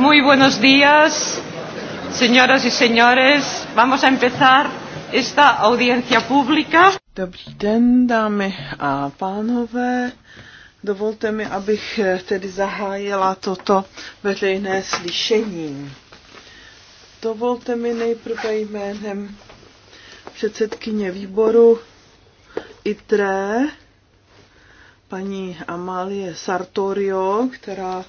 Muy buenos días, señoras y señores. Vamos a empezar esta audiencia pública. Dobrý den, dámy a pánové. Dovolte mi, abych eh, tedy zahájila toto veřejné slyšení. Dovolte mi nejprve jménem předsedkyně výboru ITRE, paní Amalie Sartorio, která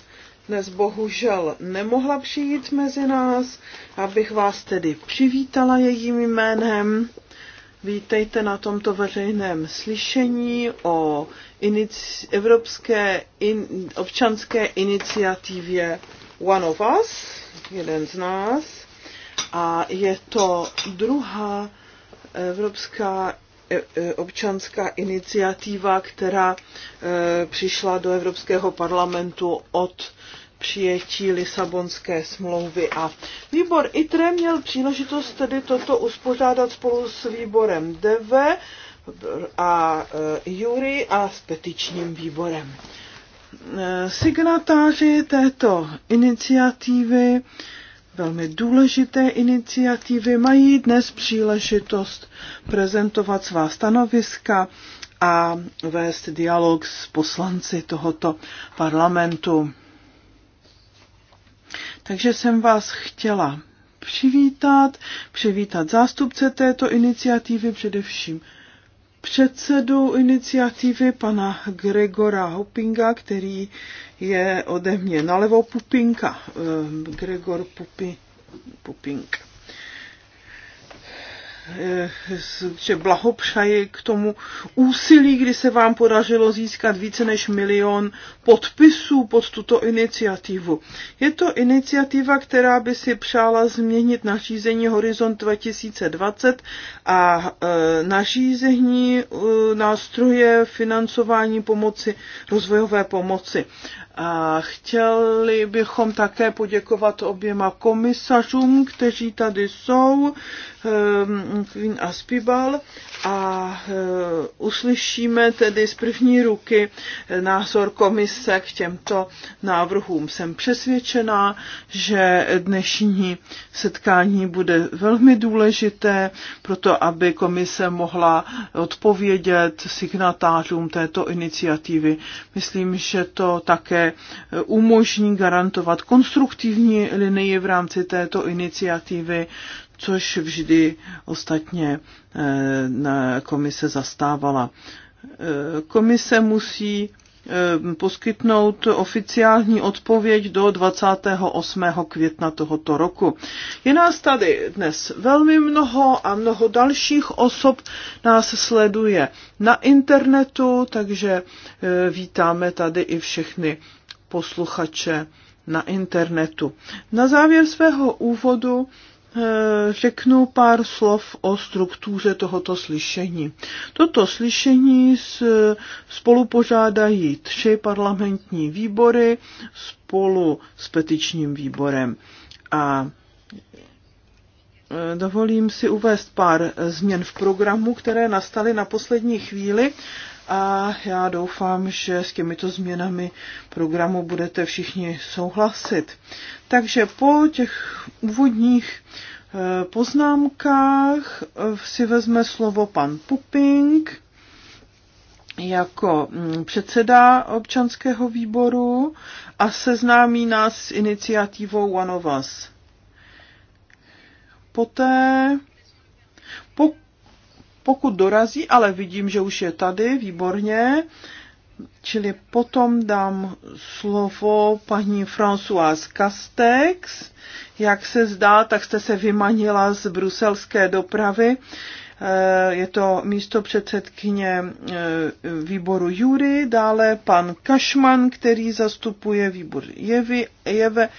dnes bohužel nemohla přijít mezi nás, abych vás tedy přivítala jejím jménem. Vítejte na tomto veřejném slyšení o inici- Evropské in- občanské iniciativě One of Us, jeden z nás. A je to druhá evropská E, e, občanská iniciativa, která e, přišla do Evropského parlamentu od přijetí Lisabonské smlouvy. A výbor ITRE měl příležitost tedy toto uspořádat spolu s výborem DV a Jury a s petičním výborem. Signatáři této iniciativy velmi důležité iniciativy mají dnes příležitost prezentovat svá stanoviska a vést dialog s poslanci tohoto parlamentu. Takže jsem vás chtěla přivítat, přivítat zástupce této iniciativy, především předsedu iniciativy pana Gregora Hopinga, který je ode mě nalevo Pupinka. Eh, Gregor Pupi, pupinka. Eh, že blahopřeji k tomu úsilí, kdy se vám podařilo získat více než milion podpisů pod tuto iniciativu. Je to iniciativa, která by si přála změnit nařízení Horizont 2020 a eh, nařízení eh, nástroje financování pomoci, rozvojové pomoci. A chtěli bychom také poděkovat oběma komisařům, kteří tady jsou, Kvin ehm, a Spibal, a eh, uslyšíme tedy z první ruky eh, názor komise k těmto návrhům. Jsem přesvědčená, že dnešní setkání bude velmi důležité, proto aby komise mohla odpovědět signatářům této iniciativy. Myslím, že to také umožní garantovat konstruktivní linii v rámci této iniciativy, což vždy ostatně eh, komise zastávala. Eh, komise musí eh, poskytnout oficiální odpověď do 28. května tohoto roku. Je nás tady dnes velmi mnoho a mnoho dalších osob nás sleduje na internetu, takže vítáme tady i všechny posluchače na internetu. Na závěr svého úvodu eh, řeknu pár slov o struktuře tohoto slyšení. Toto slyšení spolupořádají tři parlamentní výbory spolu s petičním výborem. A eh, dovolím si uvést pár změn v programu, které nastaly na poslední chvíli a já doufám, že s těmito změnami programu budete všichni souhlasit. Takže po těch úvodních eh, poznámkách eh, si vezme slovo pan Puping jako mm, předseda občanského výboru a seznámí nás s iniciativou One of Us. Poté pokud dorazí, ale vidím, že už je tady, výborně. Čili potom dám slovo paní Françoise Castex. Jak se zdá, tak jste se vymanila z bruselské dopravy. Eh, je to místo předsedkyně eh, výboru Jury, dále pan Kašman, který zastupuje výbor Jevy, Jeve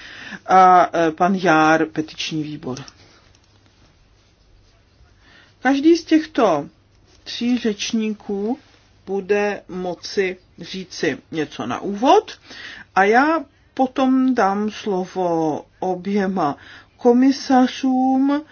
a eh, pan Jár, petiční výbor. Každý z těchto tří řečníků bude moci říci něco na úvod a já potom dám slovo oběma komisařům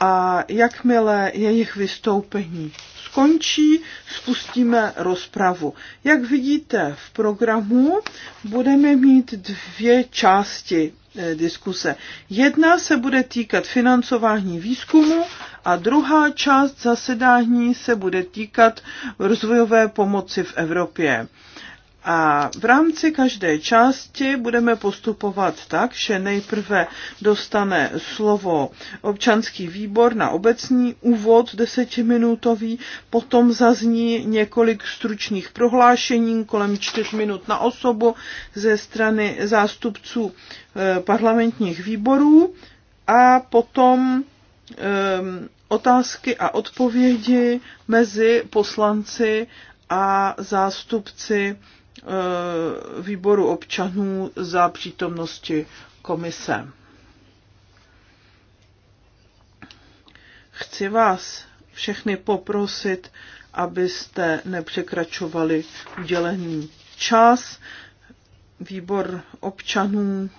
a jakmile jejich vystoupení skončí, spustíme rozpravu. Jak vidíte v programu, budeme mít dvě části eh, diskuse. Jedna se bude týkat financování výzkumu a druhá část zasedání se bude týkat rozvojové pomoci v Evropě. A v rámci každé části budeme postupovat tak, že nejprve dostane slovo občanský výbor na obecní úvod desetiminutový, potom zazní několik stručných prohlášení kolem čtyř minut na osobu ze strany zástupců eh, parlamentních výborů a potom ehm, otázky a odpovědi mezi poslanci a zástupci Eh, výboru občanů za přítomnosti komise. Chci vás všechny poprosit, abyste nepřekračovali udělený čas. Výbor občanů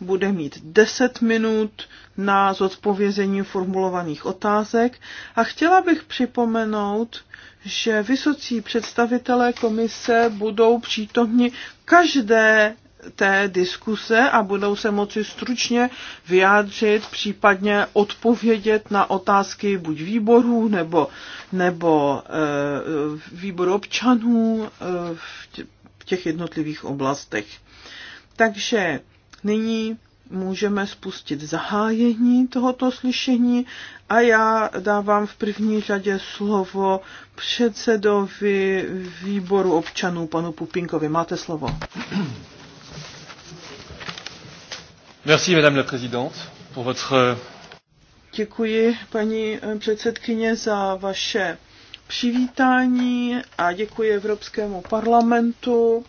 bude mít 10 minut na zodpovězení formulovaných otázek a chtěla bych připomenout, že vysocí představitelé komise budou přítomni každé té diskuse a budou se moci stručně vyjádřit, případně odpovědět na otázky buď výborů nebo, nebo e, výboru občanů e, v těch jednotlivých oblastech. Takže Nyní můžeme spustit zahájení tohoto slyšení a já dávám v první řadě slovo předsedovi výboru občanů, panu Pupinkovi. Máte slovo. Merci, madame la présidente, pour votre... Děkuji, paní eh, předsedkyně, za vaše přivítání a děkuji Evropskému parlamentu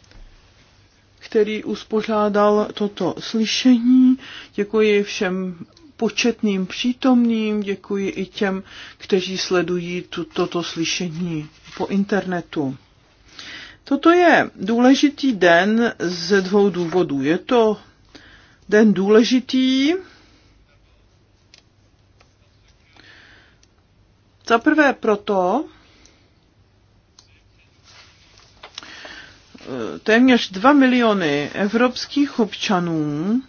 který uspořádal toto slyšení. Děkuji všem početným přítomným, děkuji i těm, kteří sledují toto slyšení po internetu. Toto je důležitý den ze dvou důvodů. Je to den důležitý, za prvé proto, Eh, téměř 2 miliony evropských občanů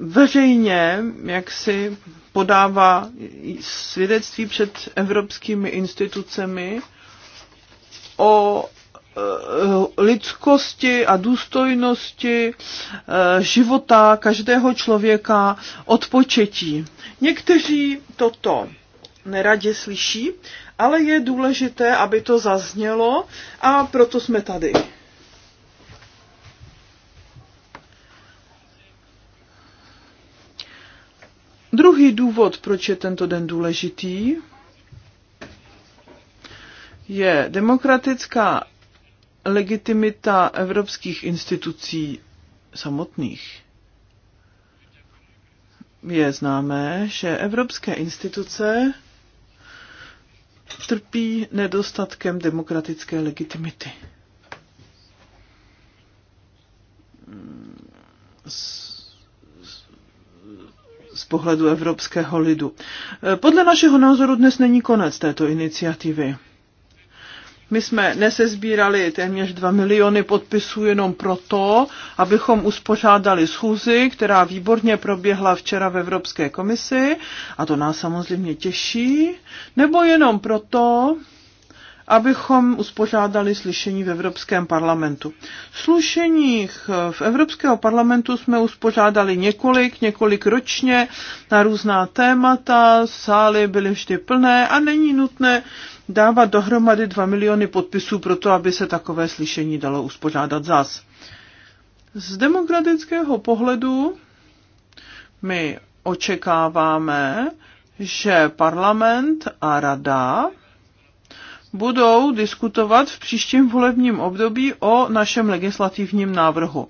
veřejně jak si podává svědectví před evropskými institucemi o eh, lidskosti a důstojnosti eh, života každého člověka od početí. Někteří toto neradě slyší, ale je důležité, aby to zaznělo a proto jsme tady. Druhý důvod, proč je tento den důležitý, je demokratická legitimita evropských institucí samotných. Je známé, že evropské instituce trpí nedostatkem demokratické legitimity. S z pohledu evropského lidu. Podle našeho názoru dnes není konec této iniciativy. My jsme nesezbírali téměř 2 miliony podpisů jenom proto, abychom uspořádali schůzi, která výborně proběhla včera v Evropské komisi, a to nás samozřejmě těší, nebo jenom proto, abychom uspořádali slyšení v Evropském parlamentu. Slušeních eh, v Evropského parlamentu jsme uspořádali několik, několik ročně na různá témata, sály byly vždy plné a není nutné dávat dohromady 2 miliony podpisů pro to, aby se takové slyšení dalo uspořádat zas. Z demokratického pohledu my očekáváme, že parlament a rada budou diskutovat v příštím volebním období o našem legislativním návrhu.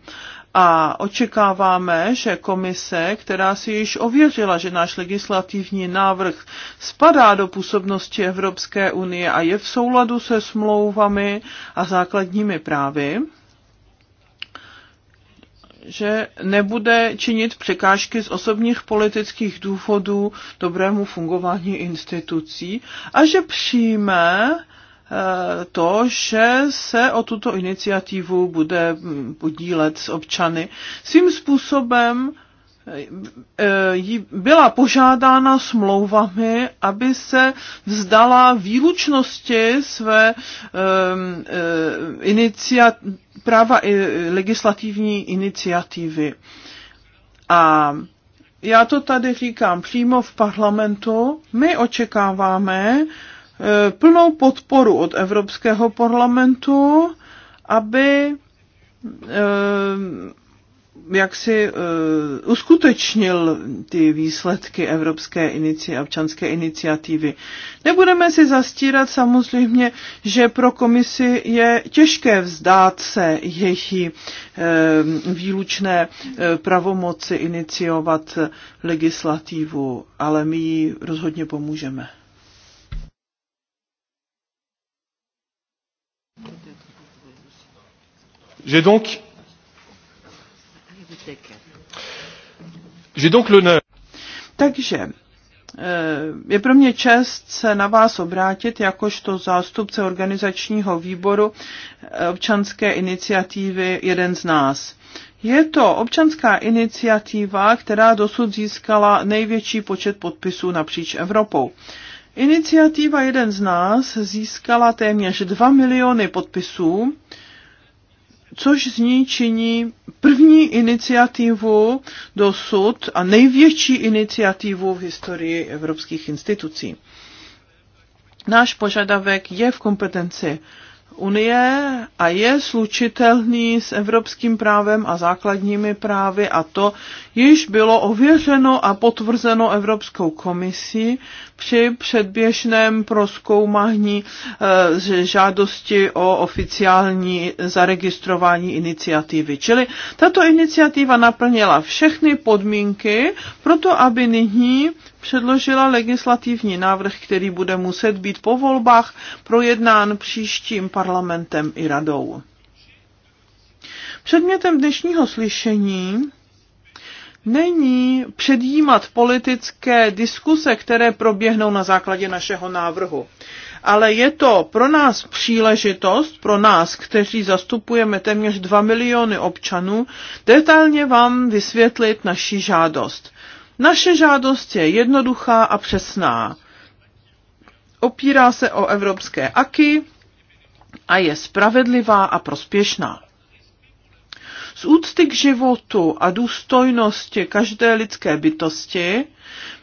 A očekáváme, že komise, která si již ověřila, že náš legislativní návrh spadá do působnosti Evropské unie a je v souladu se smlouvami a základními právy, že nebude činit překážky z osobních politických důvodů dobrému fungování institucí a že přijme Eh, to, že se o tuto iniciativu bude mm, podílet s občany. Svým způsobem eh, eh, byla požádána smlouvami, aby se vzdala výlučnosti své práva legislativní iniciativy. A já to tady říkám přímo v parlamentu. My očekáváme, Eh, plnou podporu od Evropského parlamentu, aby eh, jak si uh, uskutečnil ty výsledky Evropské inici, občanské iniciativy. Nebudeme si zastírat samozřejmě, že pro komisi je těžké vzdát se její uh, výlučné uh, pravomoci iniciovat legislativu, ale my ji rozhodně pomůžeme. J'ai donc, j'ai donc l'honneur. Takže eh, je pro mě čest se na vás obrátit jakožto zástupce organizačního výboru eh, občanské iniciativy Jeden z nás. Je to občanská iniciativa, která dosud získala největší počet podpisů napříč Evropou. Iniciativa Jeden z nás získala téměř 2 miliony podpisů což z ní činí první iniciativu dosud a největší iniciativu v historii evropských institucí. Náš požadavek je v kompetenci Unie a je slučitelný s evropským právem a základními právy a to již bylo ověřeno a potvrzeno Evropskou komisí při předběžném proskoumání eh, žádosti o oficiální zaregistrování iniciativy. Čili tato iniciativa naplnila všechny podmínky pro to, aby nyní předložila legislativní návrh, který bude muset být po volbách projednán příštím parlamentem i radou. Předmětem dnešního slyšení není předjímat politické diskuse, které proběhnou na základě našeho návrhu. Ale je to pro nás příležitost, pro nás, kteří zastupujeme téměř 2 miliony občanů, detailně vám vysvětlit naši žádost. Naše žádost je jednoduchá a přesná. Opírá se o evropské aky a je spravedlivá a prospěšná z úcty k životu a důstojnosti každé lidské bytosti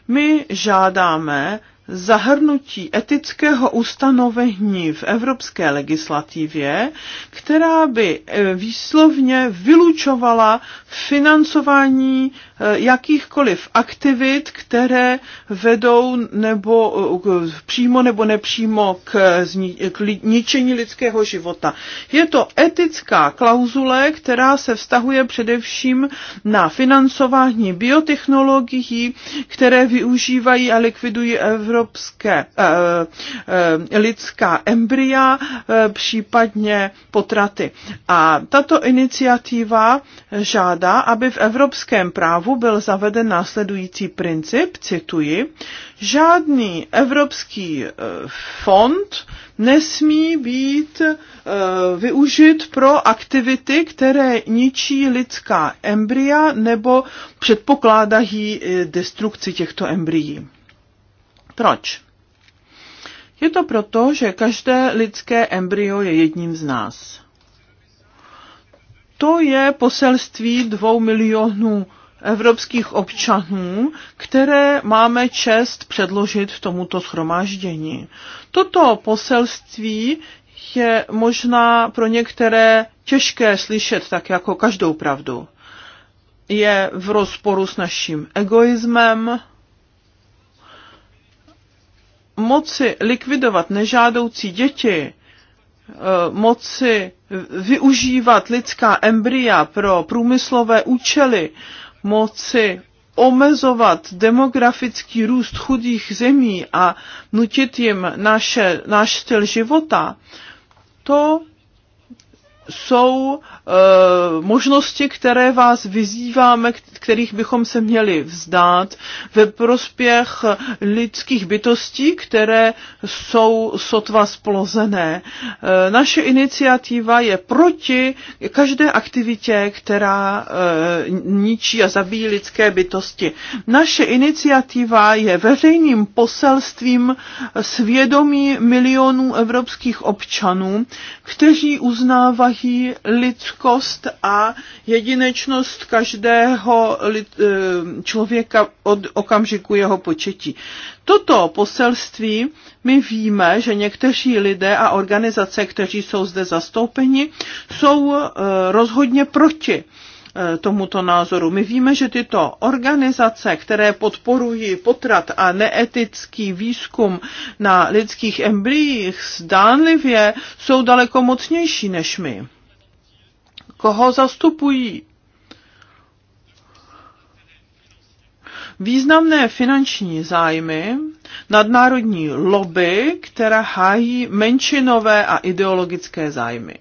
my žádáme zahrnutí etického ustanovení v evropské legislativě, která by eh, výslovně vylučovala financování Eh, jakýchkoliv aktivit, které vedou nebo eh, přímo nebo nepřímo k, zni, k ničení lidského života. Je to etická klauzule, která se vztahuje především na financování biotechnologií, které využívají a likvidují evropské eh, eh, lidská embrya, eh, případně potraty. A tato iniciativa žádá, aby v evropském právu dobu byl zaveden následující princip, cituji, žádný evropský eh, fond nesmí být eh, využit pro aktivity, které ničí lidská embrya nebo předpokládají eh, destrukci těchto embryí. Proč? Je to proto, že každé lidské embryo je jedním z nás. To je poselství dvou milionů evropských občanů, které máme čest předložit tomuto schromáždění. Toto poselství je možná pro některé těžké slyšet tak jako každou pravdu. Je v rozporu s naším egoismem, moci likvidovat nežádoucí děti, eh, moci využívat lidská embrya pro průmyslové účely, moci omezovat demografický růst chudých zemí a nutit jim naše, náš styl života, to jsou e, možnosti, které vás vyzýváme, kterých bychom se měli vzdát ve prospěch lidských bytostí, které jsou sotva splozené. E, naše iniciativa je proti každé aktivitě, která e, ničí a zabíjí lidské bytosti. Naše iniciativa je veřejným poselstvím svědomí milionů evropských občanů, kteří uznávají, odráží lidskost a jedinečnost každého eh, člověka od okamžiku jeho početí. Toto poselství my víme, že někteří lidé a organizace, kteří jsou zde zastoupeni, jsou eh, rozhodně proti Eh, tomuto názoru. My víme, že tyto organizace, které podporují potrat a neetický výzkum na lidských embryích, zdánlivě jsou daleko mocnější než my. Koho zastupují? významné finanční zájmy, nadnárodní lobby, která hájí menšinové a ideologické zájmy.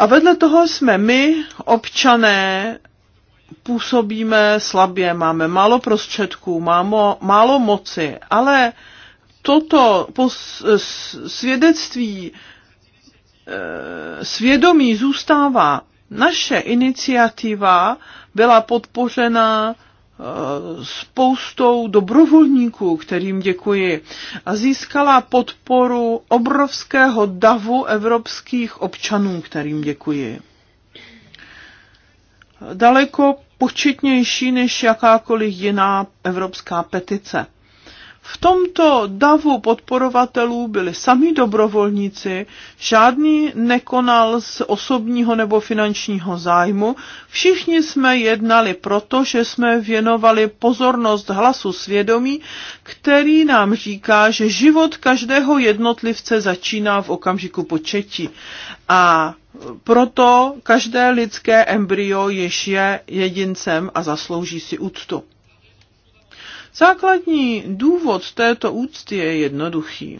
A vedle toho jsme my, občané, působíme slabě, máme málo prostředků, máme málo moci, ale toto svědectví eh, svědomí zůstává. Naše iniciativa byla podpořena spoustou dobrovolníků, kterým děkuji, a získala podporu obrovského davu evropských občanů, kterým děkuji. Daleko početnější než jakákoliv jiná evropská petice. V tomto davu podporovatelů byli sami dobrovolníci, žádný nekonal z osobního nebo finančního zájmu, všichni jsme jednali proto, že jsme věnovali pozornost hlasu svědomí, který nám říká, že život každého jednotlivce začíná v okamžiku početí. A proto každé lidské embryo již je jedincem a zaslouží si úctu. Základní důvod této úcty je jednoduchý.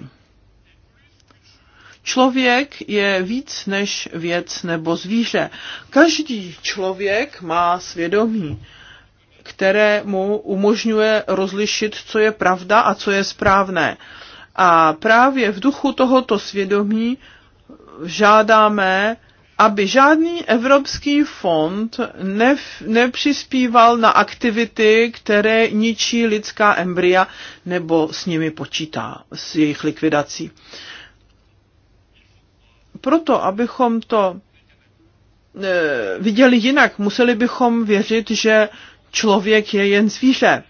Člověk je víc než věc nebo zvíře. Každý člověk má svědomí, které mu umožňuje rozlišit, co je pravda a co je správné. A právě v duchu tohoto svědomí žádáme aby žádný evropský fond ne, nepřispíval na aktivity, které ničí lidská embrya nebo s nimi počítá, s jejich likvidací. Proto, abychom to e, viděli jinak, museli bychom věřit, že člověk je jen zvíře.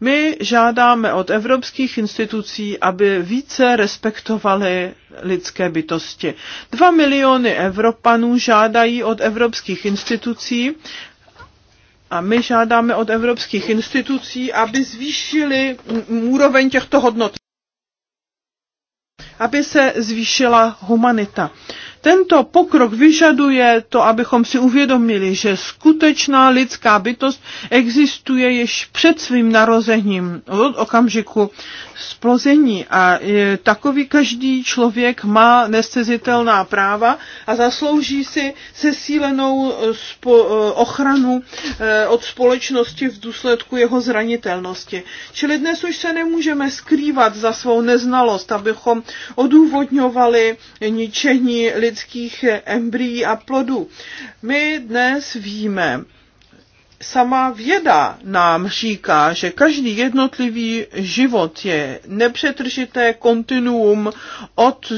My žádáme od evropských institucí, aby více respektovali lidské bytosti. Dva miliony Evropanů žádají od evropských institucí, a my žádáme od evropských institucí, aby zvýšili úroveň těchto hodnot, aby se zvýšila humanita. Tento pokrok vyžaduje to, abychom si uvědomili, že skutečná lidská bytost existuje již před svým narozením, od okamžiku splození. A takový každý člověk má nestezitelná práva a zaslouží si spo- eh, ochranu eh, od společnosti v důsledku jeho zranitelnosti. Čili dnes už se nemůžeme skrývat za svou neznalost, abychom odůvodňovali ničení lidské lidských embryí a plodů. My dnes víme, sama věda nám říká, že každý jednotlivý život je nepřetržité kontinuum od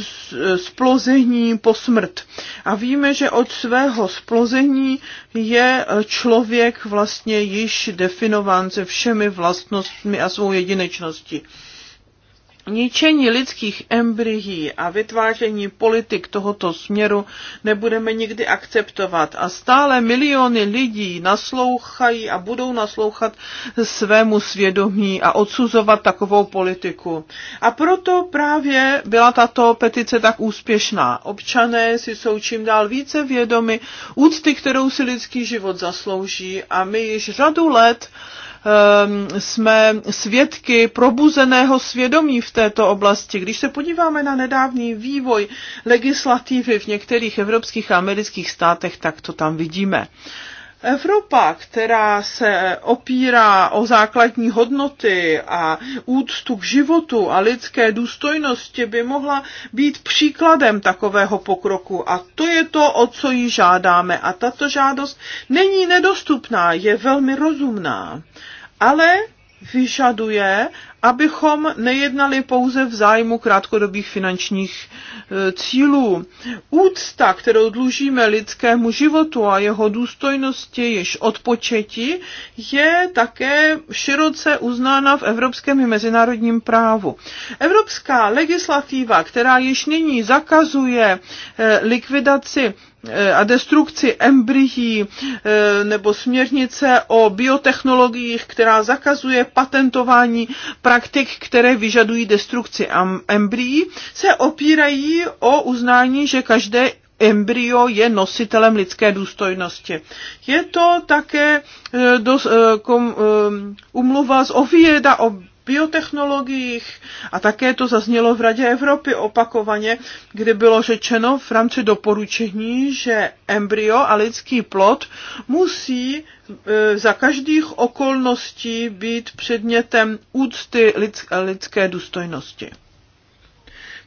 splození po smrt. A víme, že od svého splození je člověk vlastně již definován se všemi vlastnostmi a svou jedinečností ničení lidských embryí a vytváření politik tohoto směru nebudeme nikdy akceptovat. A stále miliony lidí naslouchají a budou naslouchat svému svědomí a odsuzovat takovou politiku. A proto právě byla tato petice tak úspěšná. Občané si jsou čím dál více vědomi úcty, kterou si lidský život zaslouží a my již řadu let Ehm, jsme svědky probuzeného svědomí v této oblasti. Když se podíváme na nedávný vývoj legislativy v některých evropských a amerických státech, tak to tam vidíme. Uh, Evropa, která se opírá o základní hodnoty a úctu k životu a lidské důstojnosti, by mohla být příkladem takového pokroku. A to je to, o co ji žádáme. A tato žádost není nedostupná, je velmi rozumná. Ale vyžaduje, abychom nejednali pouze v zájmu krátkodobých finančních e, cílů. Úcta, kterou dlužíme lidskému životu a jeho důstojnosti již od početí, je také široce uznána v evropském i mezinárodním právu. Evropská legislativa, která již nyní zakazuje e, likvidaci e, a destrukci embryí nebo směrnice o biotechnologiích, která zakazuje patentování praktik, které vyžadují destrukci embryí, se opírají o uznání, že každé embryo je nositelem lidské důstojnosti. Je to také eh, eh, eh, umluva z Ovieda o biotechnologiích a také to zaznělo v Radě Evropy opakovaně, kdy bylo řečeno v rámci doporučení, že embryo a lidský plod musí e, za každých okolností být předmětem úcty lidské důstojnosti.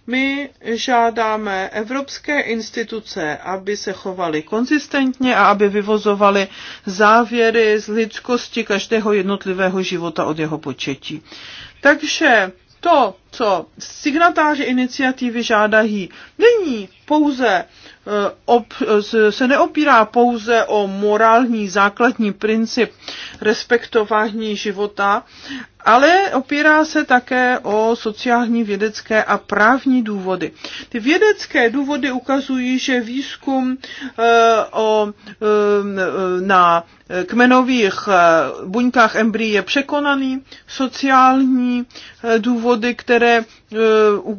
My žádáme evropské instituce, aby se chovaly konzistentně a aby vyvozovaly závěry z lidskosti každého jednotlivého života od jeho početí. Takže to, co signatáři iniciativy žádají, není pouze, eh, ob, se neopírá pouze o morální základní princip respektování života, ale opírá se také o sociální, vědecké a právní důvody. Ty vědecké důvody ukazují, že výzkum eh, o, eh, na kmenových eh, buňkách embryí je překonaný, sociální důvody, které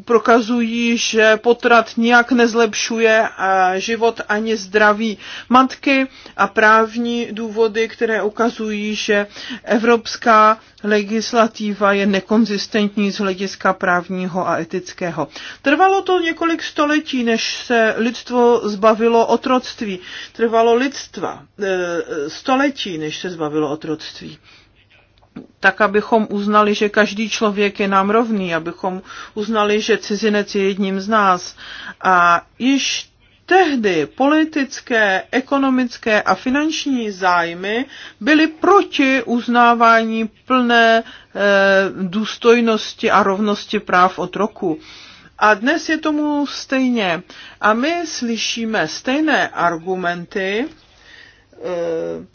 prokazují, že potrat nijak nezlepšuje život ani zdraví matky a právní důvody, které ukazují, že evropská legislativa je nekonzistentní z hlediska právního a etického. Trvalo to několik století, než se lidstvo zbavilo otroctví. Trvalo lidstva e, století, než se zbavilo otroctví tak abychom uznali, že každý člověk je nám rovný, abychom uznali, že cizinec je jedním z nás. A již tehdy politické, ekonomické a finanční zájmy byly proti uznávání plné e, důstojnosti a rovnosti práv od roku. A dnes je tomu stejně. A my slyšíme stejné argumenty, eh,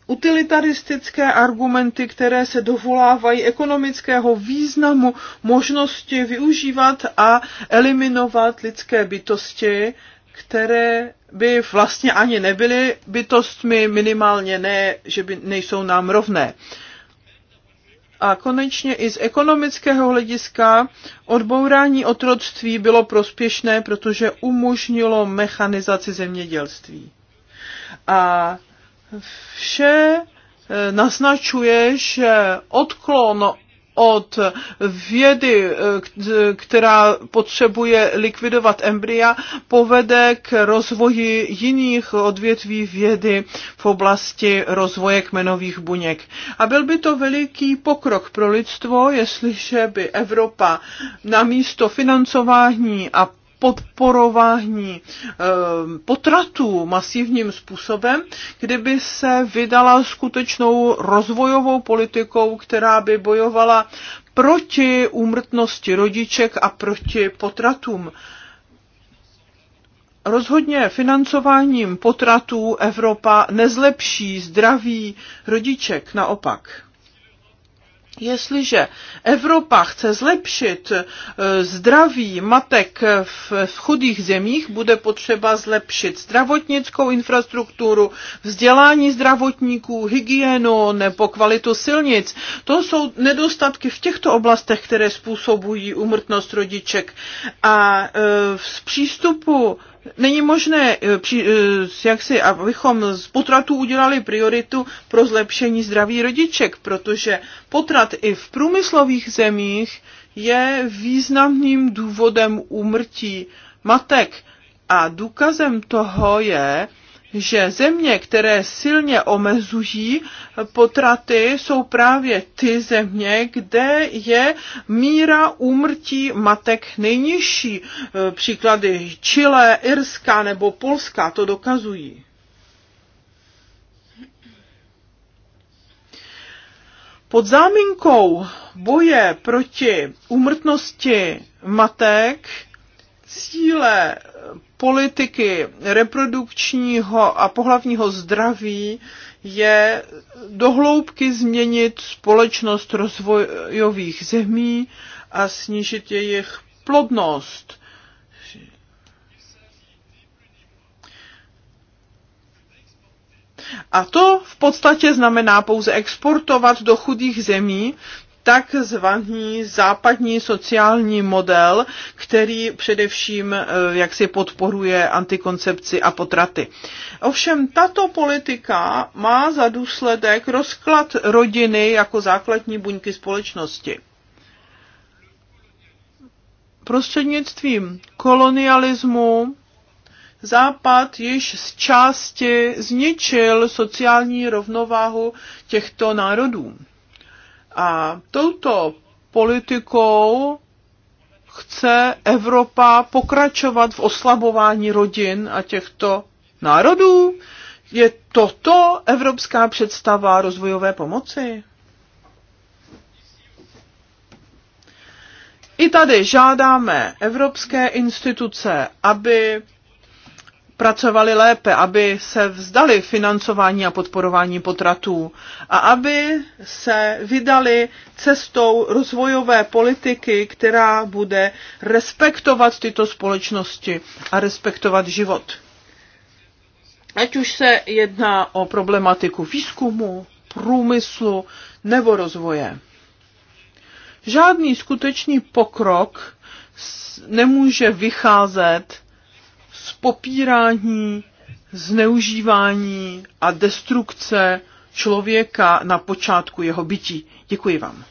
utilitaristické argumenty, které se dovolávají ekonomického významu možnosti využívat a eliminovat lidské bytosti které by vlastně ani nebyly bytostmi, minimálně ne, že by nejsou nám rovné. A konečně i z ekonomického hlediska odbourání otroctví bylo prospěšné, protože umožnilo mechanizaci zemědělství. A vše eh, naznačuje, že odklon od vědy, která potřebuje likvidovat embrya, povede k rozvoji jiných odvětví vědy v oblasti rozvoje kmenových buněk. A byl by to veliký pokrok pro lidstvo, jestliže by Evropa na místo financování a podporování ehm, potratů masivním způsobem, kdyby se vydala skutečnou rozvojovou politikou, která by bojovala proti úmrtnosti rodiček a proti potratům. Rozhodně financováním potratů Evropa nezlepší zdraví rodiček, naopak. Jestliže Evropa chce zlepšit eh, zdraví matek v chudých zemích, bude potřeba zlepšit zdravotnickou infrastrukturu, vzdělání zdravotníků, hygienu nebo kvalitu silnic. To jsou nedostatky v těchto oblastech, které způsobují umrtnost rodiček. A eh, v přístupu není možné, eh, eh, jak si, abychom z potratu udělali prioritu pro zlepšení zdraví rodiček, protože potrat i v průmyslových zemích je významným důvodem úmrtí matek. A důkazem toho je, že země, které silně omezují potraty, jsou právě ty země, kde je míra úmrtí matek nejnižší. E, příklady Chile, Irska nebo Polska to dokazují. Pod záminkou boje proti úmrtnosti matek cíle politiky reprodukčního a pohlavního zdraví je dohloubky změnit společnost rozvojových zemí a snížit jejich plodnost. A to v podstatě znamená pouze exportovat do chudých zemí takzvaný západní sociální model, který především eh, jak si podporuje antikoncepci a potraty. Ovšem tato politika má za důsledek rozklad rodiny jako základní buňky společnosti. Prostřednictvím kolonialismu Západ již z části zničil sociální rovnováhu těchto národů. A touto politikou chce Evropa pokračovat v oslabování rodin a těchto národů? Je toto evropská představa rozvojové pomoci? I tady žádáme evropské instituce, aby pracovali lépe, aby se vzdali financování a podporování potratů a aby se vydali cestou rozvojové politiky, která bude respektovat tyto společnosti a respektovat život. Ať už se jedná o problematiku výzkumu, průmyslu nebo rozvoje. Žádný skutečný pokrok nemůže vycházet z popírání, zneužívání a destrukce člověka na počátku jeho bytí. Děkuji vám.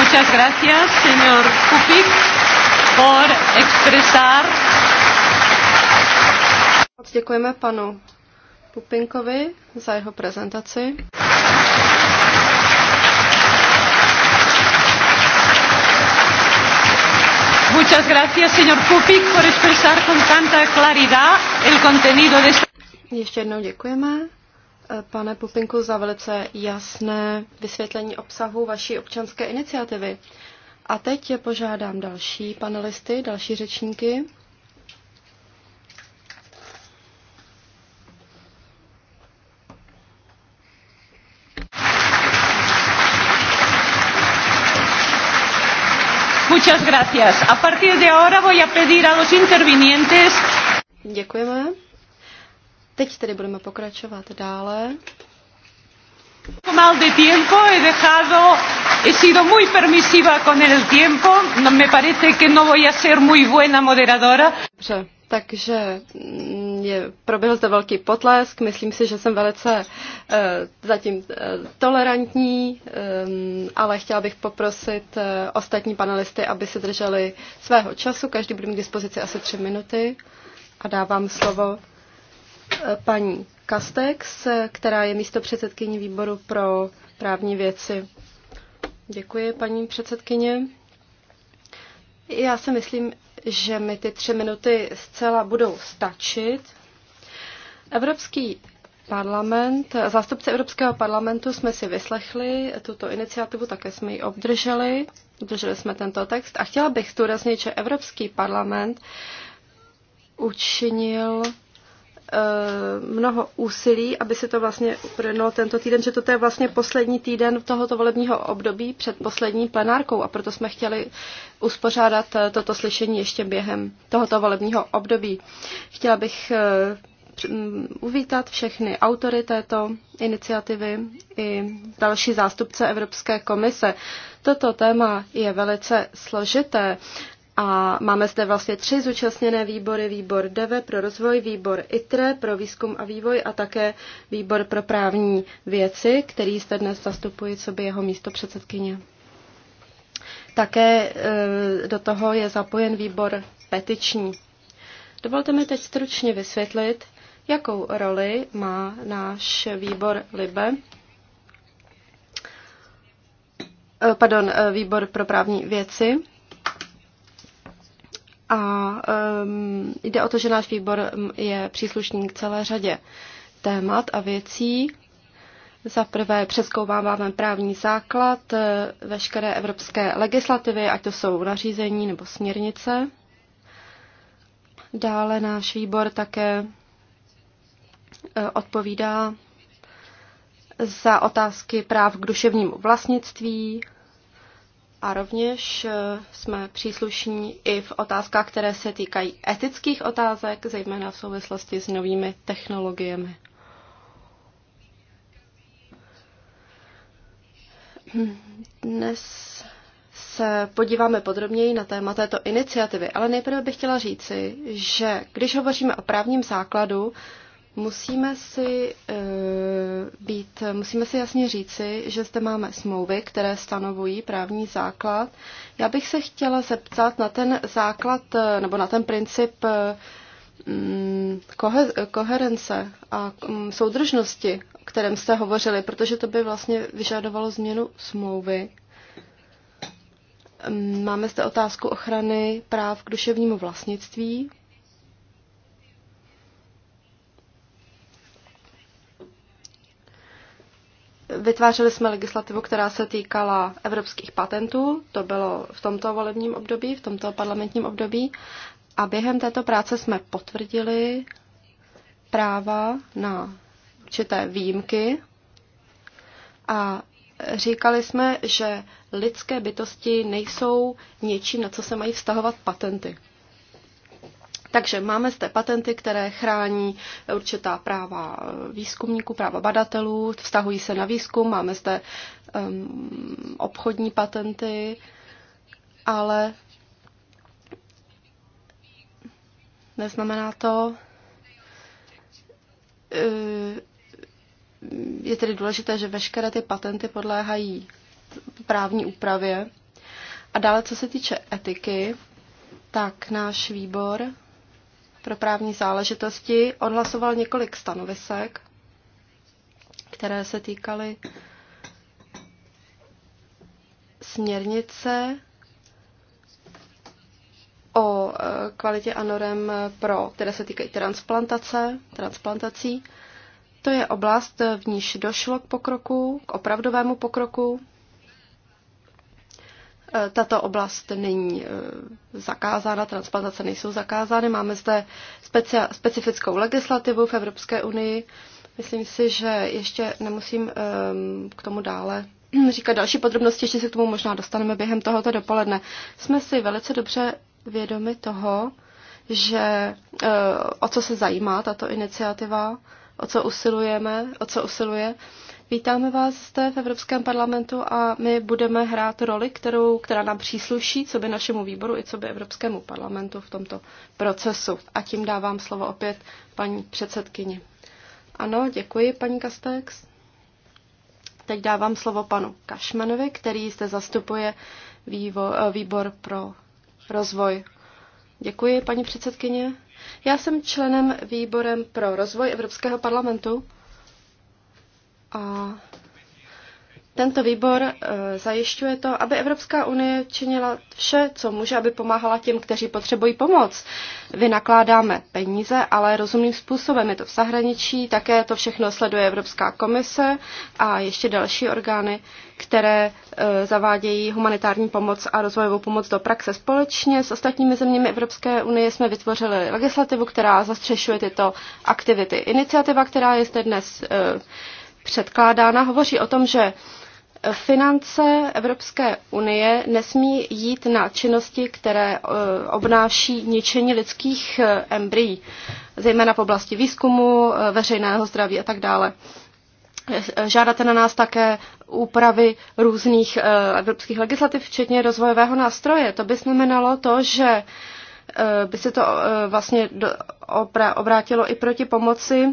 Muchas gracias, señor Kupik, por expresar. Moc děkujeme panu Pupinkovi za jeho prezentaci. Muchas gracias, señor Kupik, por expresar con tanta claridad el contenido de este... Ještě jednou děkujeme, eh, pane Pupinku, za velice jasné vysvětlení obsahu vaší občanské iniciativy. A teď je požádám další panelisty, další řečníky. Muchas gracias. A partir de ahora voy a pedir a los intervinientes. Děkujeme. Teď tedy budeme pokračovat dále. Mal de tiempo, he dejado, he sido muy permisiva con el tiempo, no, me parece que no voy a ser muy buena moderadora. Dobře. Takže mm, je, proběhl zde velký potlesk. Myslím si, že jsem velice e, zatím e, tolerantní, e, ale chtěla bych poprosit e, ostatní panelisty, aby se drželi svého času. Každý bude mít k dispozici asi tři minuty. A dávám slovo e, paní Kastex, která je místo předsedkyní výboru pro právní věci. Děkuji, paní předsedkyně. Já si myslím, že mi ty tři minuty zcela budou stačit. Evropský parlament, zástupce Evropského parlamentu jsme si vyslechli tuto iniciativu, také jsme ji obdrželi, obdrželi jsme tento text a chtěla bych zdůraznit, že Evropský parlament učinil Eh, mnoho úsilí, aby se to vlastně projednalo tento týden, že toto je vlastně poslední týden tohoto volebního období před poslední plenárkou a proto jsme chtěli uspořádat eh, toto slyšení ještě během tohoto volebního období. Chtěla bych eh, mm, uvítat všechny autory této iniciativy i další zástupce Evropské komise. Toto téma je velice složité a máme zde vlastně tři zúčastněné výbory, výbor DEVE pro rozvoj, výbor ITRE pro výzkum a vývoj a také výbor pro právní věci, který zde dnes zastupuje sobě jeho místo předsedkyně. Také e, do toho je zapojen výbor petiční. Dovolte mi teď stručně vysvětlit, jakou roli má náš výbor LIBE e, pardon, e, výbor pro právní věci a um, jde o to, že náš výbor je příslušný k celé řadě témat a věcí. Za prvé přeskoumáváme právní základ eh, veškeré evropské legislativy, ať to jsou nařízení nebo směrnice. Dále náš výbor také eh, odpovídá za otázky práv k duševnímu vlastnictví, a rovněž eh, jsme příslušní i v otázkách, které se týkají etických otázek, zejména v souvislosti s novými technologiemi. Dnes se podíváme podrobněji na téma této iniciativy, ale nejprve bych chtěla říci, že když hovoříme o právním základu, Musíme si, eh, být, musíme si jasně říci, že zde máme smlouvy, které stanovují právní základ. Já bych se chtěla zeptat na ten základ eh, nebo na ten princip eh, mm, koherence a mm, soudržnosti, o kterém jste hovořili, protože to by vlastně vyžadovalo změnu smlouvy. Máme zde otázku ochrany práv k duševnímu vlastnictví, Vytvářeli jsme legislativu, která se týkala evropských patentů, to bylo v tomto volebním období, v tomto parlamentním období, a během této práce jsme potvrdili práva na určité výjimky a říkali jsme, že lidské bytosti nejsou něčím, na co se mají vztahovat patenty. Takže máme zde patenty, které chrání určitá práva výzkumníků, práva badatelů, vztahují se na výzkum, máme zde um, obchodní patenty, ale neznamená to, uh, je tedy důležité, že veškeré ty patenty podléhají právní úpravě. A dále, co se týče etiky, tak náš výbor pro právní záležitosti odhlasoval několik stanovisek, které se týkaly směrnice o e, kvalitě anorem pro, které se týkají transplantace, transplantací. To je oblast, v níž došlo k pokroku, k opravdovému pokroku. Eh, tato oblast není eh, zakázána, transplantace nejsou zakázány. Máme zde specifickou legislativu v Evropské unii. Myslím si, že ještě nemusím ehm, k tomu dále říkat další podrobnosti, ještě se k tomu možná dostaneme během tohoto dopoledne. Jsme si velice dobře vědomi toho, že eh, o co se zajímá tato iniciativa, o co usilujeme, o co usiluje. Vítáme vás zde v Evropském parlamentu a my budeme hrát roli, kterou, která nám přísluší, co by našemu výboru i co by Evropskému parlamentu v tomto procesu. A tím dávám slovo opět paní předsedkyni. Ano, děkuji, paní Kastex. Teď dávám slovo panu Kašmanovi, který zde zastupuje vývo, eh, výbor pro rozvoj. Děkuji, paní předsedkyně. Já jsem členem výborem pro rozvoj Evropského parlamentu a tento výbor eh, zajišťuje to, aby Evropská unie činila vše, co může, aby pomáhala těm, kteří potřebují pomoc. Vynakládáme peníze, ale rozumným způsobem je to v zahraničí, také to všechno sleduje Evropská komise a ještě další orgány, které eh, zavádějí humanitární pomoc a rozvojovou pomoc do praxe. Společně s ostatními zeměmi Evropské unie jsme vytvořili legislativu, která zastřešuje tyto aktivity. Iniciativa, která je zde dnes eh, předkládána, hovoří o tom, že finance Evropské unie nesmí jít na činnosti, které e, obnáší ničení lidských e, embryí, zejména v oblasti výzkumu, e, veřejného zdraví a tak dále. Žádáte na nás také úpravy různých evropských legislativ, včetně rozvojového nástroje. To by znamenalo to, že by se to vlastně obrátilo i proti pomoci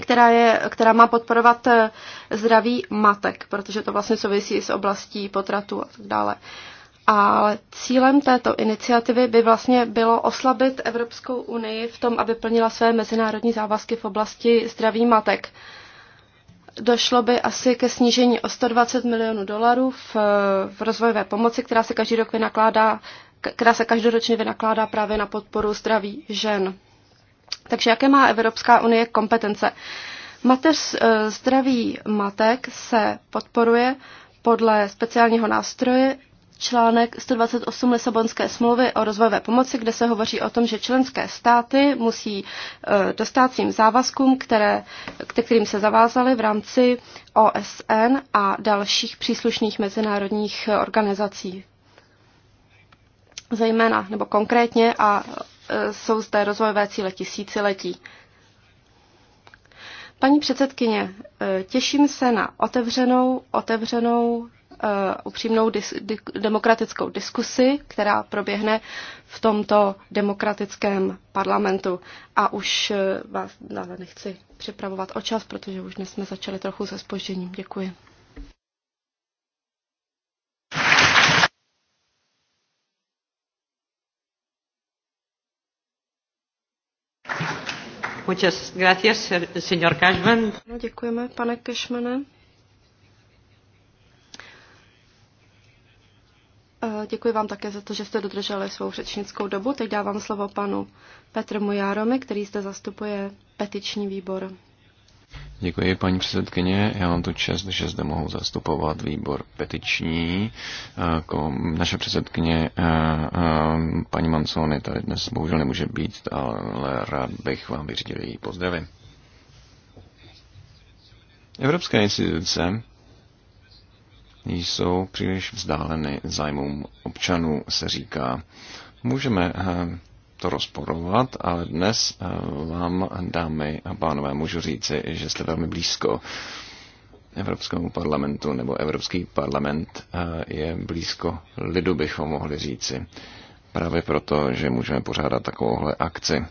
která, je, která má podporovat eh, zdraví matek, protože to vlastně souvisí s oblastí potratu a tak dále. Ale cílem této iniciativy by vlastně bylo oslabit Evropskou unii v tom, aby plnila své mezinárodní závazky v oblasti zdraví matek. Došlo by asi ke snížení o 120 milionů dolarů v, v rozvojové pomoci, která se každý rok vynakládá, která se každoročně vynakládá právě na podporu zdraví žen. Takže jaké má Evropská unie kompetence? Mateř, eh, zdraví matek se podporuje podle speciálního nástroje článek 128 Lisabonské smlouvy o rozvojové pomoci, kde se hovoří o tom, že členské státy musí eh, dostat svým závazkům, které, kterým se zavázaly v rámci OSN a dalších příslušných mezinárodních eh, organizací. Zejména nebo konkrétně a jsou zde rozvojové cíle tisíciletí. Paní předsedkyně, eh, těším se na otevřenou, otevřenou eh, upřímnou dis, di, demokratickou diskusi, která proběhne v tomto demokratickém parlamentu. A už eh, vás dále nechci připravovat o čas, protože už dnes jsme začali trochu se spožděním. Děkuji. Muchas gracias, señor Cashman. No, děkujeme, pane Cashmane. Eh, děkuji vám také za to, že jste dodrželi svou řečnickou dobu. Teď dávám slovo panu Petru Mujáromi, který zde zastupuje petiční výbor. Děkuji, paní předsedkyně. Já mám tu čest, že zde mohu zastupovat výbor petiční. Eh, naše předsedkyně eh, eh, paní Mancony tady dnes bohužel nemůže být, ale rád bych vám vyřídil její pozdravy. Evropské instituce jsou příliš vzdáleny zájmům občanů, se říká. Můžeme to rozporovat, ale dnes eh, vám, dámy a pánové, můžu říci, že jste velmi blízko Evropskému parlamentu, nebo Evropský parlament eh, je blízko lidu, bychom mohli říci. Právě proto, že můžeme pořádat takovouhle akci.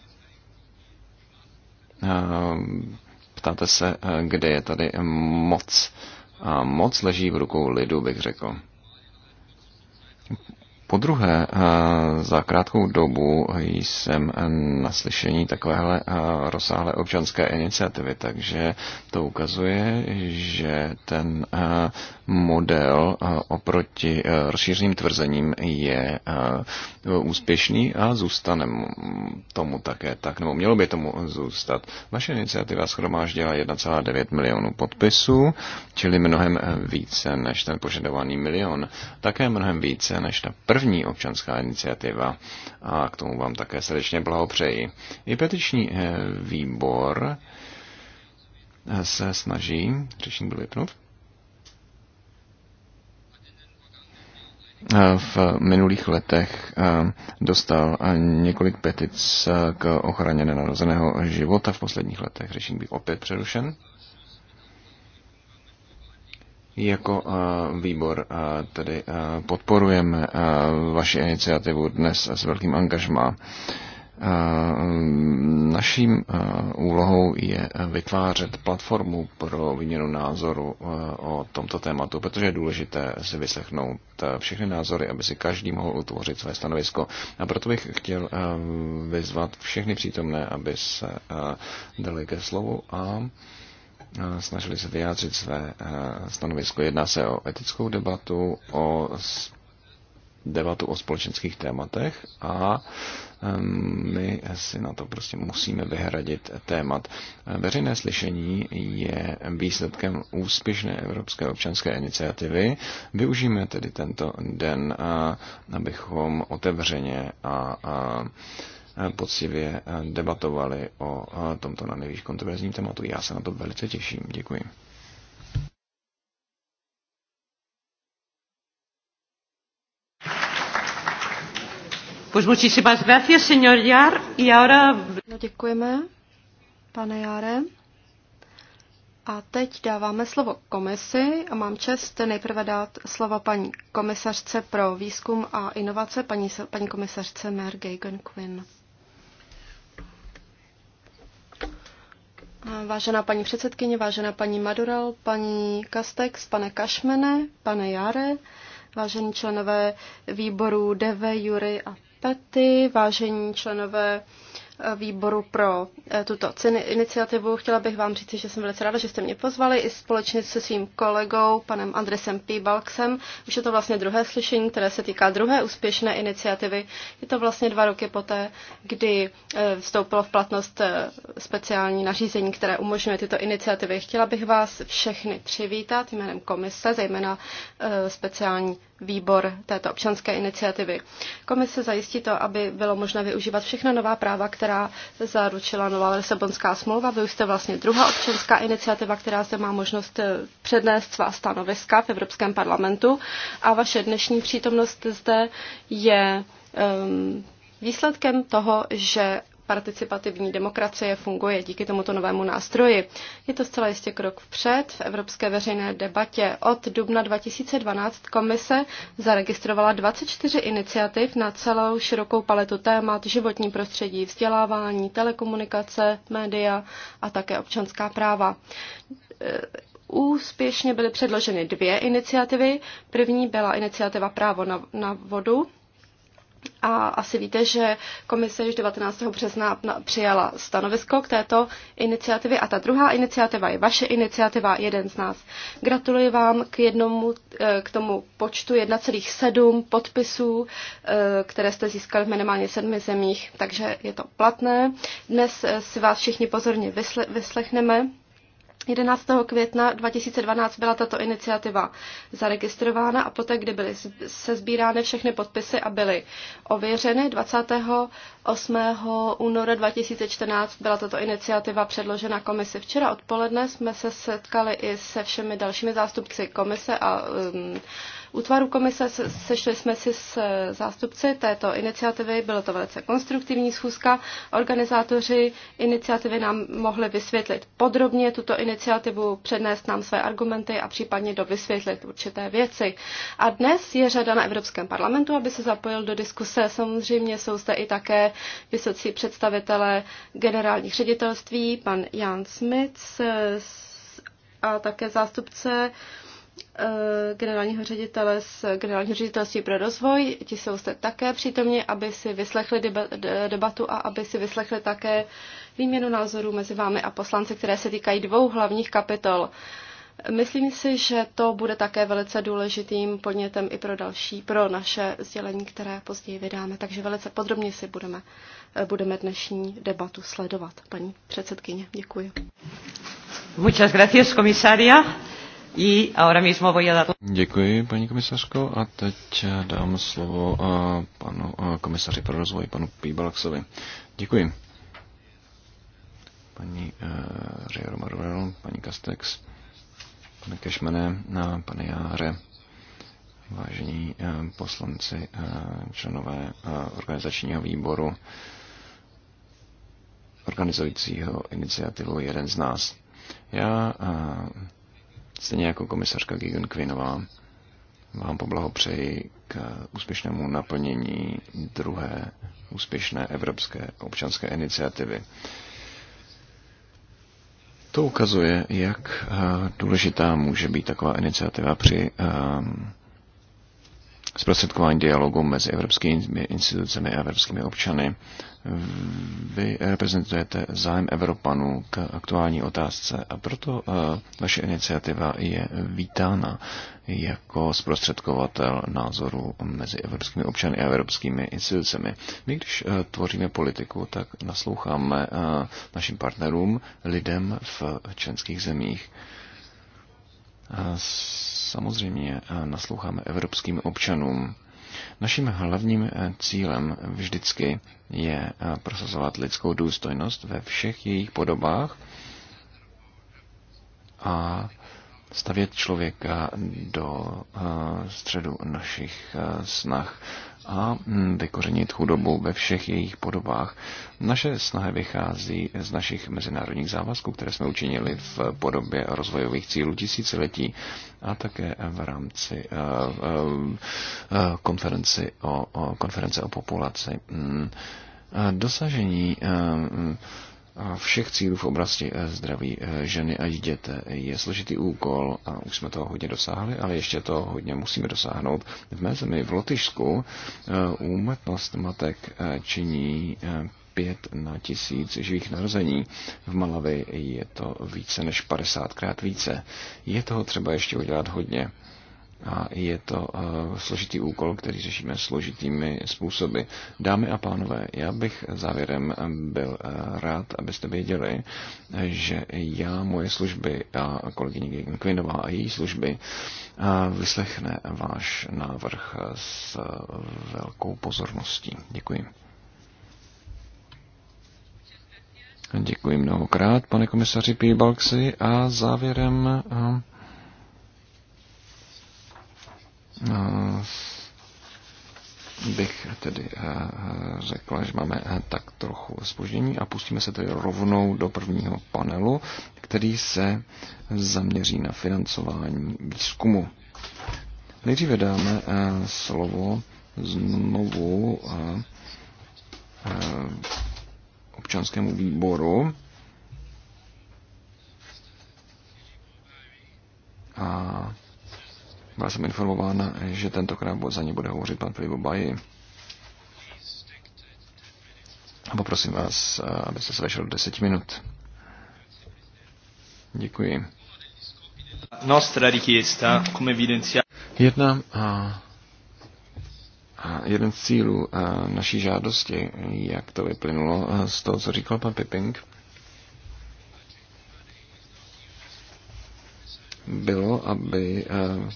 Eh, ptáte se, kde je tady moc. A moc leží v rukou lidu, bych řekl. Po druhé, eh, za krátkou dobu jsem na slyšení takovéhle eh, rozsáhlé občanské iniciativy, takže to ukazuje, že ten eh, model eh, oproti eh, rozšířeným tvrzením je eh, úspěšný a zůstane tomu také tak, nebo mělo by tomu zůstat. Vaše iniciativa schromáždila 1,9 milionů podpisů, čili mnohem více než ten požadovaný milion, také mnohem více než ta první občanská iniciativa a k tomu vám také srdečně blahopřeji. I petiční výbor se snaží, řešení byl vypnut, Eh, v minulých letech eh, dostal eh, několik petic k ochraně nenarozeného života v posledních letech. Řešení byl opět přerušen. Jako výbor tedy podporujeme vaši iniciativu dnes s velkým angažmá. Mm, naším úlohou je vytvářet platformu pro výměnu názoru o tomto tématu, protože je důležité si vyslechnout všechny názory, aby si každý mohl utvořit své stanovisko. A proto bych chtěl vyzvat všechny přítomné, aby se dali ke slovu a snažili se vyjádřit své stanovisko. Jedná se o etickou debatu, o debatu o společenských tématech a my si na to prostě musíme vyhradit témat. Veřejné slyšení je výsledkem úspěšné Evropské občanské iniciativy. Využijeme tedy tento den, abychom otevřeně a poctivě debatovali o tomto na nejvíc kontroverzním tématu. Já se na to velice těším. Děkuji. Pues muchísimas gracias, señor Y ahora... No, děkujeme, pane Jare. A teď dáváme slovo komisi a mám čest nejprve dát slovo paní komisařce pro výzkum a inovace, paní, paní komisařce Mer Gagan Quinn. Vážená paní předsedkyně, vážená paní Madural, paní Kastex, pane Kašmene, pane Jare, vážení členové výboru DV, Jury a Pety, vážení členové eh, výboru pro eh, tuto iniciativu. Chtěla bych vám říct, že jsem velice ráda, že jste mě pozvali i společně se svým kolegou, panem Andresem P. Balksem. Už je to vlastně druhé slyšení, které se týká druhé úspěšné iniciativy. Je to vlastně dva roky poté, kdy eh, vstoupilo v platnost speciální nařízení, které umožňuje tyto iniciativy. Chtěla bych vás všechny přivítat jménem komise, zejména speciální výbor této občanské iniciativy. Komise zajistí to, aby bylo možné využívat všechna nová práva, která zaručila nová Lisabonská smlouva. Vy jste vlastně druhá občanská iniciativa, která se má možnost eh, přednést svá stanoviska v Evropském parlamentu a vaše dnešní přítomnost zde je um, výsledkem toho, že participativní demokracie funguje díky tomuto novému nástroji. Je to zcela jistě krok vpřed. V evropské veřejné debatě od dubna 2012 komise zaregistrovala 24 iniciativ na celou širokou paletu témat životní prostředí, vzdělávání, telekomunikace, média a také občanská práva. E, úspěšně byly předloženy dvě iniciativy. První byla iniciativa Právo na, na vodu, a asi víte, že komise již 19. března přijala stanovisko k této iniciativě a ta druhá iniciativa je vaše iniciativa, jeden z nás. Gratuluji vám k, jednomu, eh, k tomu počtu 1,7 podpisů, eh, které jste získali v minimálně sedmi zemích, takže je to platné. Dnes eh, si vás všichni pozorně vyslechneme 11. května 2012 byla tato iniciativa zaregistrována a poté, kdy byly sezbírány všechny podpisy a byly ověřeny, 28. února 2014 byla tato iniciativa předložena komisi. Včera odpoledne jsme se setkali i se všemi dalšími zástupci komise a um, útvaru komise. Sešli jsme si s eh, zástupci této iniciativy, bylo to velice konstruktivní schůzka. Organizátoři iniciativy nám mohli vysvětlit podrobně tuto iniciativu, přednést nám své argumenty a případně dovysvětlit určité věci. A dnes je řada na Evropském parlamentu, aby se zapojil do diskuse. Samozřejmě jsou zde i také vysocí představitelé generálních ředitelství, pan Jan Smits eh, a také zástupce uh, Eh, generálního ředitele z generálního ředitelství pro rozvoj. Ti jsou zde také přítomni, aby si vyslechli debatu a aby si vyslechli také výměnu názorů mezi vámi a poslanci, které se týkají dvou hlavních kapitol. Myslím si, že to bude také velice důležitým podnětem i pro další, pro naše sdělení, které později vydáme. Takže velice podrobně si budeme, eh, budeme dnešní debatu sledovat. Paní předsedkyně, děkuji. Muchas gracias, komisaria. Y ahora mismo voy a dar... Děkuji, paní komisařko, a teď eh, dám slovo uh, panu uh, komisaři pro rozvoj, panu Píbalaksovi. Děkuji. Paní uh, Rio Marvel, paní Castex, pane Kešmene, a pane Járe, vážení uh, poslanci, uh, členové uh, organizačního výboru, organizujícího iniciativu Jeden z nás. Já uh, Stejně jako komisařka Gigan Quinová vám poblahopřeji k úspěšnému naplnění druhé úspěšné evropské občanské iniciativy. To ukazuje, jak eh, důležitá může být taková iniciativa při eh, zprostředkování dialogu mezi evropskými institucemi a evropskými občany. Vy eh, reprezentujete zájem Evropanů k aktuální otázce a proto eh, vaše iniciativa je vítána jako zprostředkovatel názoru mezi evropskými občany a evropskými institucemi. My, když eh, tvoříme politiku, tak nasloucháme našim partnerům, lidem v členských zemích. A s samozřejmě eh, nasloucháme evropským občanům. Naším hlavním eh, cílem vždycky je eh, prosazovat lidskou důstojnost ve všech jejich podobách a stavět člověka do středu našich snah a hm, vykořenit chudobu ve všech jejich podobách. Naše snahy vychází z našich mezinárodních závazků, které jsme učinili v podobě rozvojových cílů tisíciletí a také v rámci eh, eh, eh, konferenci o, konference o populaci. Hm, dosažení hm, a všech cílů v oblasti eh, zdraví eh, ženy a dítěte je složitý úkol a už jsme toho hodně dosáhli, ale ještě to hodně musíme dosáhnout. V mé zemi v Lotyšsku eh, úmrtnost matek činí 5 na tisíc živých narození. V Malavi je to více než 50krát více. Je toho třeba ještě udělat hodně. A je to eh, složitý úkol, který řešíme složitými způsoby. Dámy a pánové, já bych závěrem eh, byl eh, rád, abyste věděli, že já, moje služby a kolegyně Kvinová a její služby vyslechne váš návrh s velkou pozorností. Děkuji. Děkuji mnohokrát, pane komisaři Píbalksi, a závěrem No, bych tedy eh, eh, řekla, že máme eh, tak trochu spoždění a pustíme se tedy rovnou do prvního panelu, který se zaměří na financování výzkumu. Nejdříve dáme slovo znovu občanskému výboru. A byl jsem informován, že tentokrát za ně bude hovořit pan Filipo Baji. A poprosím vás, abyste se vešel do 10 minut. Děkuji. Nostra richiesta, come evidenziato. Jedna a, a jeden z cílů a naší žádosti, jak to vyplynulo z toho, co říkal pan Pipping, bylo, aby a,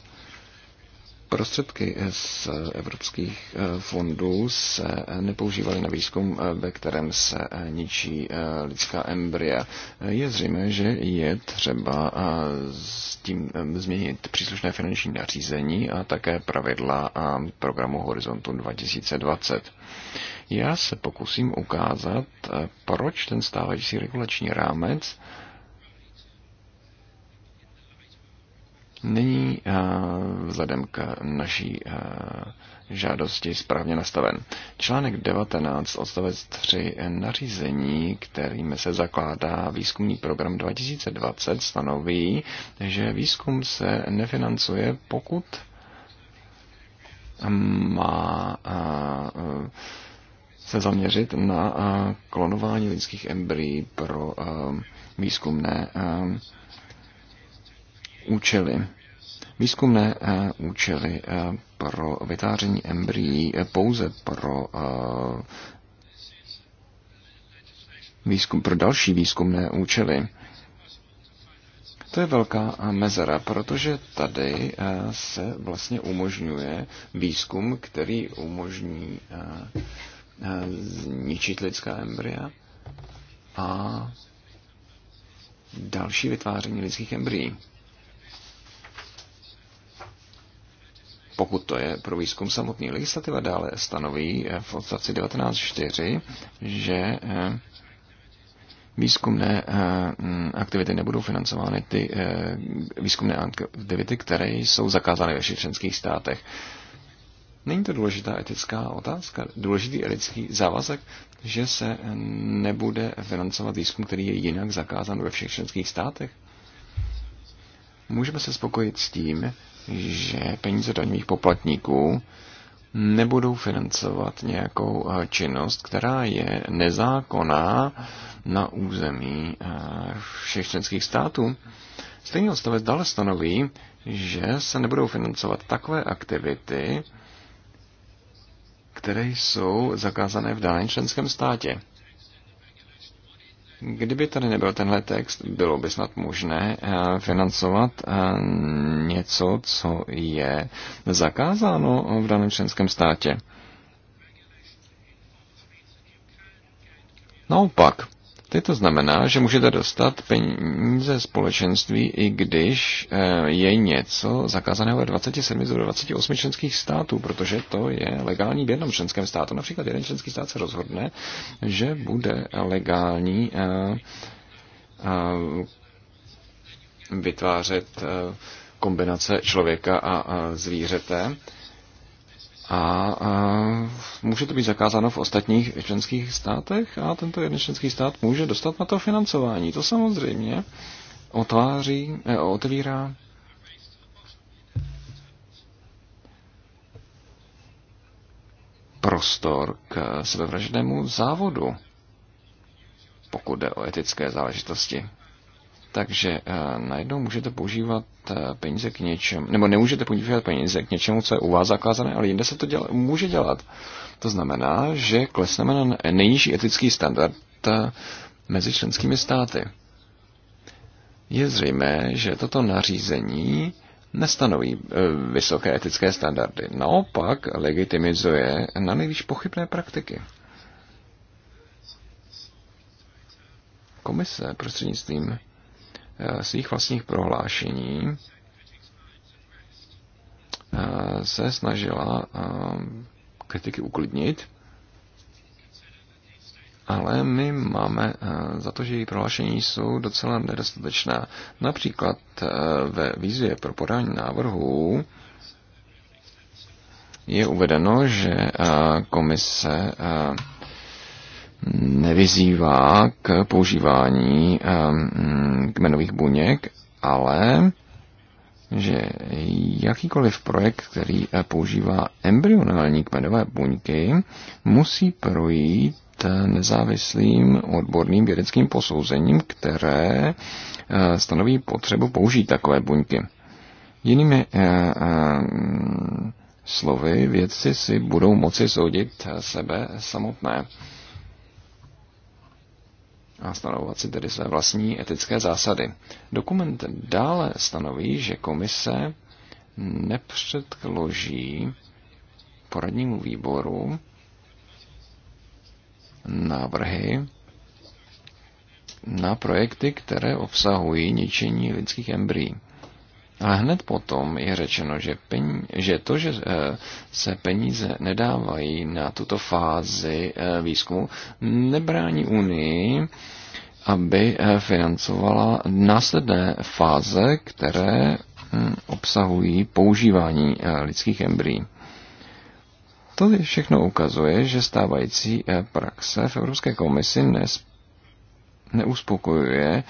Prostředky z evropských eh, fondů se eh, nepoužívaly na výzkum, eh, ve kterém se ničí lidská embrya. Je zřejmé, že je třeba s tím změnit příslušné finanční nařízení a také pravidla programu Horizontu 2020. Já se pokusím ukázat, proč ten stávající regulační rámec není eh, vzhledem k naší eh, žádosti správně nastaven. Článek 19 odstavec 3 nařízení, kterým se zakládá výzkumný program 2020, stanoví, že výzkum se nefinancuje, pokud má eh, se zaměřit na klonování lidských embryí pro výzkumné účely výzkumné eh, účely eh, pro vytváření embryí eh, pouze pro výzkum, pro další výzkumné účely. To je velká mezera, protože tady se vlastně umožňuje výzkum, který umožní zničit lidská embrya a další vytváření lidských embryí. pokud to je pro výzkum samotný. Legislativa dále stanoví eh, v odstavci 19.4, že eh, výzkumné eh, aktivity nebudou financovány ty výzkumné aktivity, které jsou zakázány ve všech členských státech. Není to důležitá etická otázka, důležitý etický závazek, že se nebude financovat výzkum, který je jinak zakázán ve všech členských státech? Můžeme se spokojit s tím, že peníze daňových poplatníků nebudou financovat nějakou eh, činnost, která je nezákonná na území eh, všech členských států. Stejný odstavec dále stanoví, že se nebudou financovat takové aktivity, které jsou zakázané v daném členském státě. Kdyby tady nebyl tenhle text, bylo by snad možné eh, financovat eh, něco, co je zakázáno v daném členském státě. Naopak, Teď to znamená, že můžete dostat peníze společenství, i když eh, je něco zakázaného ve 27 z 28 členských států, protože to je legální v jednom členském státu. Například jeden členský stát se rozhodne, že bude legální eh, eh, vytvářet kombinace člověka a zvířete a, a může to být zakázáno v ostatních členských státech a tento jeden členský stát může dostat na to financování. To samozřejmě otváří, eh, otevírá prostor k sebevražednému závodu, pokud jde o etické záležitosti. Takže eh, najednou můžete používat eh, peníze k něčemu, nebo nemůžete používat peníze k něčemu, co je u vás zakázané, ale jinde se to děla, může dělat. To znamená, že klesneme na nejnižší etický standard eh, mezi členskými státy. Je zřejmé, že toto nařízení nestanoví vysoké etické standardy. Naopak legitimizuje na nejvíc pochybné praktiky. Komise prostřednictvím Eh, svých vlastních prohlášení eh, se snažila eh, kritiky uklidnit, ale my máme za to, že její prohlášení jsou docela nedostatečná. Například ve výzvě pro podání návrhů je uvedeno, že komise nevyzývá k používání ehm, mm, kmenových buněk, ale že jakýkoliv projekt, který eh, používá embryonální kmenové buňky, musí projít eh, nezávislým odborným vědeckým posouzením, které eh, stanoví potřebu použít takové buňky. Jinými ehm, slovy, vědci si budou moci soudit sebe samotné a stanovovat si tedy své vlastní etické zásady. Dokument dále stanoví, že komise nepředloží poradnímu výboru návrhy na projekty, které obsahují ničení lidských embryí. Ale hned potom je řečeno, že, peníze, že to, že eh, se peníze nedávají na tuto fázi eh, výzkumu, nebrání Unii, aby eh, financovala následné fáze, které hm, obsahují používání lidských embryí. To všechno ukazuje, že stávající praxe v Evropské komisi nes, neuspokojuje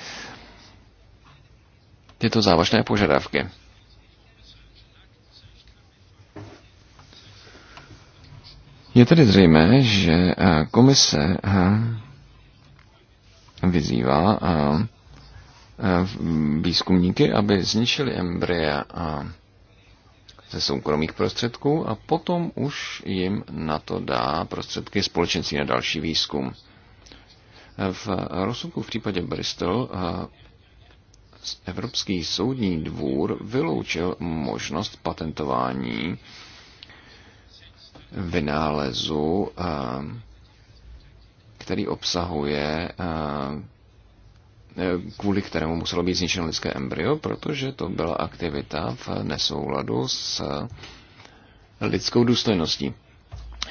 tyto závažné požadavky. Je tedy zřejmé, že eh, komise eh, vyzývá eh, výzkumníky, aby zničili embrya ze soukromých prostředků a potom už jim na to dá prostředky společenství na další výzkum. V rozsudku v případě Bristol Evropský soudní dvůr vyloučil možnost patentování vynálezu, eh, který obsahuje, eh, eh, kvůli kterému muselo být zničeno lidské embryo, protože to byla aktivita v nesouladu s lidskou důstojností.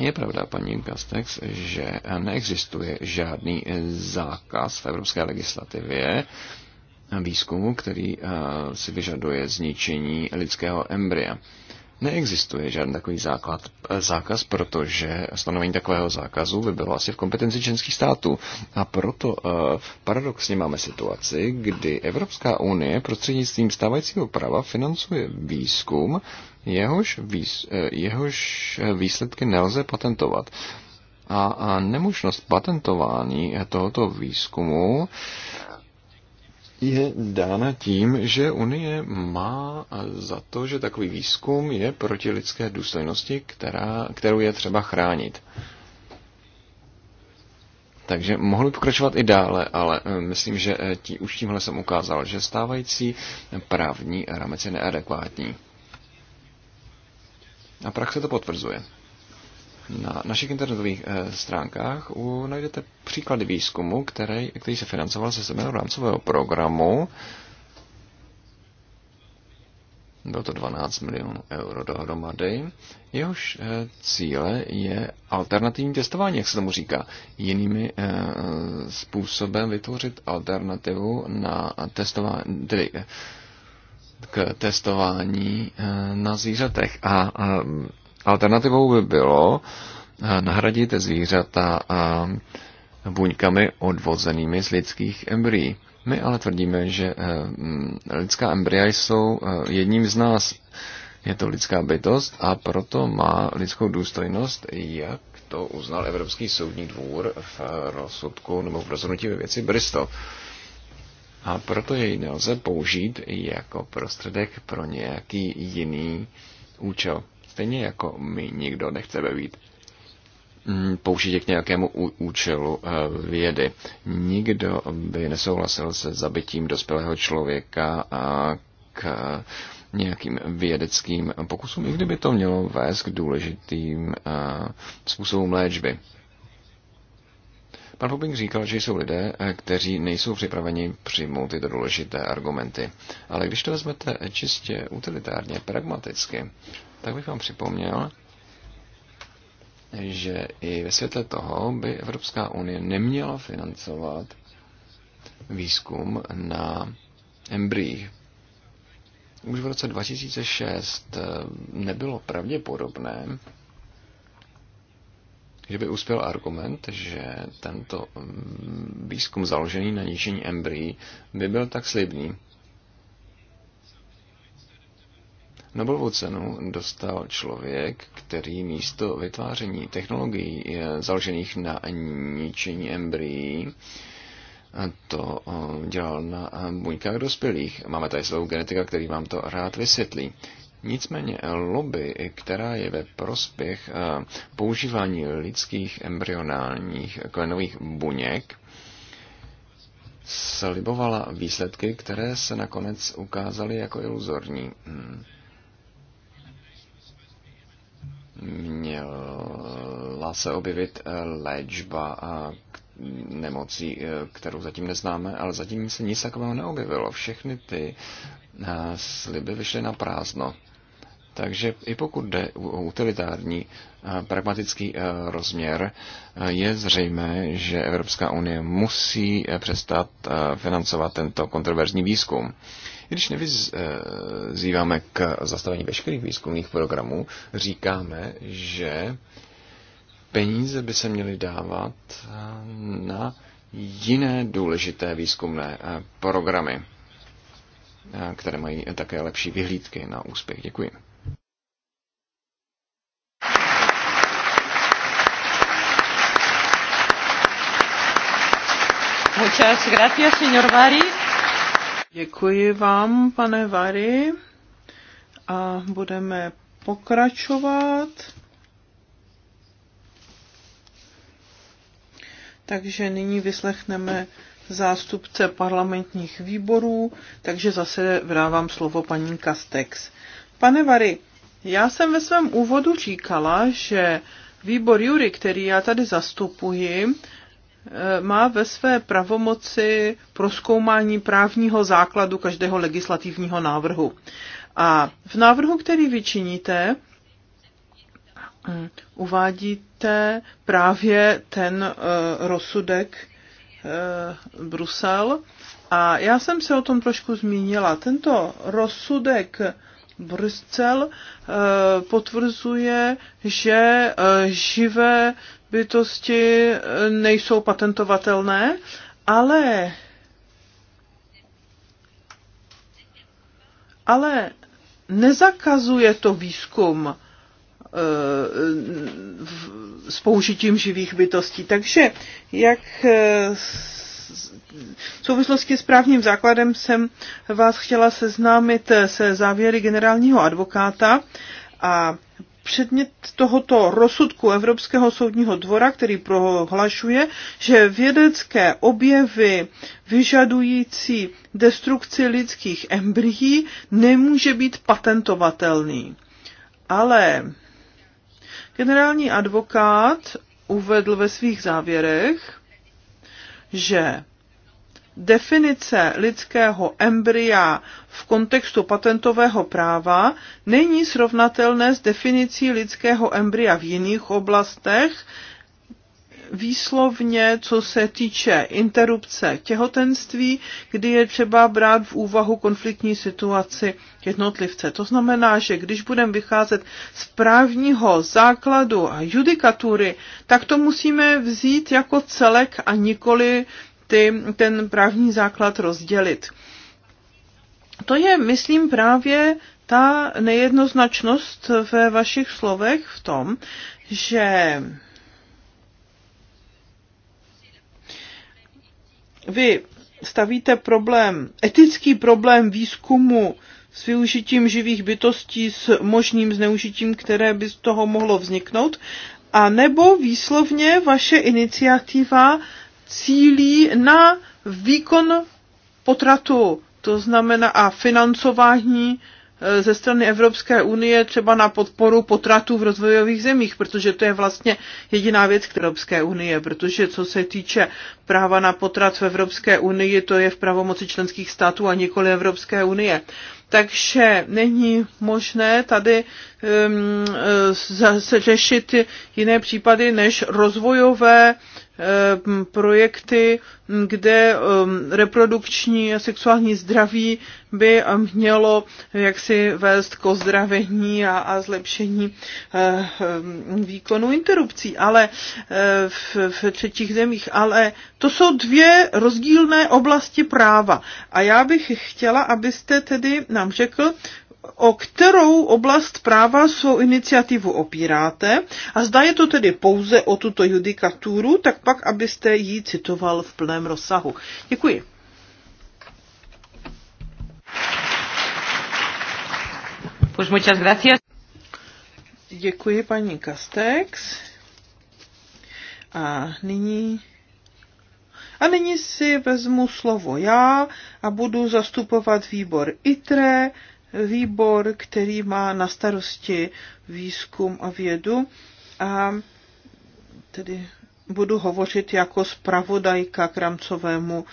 Je pravda, paní Kastex, že neexistuje žádný zákaz v evropské legislativě výzkumu, který eh, si vyžaduje zničení lidského embrya. Neexistuje žádný takový základ, eh, zákaz, protože stanovení takového zákazu by bylo asi v kompetenci členských států. A proto eh, paradoxně máme situaci, kdy Evropská unie prostřednictvím stávajícího práva financuje výzkum, jehož, výs, jehož výsledky nelze patentovat. A, a nemožnost patentování tohoto výzkumu je dána tím, že Unie má za to, že takový výzkum je proti lidské důstojnosti, která, kterou je třeba chránit. Takže mohli pokračovat i dále, ale eh, myslím, že eh, tí, už tímhle jsem ukázal, že stávající právní rámec je neadekvátní. A praxe to potvrzuje. Na našich internetových eh, stránkách najdete příklady výzkumu, který, který se financoval ze semeru rámcového programu. Bylo to 12 milionů euro dohromady. Jehož eh, cíle je alternativní testování, jak se tomu říká. Jinými eh, způsobem vytvořit alternativu na testování, k testování na zvířatech. A Alternativou by bylo eh, nahradit zvířata buňkami eh, odvozenými z lidských embryí. My ale tvrdíme, že eh, mm, lidská embrya jsou jedním z nás. Je to lidská bytost a proto má lidskou důstojnost, jak to uznal Evropský soudní dvůr v rozsudku nebo v rozhodnutí ve věci Bristol. A proto jej nelze použít jako prostředek pro nějaký jiný účel. Stejně jako my nikdo nechce být mm, použitě k nějakému účelu eh, vědy. Nikdo by nesouhlasil se zabitím dospělého člověka a k eh, nějakým vědeckým pokusům, i kdyby to mělo vést k důležitým eh, způsobům léčby. Pan Poping říkal, že jsou lidé, eh, kteří nejsou připraveni přijmout tyto důležité argumenty. Ale když to vezmete čistě utilitárně, pragmaticky, tak bych vám připomněl, že i ve světle toho by Evropská unie neměla financovat výzkum na embryích. Už v roce 2006 eh, nebylo pravděpodobné, Kdyby uspěl argument, že tento výzkum založený na ničení embryí by byl tak slibný, Nobelovu cenu dostal člověk, který místo vytváření technologií založených na ničení embryí to dělal na buňkách dospělých. Máme tady svou genetika, který vám to rád vysvětlí. Nicméně eh, lobby, eh, která je ve prospěch eh, používání lidských embryonálních klenových buněk, slibovala výsledky, které se nakonec ukázaly jako iluzorní. Hmm. Měla se objevit léčba nemocí, kterou zatím neznáme, ale zatím se nic takového neobjevilo. Všechny ty sliby vyšly na prázdno. Takže i pokud jde o utilitární eh, pragmatický eh, rozměr, eh, je zřejmé, že Evropská unie musí přestat financovat tento kontroverzní výzkum. I když nevyzýváme k zastavení veškerých výzkumných programů, říkáme, že peníze by se měly dávat na jiné důležité výzkumné programy, které mají také lepší vyhlídky na úspěch. Děkuji. Děkuji vám, pane Vary. A budeme pokračovat. Takže nyní vyslechneme zástupce parlamentních výborů, takže zase vrávám slovo paní Kastex. Pane Vary, já jsem ve svém úvodu říkala, že výbor Jury, který já tady zastupuji, Eh, má ve své pravomoci proskoumání právního základu každého legislativního návrhu. A v návrhu, který vyčiníte, eh, uvádíte právě ten eh, rozsudek Brusel. A já jsem se o tom trošku zmínila. Tento rozsudek Brusel eh, potvrzuje, že eh, živé bytosti eh, nejsou patentovatelné, ale ale nezakazuje to výzkum s použitím živých bytostí. Takže, jak v souvislosti s právním základem jsem vás chtěla seznámit se závěry generálního advokáta a předmět tohoto rozsudku Evropského soudního dvora, který prohlašuje, že vědecké objevy vyžadující destrukci lidských embryí nemůže být patentovatelný. Ale generální advokát uvedl ve svých závěrech, že definice lidského embrya v kontextu patentového práva není srovnatelné s definicí lidského embrya v jiných oblastech, výslovně, co se týče interrupce těhotenství, kdy je třeba brát v úvahu konfliktní situaci jednotlivce. To znamená, že když budeme vycházet z právního základu a judikatury, tak to musíme vzít jako celek a nikoli ty, ten právní základ rozdělit. To je, myslím, právě ta nejednoznačnost ve vašich slovech v tom, že vy stavíte problém, etický problém výzkumu s využitím živých bytostí s možným zneužitím, které by z toho mohlo vzniknout, a nebo výslovně vaše iniciativa cílí na výkon potratu, to znamená a financování e, ze strany Evropské unie třeba na podporu potratů v rozvojových zemích, protože to je vlastně jediná věc k Evropské unie, protože co se týče práva na potrat v Evropské unii, to je v pravomoci členských států a nikoli Evropské unie takže není možné tady um, e, řešit jiné případy než rozvojové Ehm, projekty, kde ehm, reprodukční a sexuální zdraví by mělo jaksi vést k ozdravení a, a zlepšení ehm, výkonu interrupcí, ale eh, v, v třetích zemích. Ale to jsou dvě rozdílné oblasti práva. A já bych chtěla, abyste tedy nám řekl, o kterou oblast práva svou iniciativu opíráte a zda je to tedy pouze o tuto judikaturu, tak pak, abyste ji citoval v plném rozsahu. Děkuji. Pues muchas gracias. Děkuji paní Kastex. A nyní a nyní si vezmu slovo já a budu zastupovat výbor ITRE výbor, který má na starosti výzkum a vědu a tedy budu hovořit jako zpravodajka k rámcovému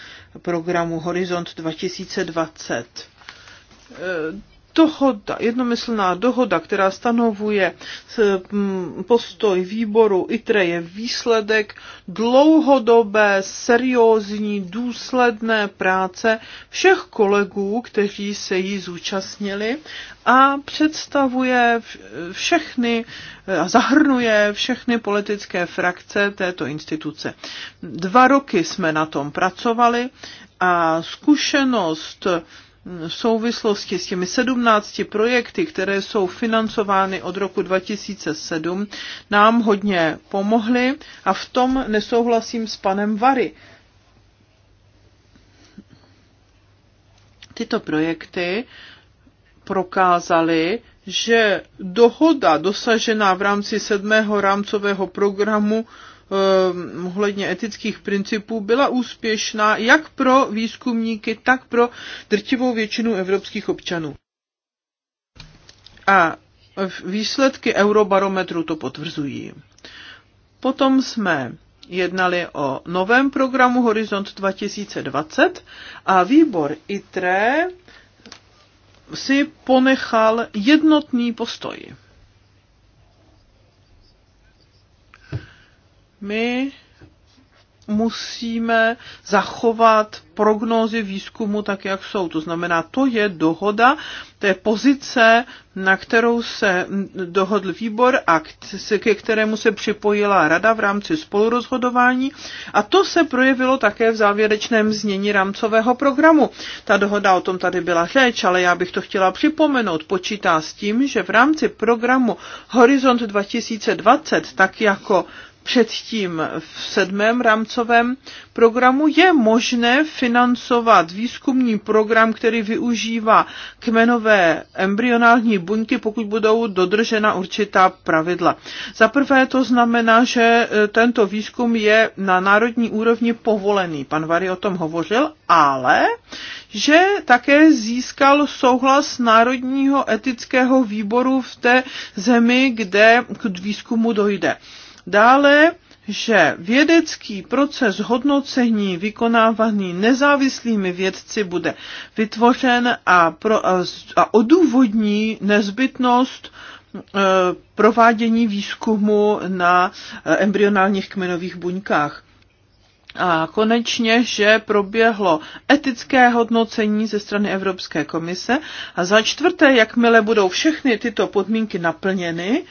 programu Horizont 2020 dohoda, jednomyslná dohoda, která stanovuje postoj výboru ITRE je výsledek dlouhodobé, seriózní, důsledné práce všech kolegů, kteří se jí zúčastnili a představuje všechny, zahrnuje všechny politické frakce této instituce. Dva roky jsme na tom pracovali a zkušenost v souvislosti s těmi 17 projekty, které jsou financovány od roku 2007, nám hodně pomohly a v tom nesouhlasím s panem Vary. Tyto projekty prokázaly, že dohoda dosažená v rámci sedmého rámcového programu eh, ohledně etických principů byla úspěšná jak pro výzkumníky, tak pro drtivou většinu evropských občanů. A výsledky Eurobarometru to potvrzují. Potom jsme jednali o novém programu Horizont 2020 a výbor ITRE si ponechal jednotný postoj. My musíme zachovat prognózy výzkumu tak, jak jsou. To znamená, to je dohoda, to je pozice, na kterou se dohodl výbor a ke kterému se připojila rada v rámci spolurozhodování. A to se projevilo také v závěrečném změní rámcového programu. Ta dohoda o tom tady byla řeč, ale já bych to chtěla připomenout. Počítá s tím, že v rámci programu Horizont 2020, tak jako předtím v sedmém rámcovém programu je možné financovat výzkumný program, který využívá kmenové embryonální buňky, pokud budou dodržena určitá pravidla. Za prvé to znamená, že e, tento výzkum je na národní úrovni povolený. Pan Vary o tom hovořil, ale že také získal souhlas Národního etického výboru v té zemi, kde k výzkumu dojde. Dále, že vědecký proces hodnocení vykonávaný nezávislými vědci bude vytvořen a, pro, a, a odůvodní nezbytnost e, provádění výzkumu na e, embryonálních kmenových buňkách. A konečně, že proběhlo etické hodnocení ze strany Evropské komise. A za čtvrté, jakmile budou všechny tyto podmínky naplněny,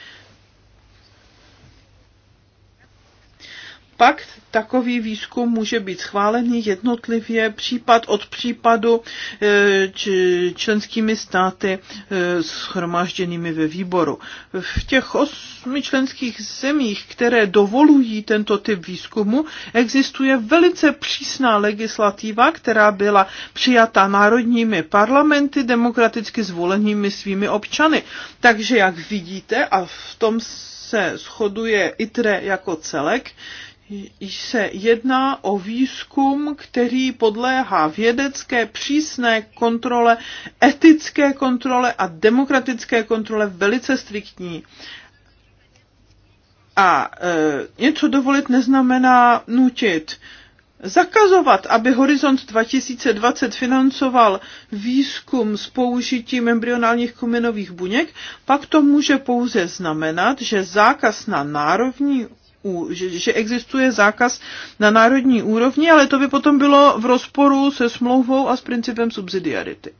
Pak takový výzkum může být schválený jednotlivě případ od případu e, členskými státy e, schromážděnými ve výboru. V těch osmi členských zemích, které dovolují tento typ výzkumu, existuje velice přísná legislativa, která byla přijata národními parlamenty demokraticky zvolenými svými občany. Takže jak vidíte, a v tom se shoduje ITRE jako celek, se jedná o výzkum, který podléhá vědecké přísné kontrole, etické kontrole a demokratické kontrole velice striktní. A e, něco dovolit neznamená nutit. Zakazovat, aby Horizont 2020 financoval výzkum s použitím embryonálních kominových buněk, pak to může pouze znamenat, že zákaz na národní že existuje zákaz na národní úrovni, ale to by potom bylo v rozporu se smlouvou a s principem subsidiarity.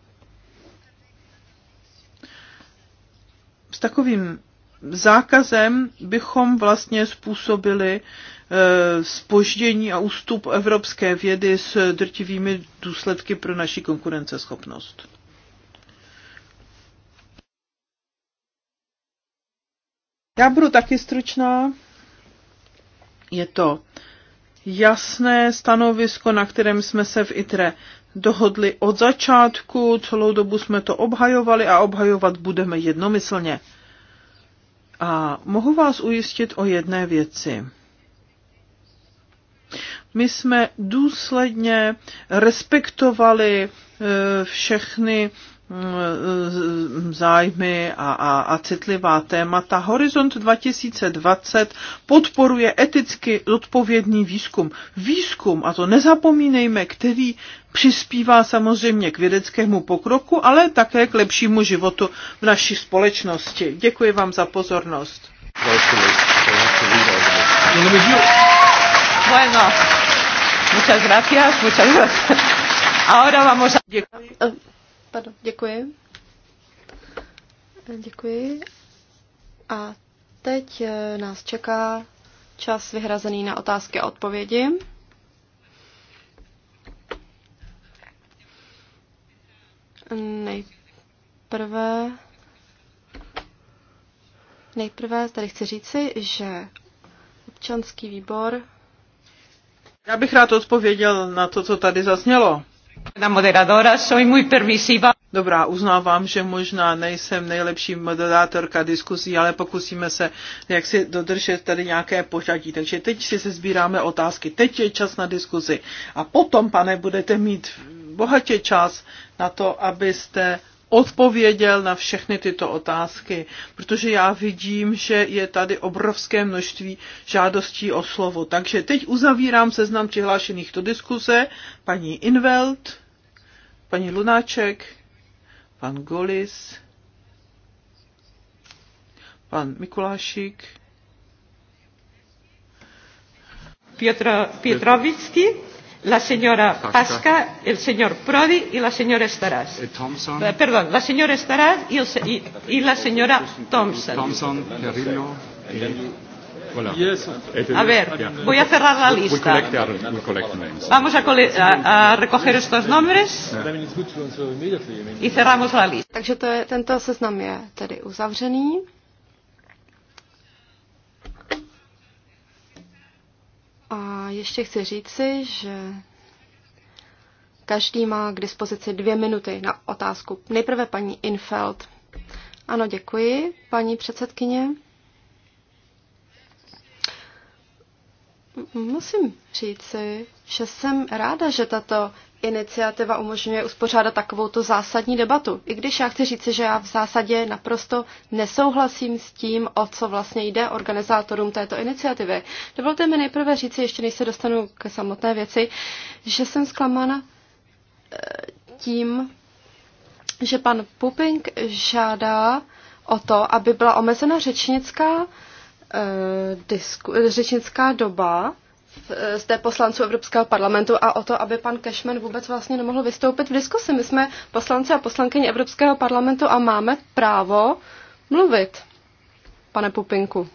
S takovým zákazem bychom vlastně způsobili spoždění eh, a ústup evropské vědy s drtivými důsledky pro naši konkurenceschopnost. Já budu taky stručná. Je to jasné stanovisko, na kterém jsme se v ITRE dohodli od začátku, celou dobu jsme to obhajovali a obhajovat budeme jednomyslně. A mohu vás ujistit o jedné věci. My jsme důsledně respektovali eh, všechny Eh, zájmy a, a, a citlivá témata. Horizont 2020 podporuje eticky odpovědný výzkum. Výzkum, a to nezapomínejme, který přispívá samozřejmě k vědeckému pokroku, ale také k lepšímu životu v naší společnosti. Děkuji vám za pozornost. Bueno, muchas gracias, muchas gracias. Ahora vamos a... Děkuji. Pardon, děkuji. Děkuji. A teď eh, nás čeká čas vyhrazený na otázky a odpovědi. Nejprve, nejprve tady chci říci, že občanský výbor. Já bych rád odpověděl na to, co tady zaznělo. Na moderadora soy muy permisiva. Dobrá, uznávám, že možná nejsem nejlepší moderátorka diskuzí, ale pokusíme se jak si dodržet tady nějaké pořadí. Takže teď si se sbíráme otázky. Teď je čas na diskuzi. A potom, pane, budete mít bohatě čas na to, abyste odpověděl na všechny tyto otázky, protože já vidím, že je tady obrovské množství žádostí o slovo. Takže teď uzavírám seznam přihlášených do diskuze. Paní Inveld, paní Lunáček, pan Golis, pan Mikulášik, Petra Pietravický, la señora Pasca, el señor Prodi y la señora Estarás. Eh, Thompson. Eh, perdón, la señora Estarás y, el, y, y la señora Thompson. Thompson, Perillo. Y... Voilà. Yes. A ver, yeah. voy a cerrar la lista. We, we our, collect Vamos a, cole a, a recoger estos nombres yeah. y cerramos la lista. Takže to je, tento seznam je tedy uzavřený. A ještě chci říci, že každý má k dispozici dvě minuty na otázku. Nejprve paní Infeld. Ano, děkuji, paní předsedkyně. Musím říci, že jsem ráda, že tato iniciativa umožňuje uspořádat takovouto zásadní debatu. I když já chci říct, že já v zásadě naprosto nesouhlasím s tím, o co vlastně jde organizátorům této iniciativy. Dovolte mi nejprve říci, ještě než se dostanu k samotné věci, že jsem zklamána eh, tím, že pan Puping žádá o to, aby byla omezena řečnická, eh, disku, eh, řečnická doba Eh, zde poslanců Evropského parlamentu a o to, aby pan Cashman vůbec vlastně nemohl vystoupit v diskusi. My jsme poslanci a poslankyně Evropského parlamentu a máme právo mluvit, pane Pupinku.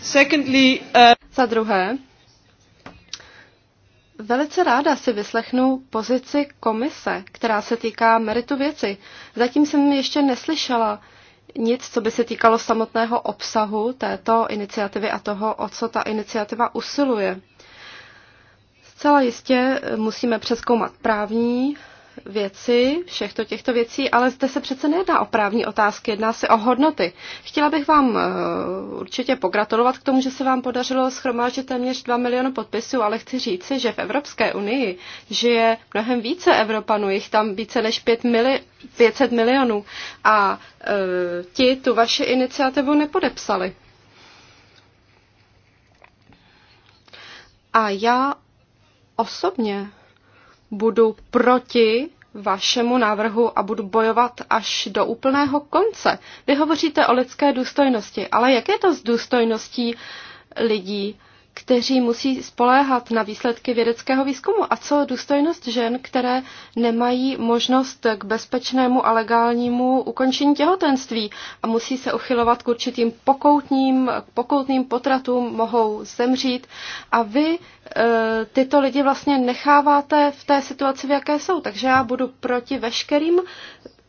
Secondly, uh... Za druhé, Velice ráda si vyslechnu pozici komise, která se týká meritu věci. Zatím jsem ještě neslyšela nic, co by se týkalo samotného obsahu této iniciativy a toho, o co ta iniciativa usiluje. Zcela jistě musíme přeskoumat právní věci, všechno těchto věcí, ale zde se přece nejedná o právní otázky, jedná se o hodnoty. Chtěla bych vám eh, určitě pogratulovat k tomu, že se vám podařilo schromáždit téměř 2 miliony podpisů, ale chci říci, že v Evropské unii žije mnohem více Evropanů, jich tam více než 5 mili- 500 milionů a e, ti tu vaši iniciativu nepodepsali. A já osobně budu proti vašemu návrhu a budu bojovat až do úplného konce. Vy hovoříte o lidské důstojnosti, ale jak je to s důstojností lidí kteří musí spoléhat na výsledky vědeckého výzkumu. A co důstojnost žen, které nemají možnost k bezpečnému a legálnímu ukončení těhotenství a musí se uchylovat k určitým pokoutním, pokoutným potratům, mohou zemřít. A vy e, tyto lidi vlastně necháváte v té situaci, v jaké jsou. Takže já budu proti veškerým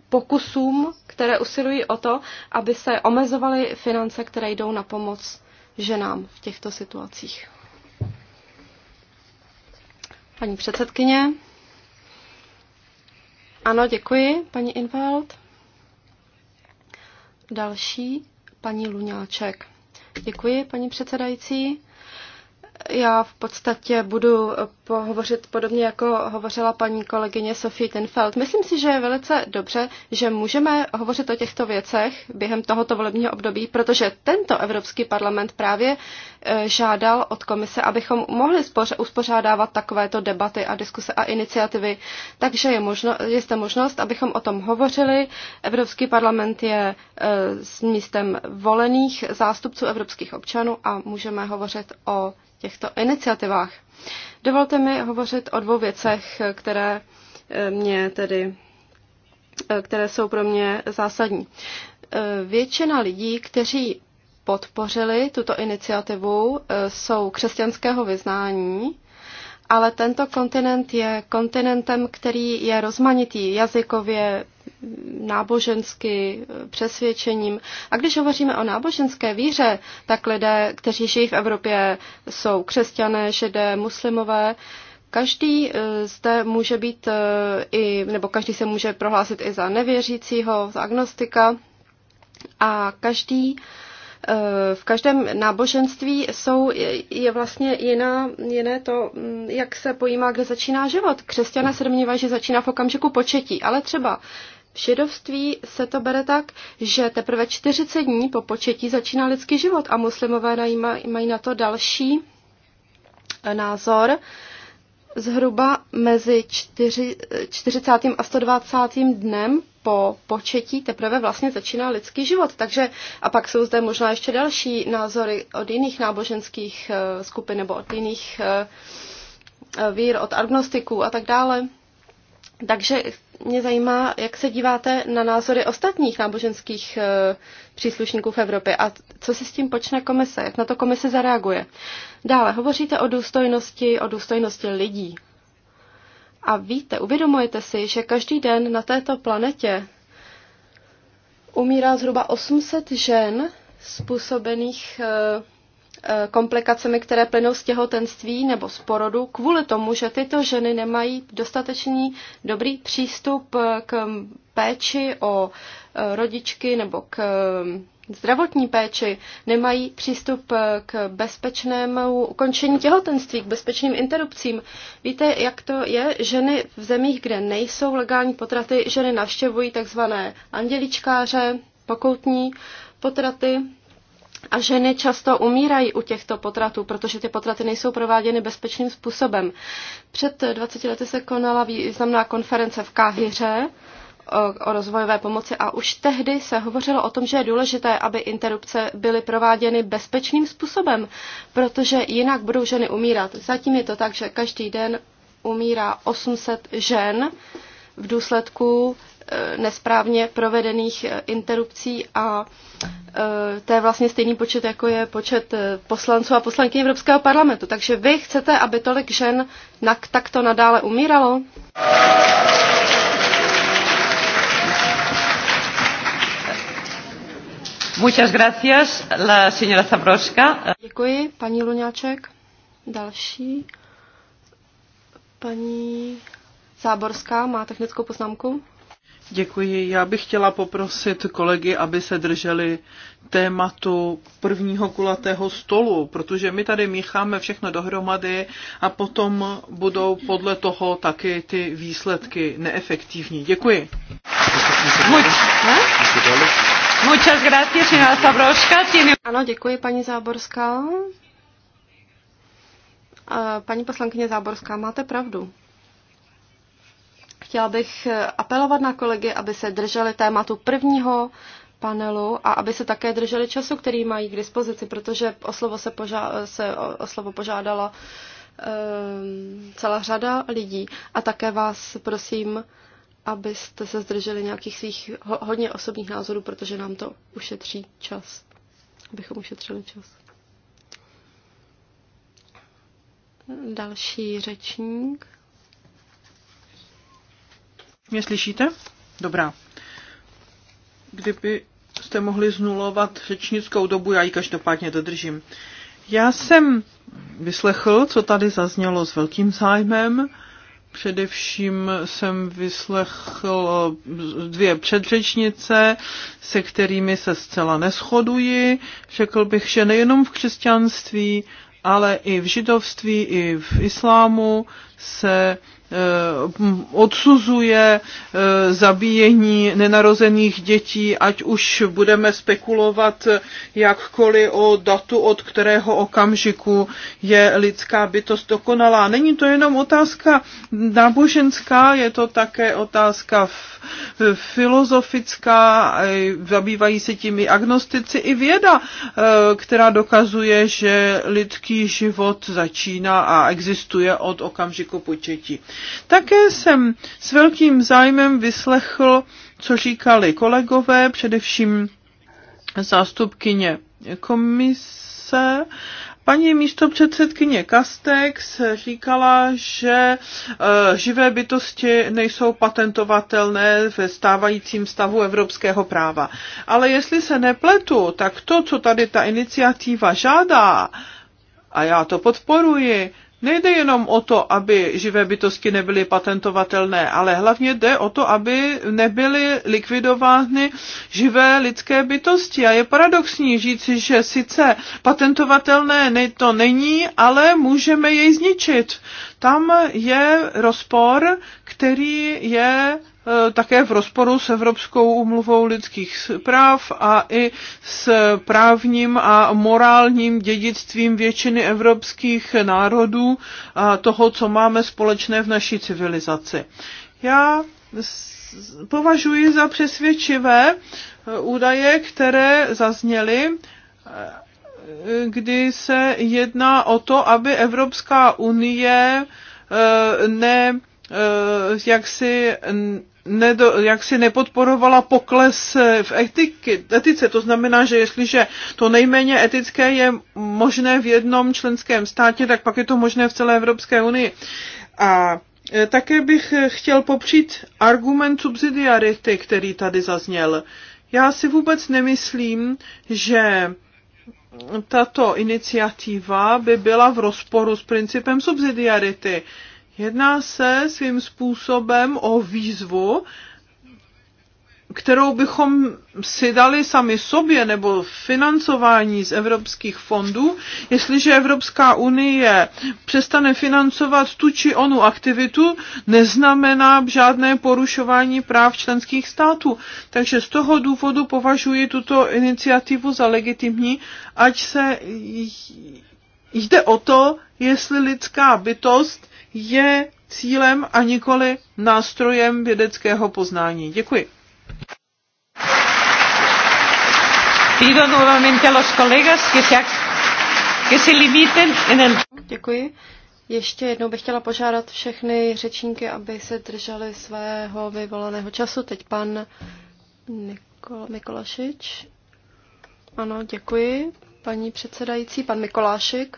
pokusům, které usilují o to, aby se omezovaly finance, které jdou na pomoc ženám v těchto situacích. Paní předsedkyně. Ano, děkuji, paní Inveld. Další, paní Luňáček. Děkuji, paní předsedající. Já v podstatě budu pohovořit podobně, jako hovořila paní kolegyně Sophie Tenfeld. Myslím si, že je velice dobře, že můžeme hovořit o těchto věcech během tohoto volebního období, protože tento Evropský parlament právě eh, žádal od komise, abychom mohli uspořádávat takovéto debaty a diskuse a iniciativy. Takže je, možno, je zde možnost, abychom o tom hovořili. Evropský parlament je eh, s místem volených zástupců evropských občanů a můžeme hovořit o těchto iniciativách. Dovolte mi hovořit o dvou věcech, které eh, mě tedy, eh, které jsou pro mě zásadní. Eh, většina lidí, kteří podpořili tuto iniciativu, jsou křesťanského vyznání, ale tento kontinent je kontinentem, který je rozmanitý jazykově, nábožensky přesvědčením. A když hovoříme o náboženské víře, tak lidé, kteří žijí v Evropě, jsou křesťané, židé, muslimové. Každý eh, zde může být eh, i, nebo každý se může prohlásit i za nevěřícího, za agnostika. A každý eh, v každém náboženství jsou, je vlastně jiná, jiné to, mm, jak se pojímá, kde začíná život. Křesťané se domnívají, že začíná v okamžiku početí, ale třeba v židovství se to bere tak, že teprve 40 dní po početí začíná lidský život a muslimové mají na to další názor. Zhruba mezi 40. a 120. dnem po početí teprve vlastně začíná lidský život. Takže a pak jsou zde možná ještě další názory od jiných náboženských eh, skupin nebo od jiných eh, eh, vír, od agnostiků a tak dále. Takže mě zajímá, jak se díváte na názory ostatních náboženských eh, příslušníků v Evropě a co si s tím počne komise, jak na to komise zareaguje. Dále, hovoříte o důstojnosti, o důstojnosti lidí. A víte, uvědomujete si, že každý den na této planetě umírá zhruba 800 žen způsobených eh, Eh, komplikacemi, které plynou z těhotenství nebo z porodu, kvůli tomu, že tyto ženy nemají dostatečný dobrý přístup eh, k péči o eh, rodičky nebo k zdravotní péči, nemají přístup k bezpečnému ukončení těhotenství, k bezpečným interrupcím. Víte, jak to je? Ženy v zemích, kde nejsou legální potraty, ženy navštěvují takzvané anděličkáře, pokoutní potraty, a ženy často umírají u těchto potratů, protože ty potraty nejsou prováděny bezpečným způsobem. Před 20 lety se konala významná konference v Káhyře o, o rozvojové pomoci a už tehdy se hovořilo o tom, že je důležité, aby interrupce byly prováděny bezpečným způsobem, protože jinak budou ženy umírat. Zatím je to tak, že každý den umírá 800 žen v důsledku Eh, nesprávně provedených eh, interrupcí a eh, to je vlastně stejný počet, jako je počet poslanců a poslanky Evropského parlamentu. Takže vy chcete, aby tolik žen takto nadále umíralo? Muchas gracias, la señora Zabrowska. Děkuji, paní Luňáček. Další. Paní Záborská má technickou poznámku. Děkuji. Já bych chtěla poprosit kolegy, aby se drželi tématu prvního kulatého stolu, protože my tady mícháme všechno dohromady a potom budou podle toho taky ty výsledky neefektivní. Děkuji. Muchas gracias, señora Zabrovská. Ano, děkuji, paní Záborská. Paní poslankyně Záborská, máte pravdu. Chtěla bych eh, apelovat na kolegy, aby se drželi tématu prvního panelu a aby se také drželi času, který mají k dispozici, protože o slovo se, poža- se o slovo požádala um, celá řada lidí. A také vás prosím, abyste se zdrželi nějakých svých ho- hodně osobních názorů, protože nám to ušetří čas. Abychom ušetřili čas. Další řečník. Mě slyšíte? Dobrá. Kdyby jste mohli znulovat řečnickou dobu, já ji každopádně dodržím. Já jsem vyslechl, co tady zaznělo s velkým zájmem. Především jsem vyslechl dvě předřečnice, se kterými se zcela neschoduji. Řekl bych, že nejenom v křesťanství, ale i v židovství, i v islámu se eh, odsuzuje eh, zabíjení nenarozených dětí, ať už budeme spekulovat jakkoliv o datu, od kterého okamžiku je lidská bytost dokonalá. Není to jenom otázka náboženská, je to také otázka filozofická, eh, zabývají se tím i agnostici, i věda, která dokazuje, že lidský život začíná a existuje od okamžiku početí. Také jsem s velkým zájmem vyslechl, co říkali kolegové, především zástupkyně komise. Paní místo předsedkyně Kastex říkala, že eh, živé bytosti nejsou patentovatelné ve stávajícím stavu evropského práva. Ale jestli se nepletu, tak to, co tady ta iniciativa žádá, a já to podporuji, Nejde jenom o to, aby živé bytosti nebyly patentovatelné, ale hlavně jde o to, aby nebyly likvidovány živé lidské bytosti. A je paradoxní říci, že sice patentovatelné to není, ale můžeme jej zničit. Tam je rozpor, který je eh, také v rozporu s Evropskou umluvou lidských práv a i s právním a morálním dědictvím většiny evropských národů a toho, co máme společné v naší civilizaci. Já považuji za přesvědčivé eh, údaje, které zazněly eh, kdy se jedná o to, aby Evropská unie ne Eh, jaksi, nedo, jaksi nepodporovala pokles eh, v etiky, etice. To znamená, že jestliže to nejméně etické je možné v jednom členském státě, tak pak je to možné v celé Evropské unii. A eh, také bych chtěl popřít argument subsidiarity, který tady zazněl. Já si vůbec nemyslím, že tato iniciativa by byla v rozporu s principem subsidiarity. Uh, Jedná se svým způsobem o výzvu, kterou bychom si dali sami sobě nebo financování z evropských fondů, jestliže Evropská unie přestane financovat tu či onu aktivitu, neznamená žádné porušování práv členských států. Takže z toho důvodu považuji tuto iniciativu za legitimní, ať se jde o to, jestli lidská bytost je cílem a nikoli nástrojem vědeckého poznání. Děkuji. se, Děkuji. Ještě jednou bych chtěla požádat všechny řečníky, aby se drželi svého vyvoleného času. Teď pan Nikol, Mikolašič. Ano, děkuji. Paní předsedající, pan Mikolášik.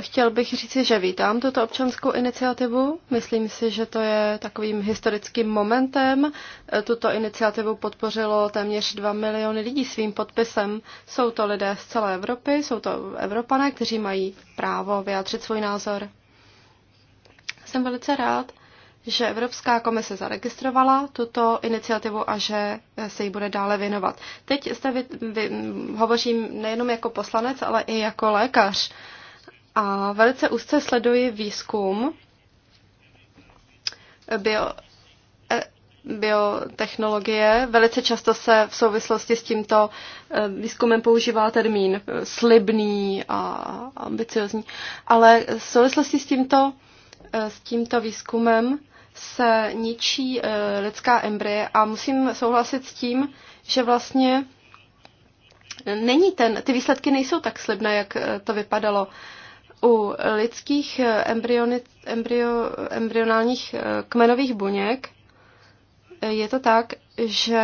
Chtěl bych říci, že vítám tuto občanskou iniciativu. Myslím si, že to je takovým historickým momentem. Tuto iniciativu podpořilo téměř 2 miliony lidí svým podpisem. Jsou to lidé z celé Evropy, jsou to Evropané, kteří mají právo vyjádřit svůj názor. Jsem velice rád, že Evropská komise zaregistrovala tuto iniciativu a že se jí bude dále věnovat. Teď jste vy, vy, hovořím nejenom jako poslanec, ale i jako lékař. Uh, a velice úzce sleduji výzkum bio, e, biotechnologie. Velice často se v souvislosti s tímto e, výzkumem používá termín e, slibný a ambiciozní, ale v souvislosti s tímto, s tímto výzkumem se ničí lidská embrye a musím souhlasit s tím, že vlastně není ten, ty výsledky nejsou tak slibné, jak to vypadalo. U lidských eh, embryo, embryonálních eh, kmenových buněk eh, je to tak, že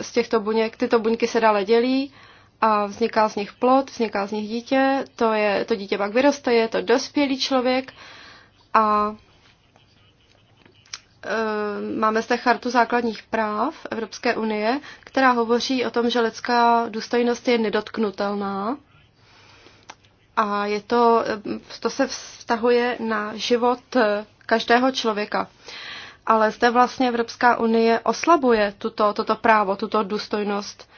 z těchto buněk, tyto buňky se dále dělí a vzniká z nich plod, vzniká z nich dítě, to, je, to dítě pak vyroste, je to dospělý člověk a máme zde chartu základních práv Evropské unie, která hovoří o tom, že lidská důstojnost je nedotknutelná a je to, to se vztahuje na život každého člověka. Ale zde vlastně Evropská unie oslabuje tuto, toto právo, tuto důstojnost.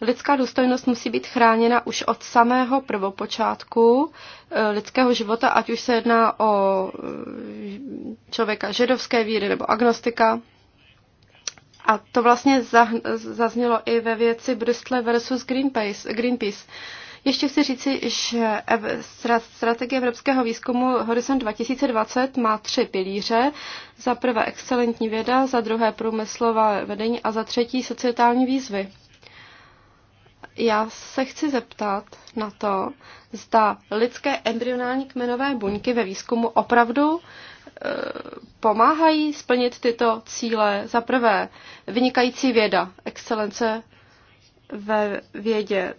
Lidská důstojnost musí být chráněna už od samého prvopočátku eh, lidského života, ať už se jedná o eh, člověka židovské víry nebo agnostika. A to vlastně zaznělo i ve věci Bristol versus Greenpeace. Greenpeace. Ještě chci říci, že strategie evropského výzkumu Horizon 2020 má tři pilíře. Za prvé excelentní věda, za druhé průmyslová vedení a za třetí sociální výzvy. Já se chci zeptat na to, zda lidské embryonální kmenové buňky ve výzkumu opravdu e, pomáhají splnit tyto cíle. Za prvé, vynikající věda, excelence ve vědě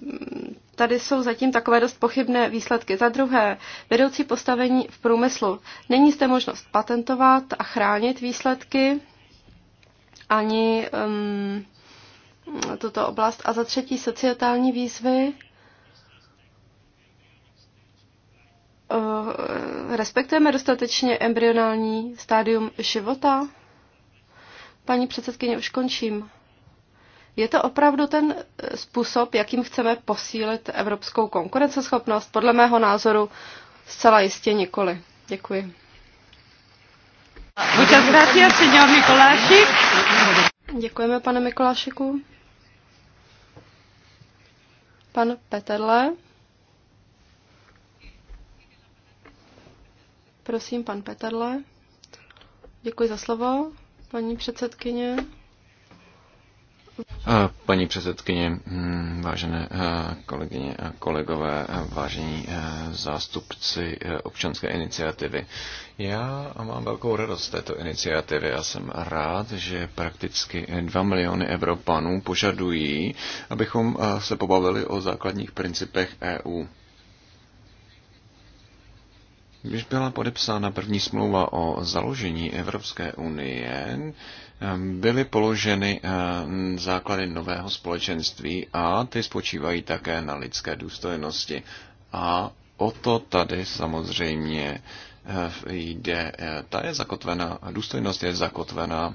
tady jsou zatím takové dost pochybné výsledky. Za druhé, vedoucí postavení v průmyslu. Není zde možnost patentovat a chránit výsledky ani um, tuto oblast. A za třetí, sociální výzvy. Uh, respektujeme dostatečně embryonální stádium života? Paní předsedkyně, už končím. Je to opravdu ten eh, způsob, jakým chceme posílit evropskou konkurenceschopnost? Podle mého názoru zcela jistě nikoli. Děkuji. Muchas gracias, señor Mikolášik. Děkujeme, pane Mikolášiku. Pan Peterle. Prosím, pan Peterle. Děkuji za slovo, paní předsedkyně. Paní předsedkyně, hm, vážené eh, kolegyně a kolegové, eh, vážení eh, zástupci občanské iniciativy. Já mám velkou radost této iniciativy a jsem rád, že prakticky 2 miliony Evropanů požadují, abychom se pobavili o základních principech EU. Když byla podepsána první smlouva o založení Evropské unie, byly položeny eh, základy nového společenství a ty spočívají také na lidské důstojnosti. A o to tady samozřejmě eh, jde. Eh, ta je zakotvená, důstojnost je zakotvená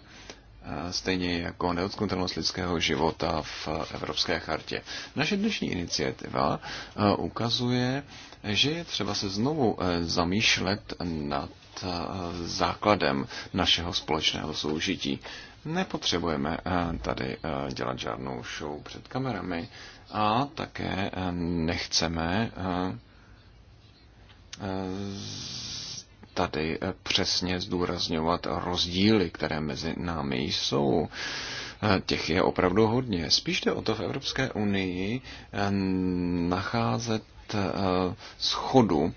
stejně jako neodskutelnost lidského života v Evropské chartě. Naše dnešní iniciativa ukazuje, že je třeba se znovu zamýšlet nad Eh, základem našeho společného soužití. Nepotřebujeme eh, tady eh, dělat žádnou show před kamerami a také nechceme tady přesně zdůrazňovat rozdíly, které mezi námi jsou. Těch je opravdu hodně. Spíš jde o to v Evropské unii nacházet schodu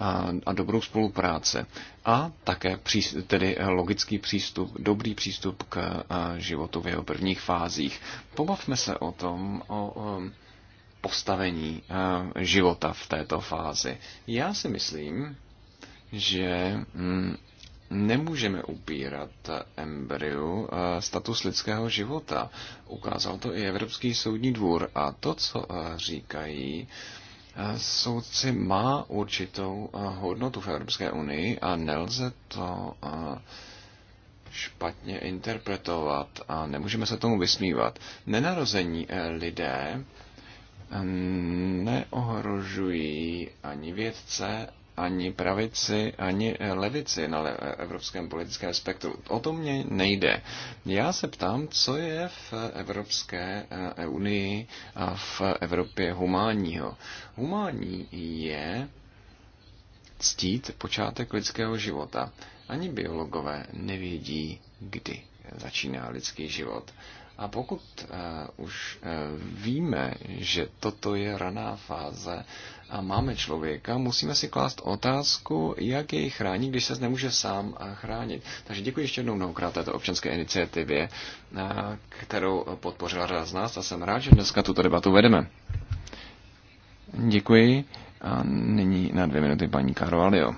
a, a dobrou spolupráci. A také pří, tedy logický přístup, dobrý přístup k životu v jeho prvních fázích. Pobavme se o tom, o, o postavení života v této fázi. Já si myslím, že mm, nemůžeme upírat embryu status lidského života. Ukázal to i Evropský soudní dvůr a to, co říkají soudci má určitou eh, hodnotu v Evropské unii a nelze to eh, špatně interpretovat a nemůžeme se tomu vysmívat. Nenarození eh, lidé neohrožují ani vědce, ani pravici, ani levici na evropském politickém spektru. O to mě nejde. Já se ptám, co je v Evropské eh, unii a v Evropě humánního. Humání je ctít počátek lidského života. Ani biologové nevědí, kdy začíná lidský život. A pokud uh, už uh, víme, že toto je raná fáze a máme člověka, musíme si klást otázku, jak jej chránit, když se nemůže sám eh, chránit. Takže děkuji ještě jednou mnohokrát této občanské iniciativě, uh, kterou podpořila řada z nás a jsem rád, že dneska tuto debatu vedeme. Děkuji a nyní na dvě minuty paní Carvalho.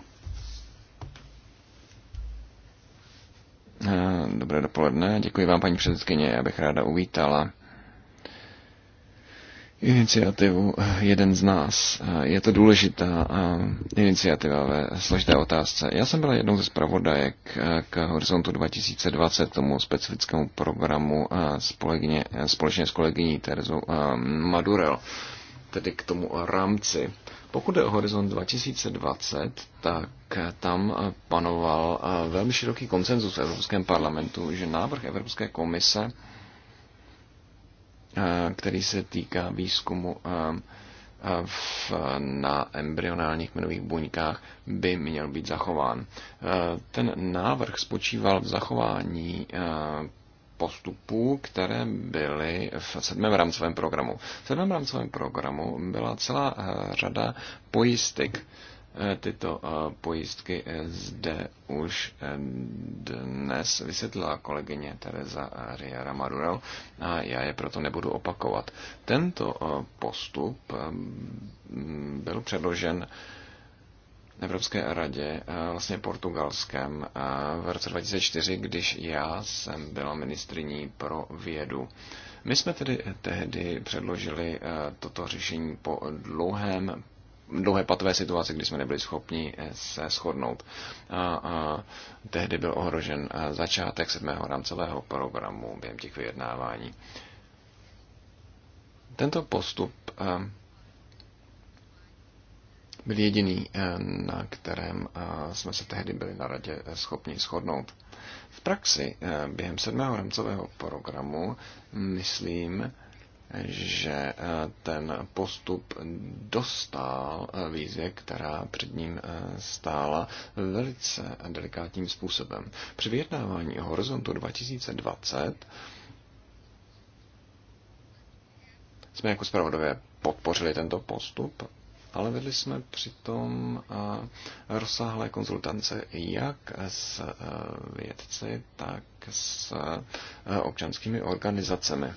Eh, dobré dopoledne, děkuji vám, paní předsedkyně, já bych ráda uvítala iniciativu eh, Jeden z nás. Eh, je to důležitá iniciativa ve složité otázce. Já jsem byla jednou ze zpravodajek k Horizontu 2020, tomu specifickému programu společně, společně s kolegyní Terezou Madurel, tedy k tomu rámci pokud je o horizont 2020, tak tam panoval eh, velmi široký konsenzus v Evropském parlamentu, že návrh Evropské komise, eh, který se týká výzkumu eh, v, na embryonálních kmenových buňkách by měl být zachován. Ten návrh spočíval v zachování postupů, které byly v sedmém rámcovém programu. V sedmém rámcovém programu byla celá eh, řada pojistek. Eh, tyto eh, pojistky zde už dnes vysvětlila kolegyně Teresa Riera Madurel a já je proto nebudu opakovat. Tento postup byl předložen Evropské radě, eh, vlastně portugalském, eh, v roce 2004, když já jsem byla ministriní pro vědu. My jsme tedy tehdy předložili eh, toto řešení po dlouhém dlouhé patové situaci, kdy jsme nebyli schopni se shodnout. A, a tehdy byl ohrožen začátek sedmého rámcového programu během těch vyjednávání. Tento postup a, byl jediný, eh, na kterém eh, jsme se tehdy byli na radě eh, schopni shodnout. V praxi během sedmého rámcového programu myslím, že ten postup dostal výzvě, která před ním stála velice delikátním způsobem. Při vyjednávání o horizontu 2020 jsme jako zpravodové podpořili tento postup ale vedli jsme přitom eh, rozsáhlé konzultance jak s eh, vědci, tak s eh, občanskými organizacemi.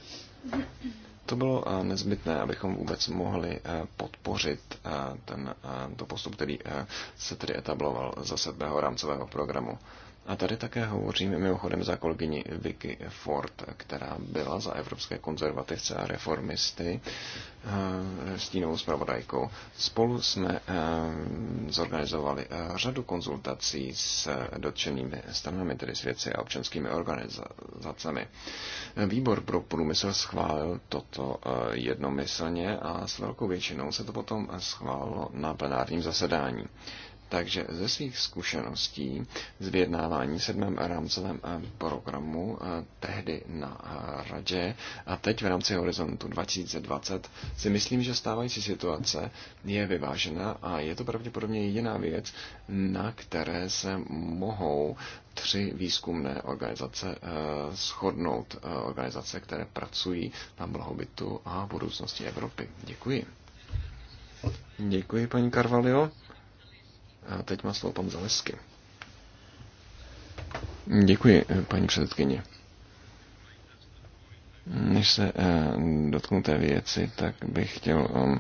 To bylo nezbytné, abychom vůbec mohli podpořit ten, to postup, který se tedy etabloval za sedmého rámcového programu. A tady také hovoříme mimochodem za kolegyni Vicky Ford, která byla za evropské konzervativce a reformisty eh, stínovou zpravodajkou. Spolu jsme eh, zorganizovali eh, řadu konzultací s dotčenými stranami, tedy svědci a občanskými organizacemi. Výbor pro průmysl schválil toto jednomyslně a s velkou většinou se to potom schválilo na plenárním zasedání. Takže ze svých zkušeností z vyjednávání sedmém rámcovém eh, programu eh, tehdy na eh, radě a teď v rámci horizontu 2020 si myslím, že stávající situace je vyvážená a je to pravděpodobně jediná věc, na které se mohou tři výzkumné organizace shodnout, organizace, které pracují na blahobytu a budoucnosti Evropy. Děkuji. Děkuji, paní Carvalho. A teď má slovo pan Zalesky. Děkuji, paní předsedkyně. Než se eh, dotknu té věci, tak bych chtěl eh,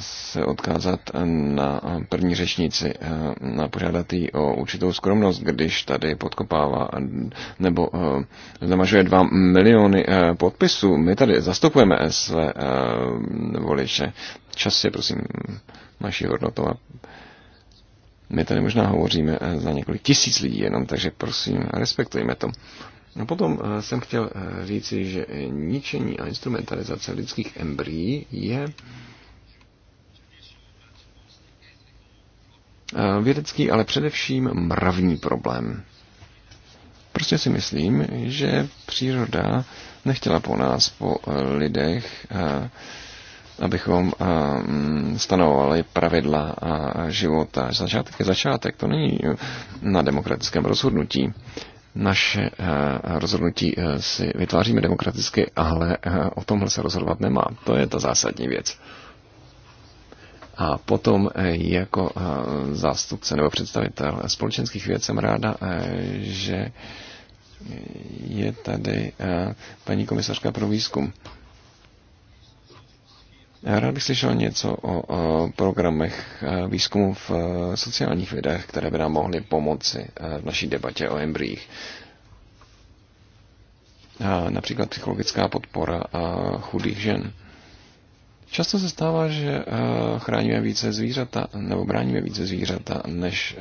se odkázat na první řečnici, eh, na požádat jí o určitou skromnost, když tady podkopává nebo zamažuje dva miliony podpisů. My tady zastupujeme své voliče. Čas je, prosím, naší hodnotou my tady možná hovoříme eh, za několik tisíc lidí jenom, takže prosím, respektujme to. No potom eh, jsem chtěl eh, říci, že ničení a instrumentalizace lidských embryí je vědecký, ale především mravní problém. Prostě si myslím, že příroda nechtěla po nás, po lidech, abychom eh, stanovovali pravidla a života. Začátek je začátek, to není na demokratickém rozhodnutí. Naše eh, rozhodnutí eh, si vytváříme demokraticky, ale o tomhle se rozhodovat nemá. To je ta zásadní věc. A potom jako zástupce nebo představitel společenských věcí jsem ráda, že je tady paní komisařka pro výzkum. Rád bych slyšel něco o, programech eh, výzkumu v eh, sociálních vědech, které by nám mohly pomoci eh, v naší debatě o embryích. Například psychologická podpora a chudých žen. Často se stává, že chráníme více zvířata, nebo bráníme více zvířata, než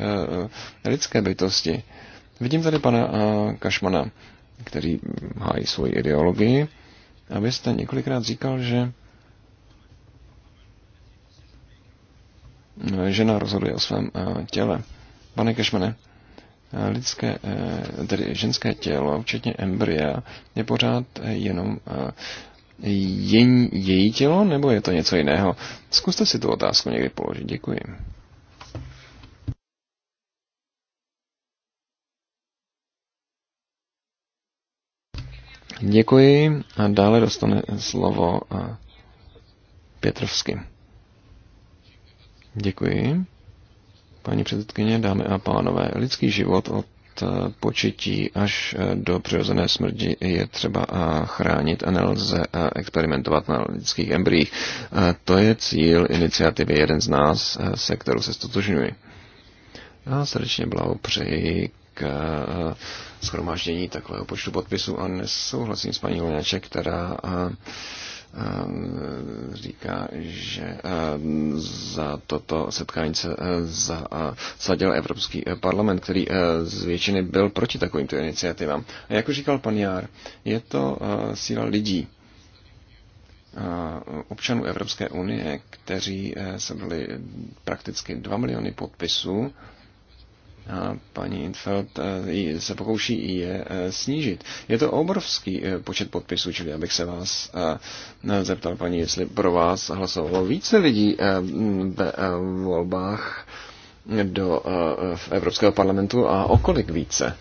lidské bytosti. Vidím tady pana Kašmana, který hájí svoji ideologii. A vy jste několikrát říkal, že žena rozhoduje o svém eh, těle. Pane Kešmene, eh, lidské, eh, tedy ženské tělo, včetně embrya, je pořád jenom její, její tělo, nebo je to něco jiného? Zkuste si tu otázku někdy položit. Děkuji. Děkuji a dále dostane slovo Petrovsky. Děkuji. Paní předsedkyně, dámy a pánové, lidský život od eh, početí až eh, do přirozené smrti je třeba eh, chránit a nelze experimentovat na lidských embryích. To je cíl iniciativy Jeden z nás, se kterou se stotožňuji. Já srdečně blahopřeji k schromáždění takového počtu podpisů a nesouhlasím s paní Lunaček, která Ehm, říká, že ehm, za toto setkání se eh, zasadil Evropský eh, parlament, který eh, z většiny byl proti takovýmto iniciativám. A jak už říkal pan Jár, je to síla lidí, občanů Evropské unie, kteří sebrali prakticky 2 miliony podpisů a paní Infeld eh, se pokouší je eh, snížit. Je to obrovský eh, počet podpisů, čili abych se vás zeptal, paní, jestli pro vás hlasovalo více lidí ve volbách do Evropského parlamentu a o kolik více.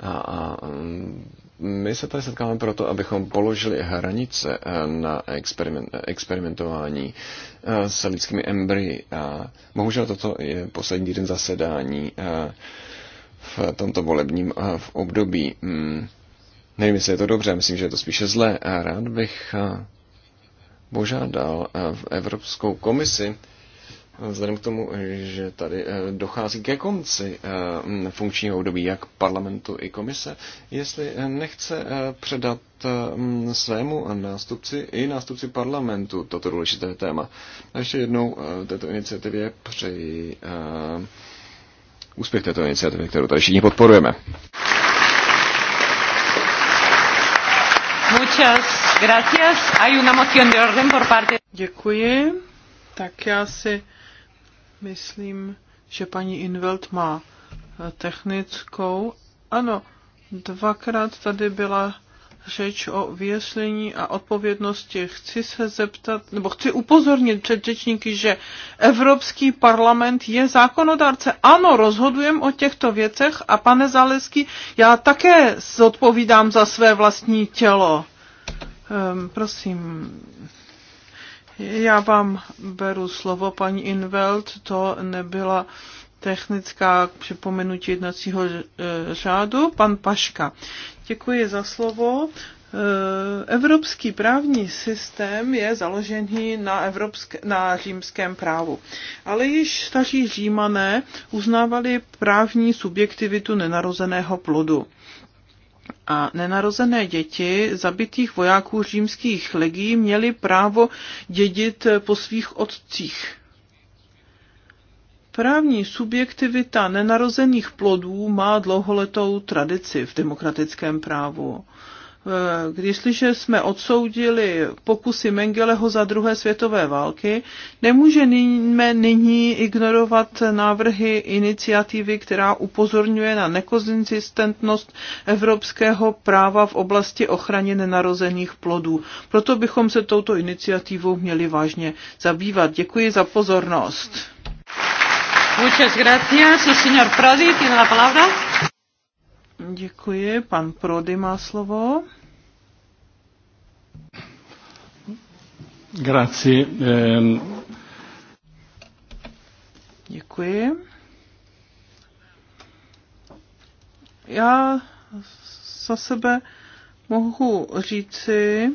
A, a mm, my se tady setkáme proto, abychom položili hranice eh, na experiment, eh, experimentování eh, s lidskými embryi. A bohužel toto je poslední den zasedání v tomto volebním v období. Hmm. Nevím, jestli je to dobře, myslím, že je to spíše zlé. A rád bych požádal v Evropskou komisi, Vzhledem k tomu, že tady eh, dochází ke konci eh, funkčního období jak parlamentu i komise, jestli eh, nechce předat svému nástupci i nástupci parlamentu toto důležité téma. A ještě jednou této iniciativě přeji úspěch této iniciativy, kterou tady všichni podporujeme. Muchas gracias. Hay una moción de orden por parte. Děkuji. Tak já si Myslím, že paní Invelt má eh, technickou. Ano, dvakrát tady byla řeč o vyjaslení a odpovědnosti. Chci se zeptat, nebo chci upozornit předřečníky, že Evropský parlament je zákonodárce. Ano, rozhodujem o těchto věcech a pane Zalesky, já také zodpovídám za své vlastní tělo. Um, prosím, já vám beru slovo, paní Inveld, to nebyla technická připomenutí jednacího eh, řádu. Pan Paška. Děkuji za slovo. Eh, evropský právní systém je založený na, evropské, na římském právu. Ale již staří římané uznávali právní subjektivitu nenarozeného plodu a nenarozené děti zabitých vojáků římských legií měly právo dědit po svých otcích. Právní subjektivita nenarozených plodů má dlouholetou tradici v demokratickém právu. Eh, Jestliže jsme odsoudili pokusy Mengeleho za druhé světové války, nemůžeme nyní ignorovat návrhy iniciativy, která upozorňuje na nekonzistentnost evropského práva v oblasti ochrany nenarozených plodů. Proto bychom se touto iniciativou měli vážně zabývat. Děkuji za pozornost. Muchas gracias. El señor Prodi tiene la palabra. Děkuji. Pan Prody má slovo. Grazie. Ehm. Děkuji. Já za sebe mohu říci,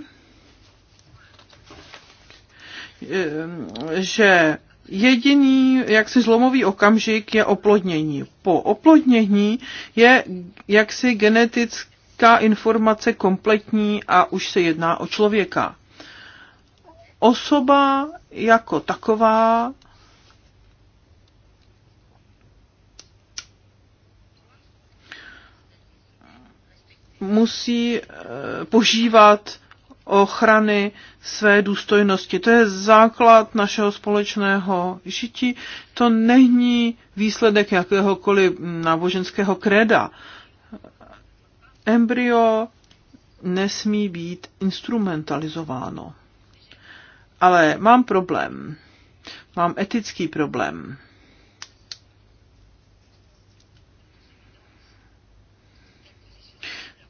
ehm, že jediný jaksi zlomový okamžik je oplodnění. Po oplodnění je jaksi genetická informace kompletní a už se jedná o člověka. Osoba jako taková musí eh, požívat ochrany své důstojnosti. To je základ našeho společného žití. To není výsledek jakéhokoliv náboženského kreda. Embryo nesmí být instrumentalizováno. Ale mám problém. Mám etický problém.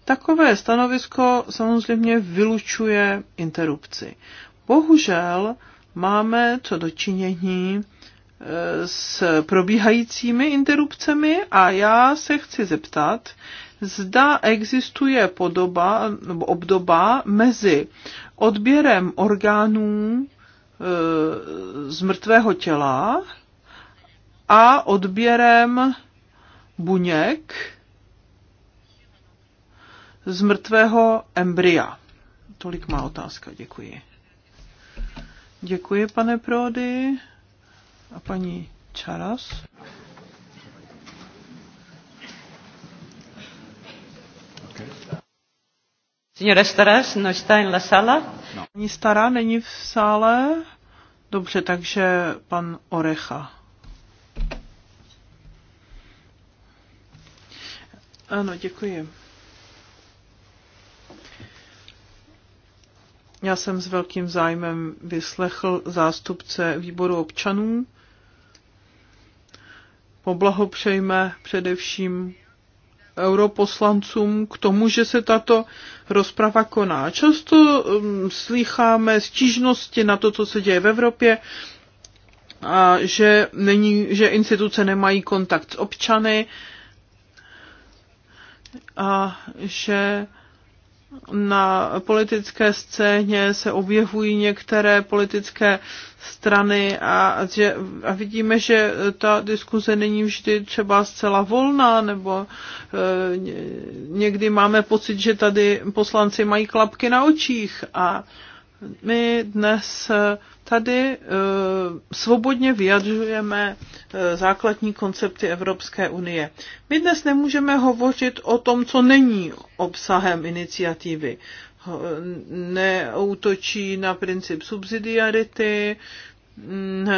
Takové stanovisko samozřejmě vylučuje interrupci. Bohužel máme co dočinění eh, s probíhajícími interrupcemi a já se chci zeptat, zda existuje podoba nebo obdoba mezi odběrem orgánů eh, z mrtvého těla a odběrem buněk z mrtvého embrya? Tolik má otázka, děkuji. Děkuji, pane Prody. A paní Čaras? Signore Señora Staras, no está en la sala? No. Paní Stará není v sále? Dobře, takže pan Orecha. Ano, děkuji. Já jsem s velkým zájmem vyslechl zástupce výboru občanů. Poblahopřejme především europoslancům k tomu, že se tato rozprava koná. Často um, slýcháme stížnosti na to, co se děje v Evropě, a že, není, že instituce nemají kontakt s občany a že na politické scéně se objevují některé politické strany a, že, a vidíme, že ta diskuze není vždy třeba zcela volná, nebo e, někdy máme pocit, že tady poslanci mají klapky na očích a my dnes e, tady e, svobodně vyjadřujeme e, základní koncepty Evropské unie. My dnes nemůžeme hovořit o tom, co není obsahem iniciativy. Neútočí na princip subsidiarity,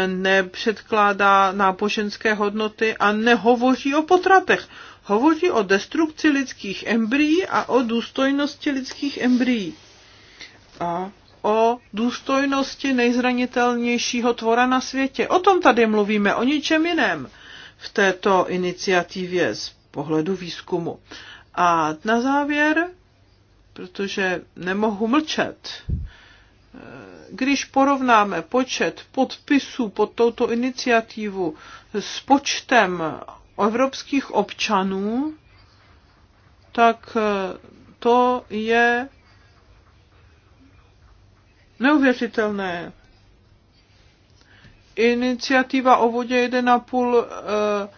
nepředkládá náboženské hodnoty a nehovoří o potratech. Hovoří o destrukci lidských embryí a o důstojnosti lidských embryí. A o důstojnosti nejzranitelnějšího tvora na světě. O tom tady mluvíme, o ničem jiném v této iniciativě z pohledu výzkumu. A na závěr, protože nemohu mlčet, když porovnáme počet podpisů pod touto iniciativu s počtem evropských občanů, tak to je neuvěřitelné. Iniciativa o vodě 1,5 eh,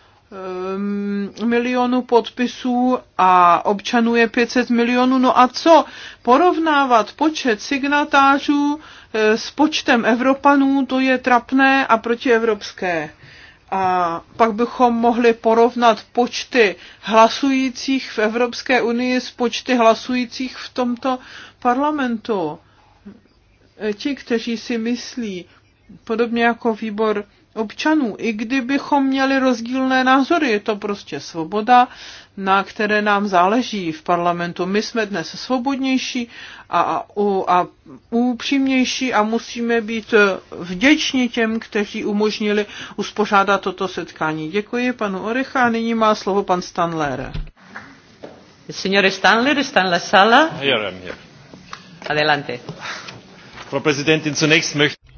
eh, milionu podpisů a občanů je 500 milionů. No a co? Porovnávat počet signatářů eh, s počtem Evropanů, to je trapné a protievropské. A pak bychom mohli porovnat počty hlasujících v Evropské unii s počty hlasujících v tomto parlamentu ti, kteří si myslí, podobně jako výbor občanů, i kdybychom měli rozdílné názory, je to prostě svoboda, na které nám záleží v parlamentu. My jsme dnes svobodnější a, a, a upřímnější a musíme být vděční těm, kteří umožnili uspořádat toto setkání. Děkuji panu Orecha a nyní má slovo pan Stanlere. Signore Stanlere, Stanley Sala. Adelante.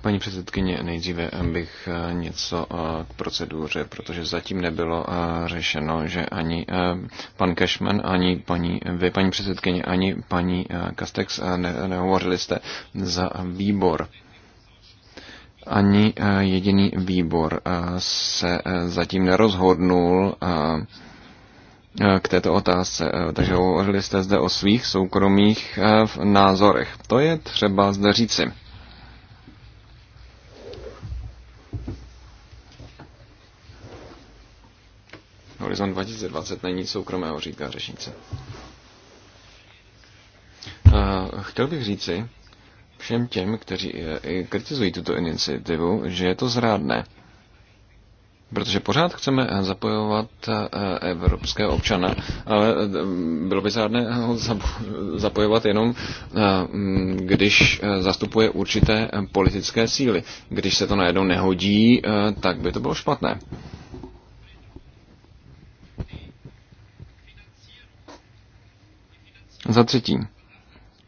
Paní předsedkyně, nejdříve eh, bych eh, něco eh, k proceduře, protože zatím nebylo řešeno, že ani pan Cashman, ani paní, vy, paní předsedkyně, ani paní Kastex ne, nehovořili jste za výbor. Ani jediný výbor se zatím nerozhodnul Eh, k této otázce. Eh, takže hovořili jste zde o svých soukromých eh, názorech. To je třeba zde říci. Horizont 2020 není soukromého, říká řešnice. Chtěl bych říci všem těm, kteří kritizují tuto iniciativu, že je to zrádné. Protože pořád chceme zapojovat eh, evropské občana, ale eh, bylo by zádné ho zapojovat jenom, eh, mm, když zastupuje určité politické síly. Když se to najednou nehodí, tak by to bylo špatné. Za třetí,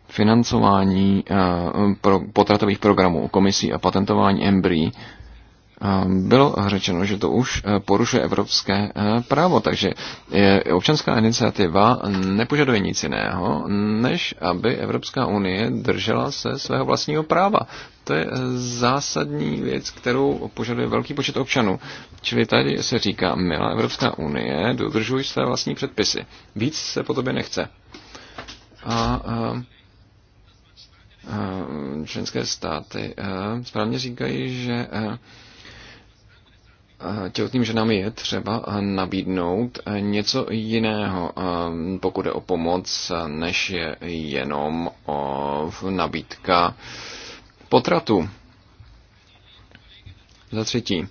financování pro potratových programů komisí a patentování embryí bylo řečeno, že to už eh, porušuje evropské eh, právo, takže eh, občanská iniciativa nepožaduje nic jiného, než aby Evropská unie držela se svého vlastního práva. To je zásadní věc, kterou požaduje velký počet občanů. Čili tady se říká, milá Evropská unie, dodržuj své vlastní předpisy. Víc se po tobě nechce. A, a členské státy správně říkají, že těhotným ženám je třeba nabídnout něco jiného, pokud je o pomoc, než je jenom o nabídka potratu. Za třetí,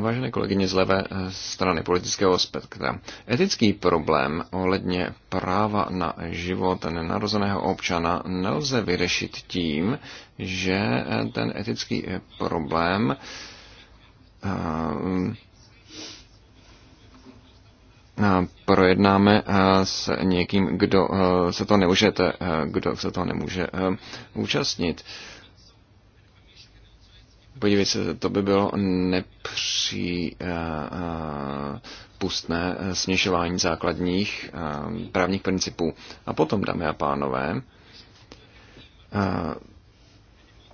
vážené kolegyně z levé strany politického spektra, etický problém ohledně práva na život nenarozeného občana nelze vyřešit tím, že ten etický problém uh, projednáme s někým, kdo se to neužete, kdo se to nemůže účastnit. Podívejte se, to by bylo nepřípustné směšování základních právních principů. A potom, dámy a pánové,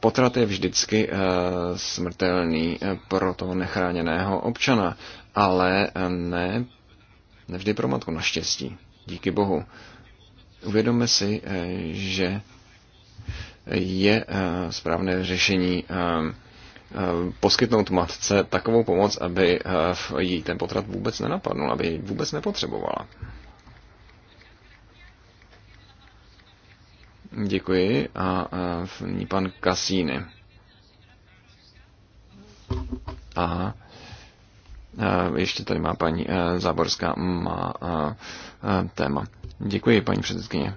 Potrat je vždycky eh, smrtelný eh, pro toho nechráněného občana, ale eh, ne, nevždy pro matku, naštěstí. Díky Bohu. Uvědomme si, že je správné řešení poskytnout matce takovou pomoc, aby jí ten potrat vůbec nenapadnul, aby ji vůbec nepotřebovala. Děkuji a, a pan Kasíny. Aha. Ještě tady má paní e, Záborská má e, e, téma. Děkuji, paní předsedkyně.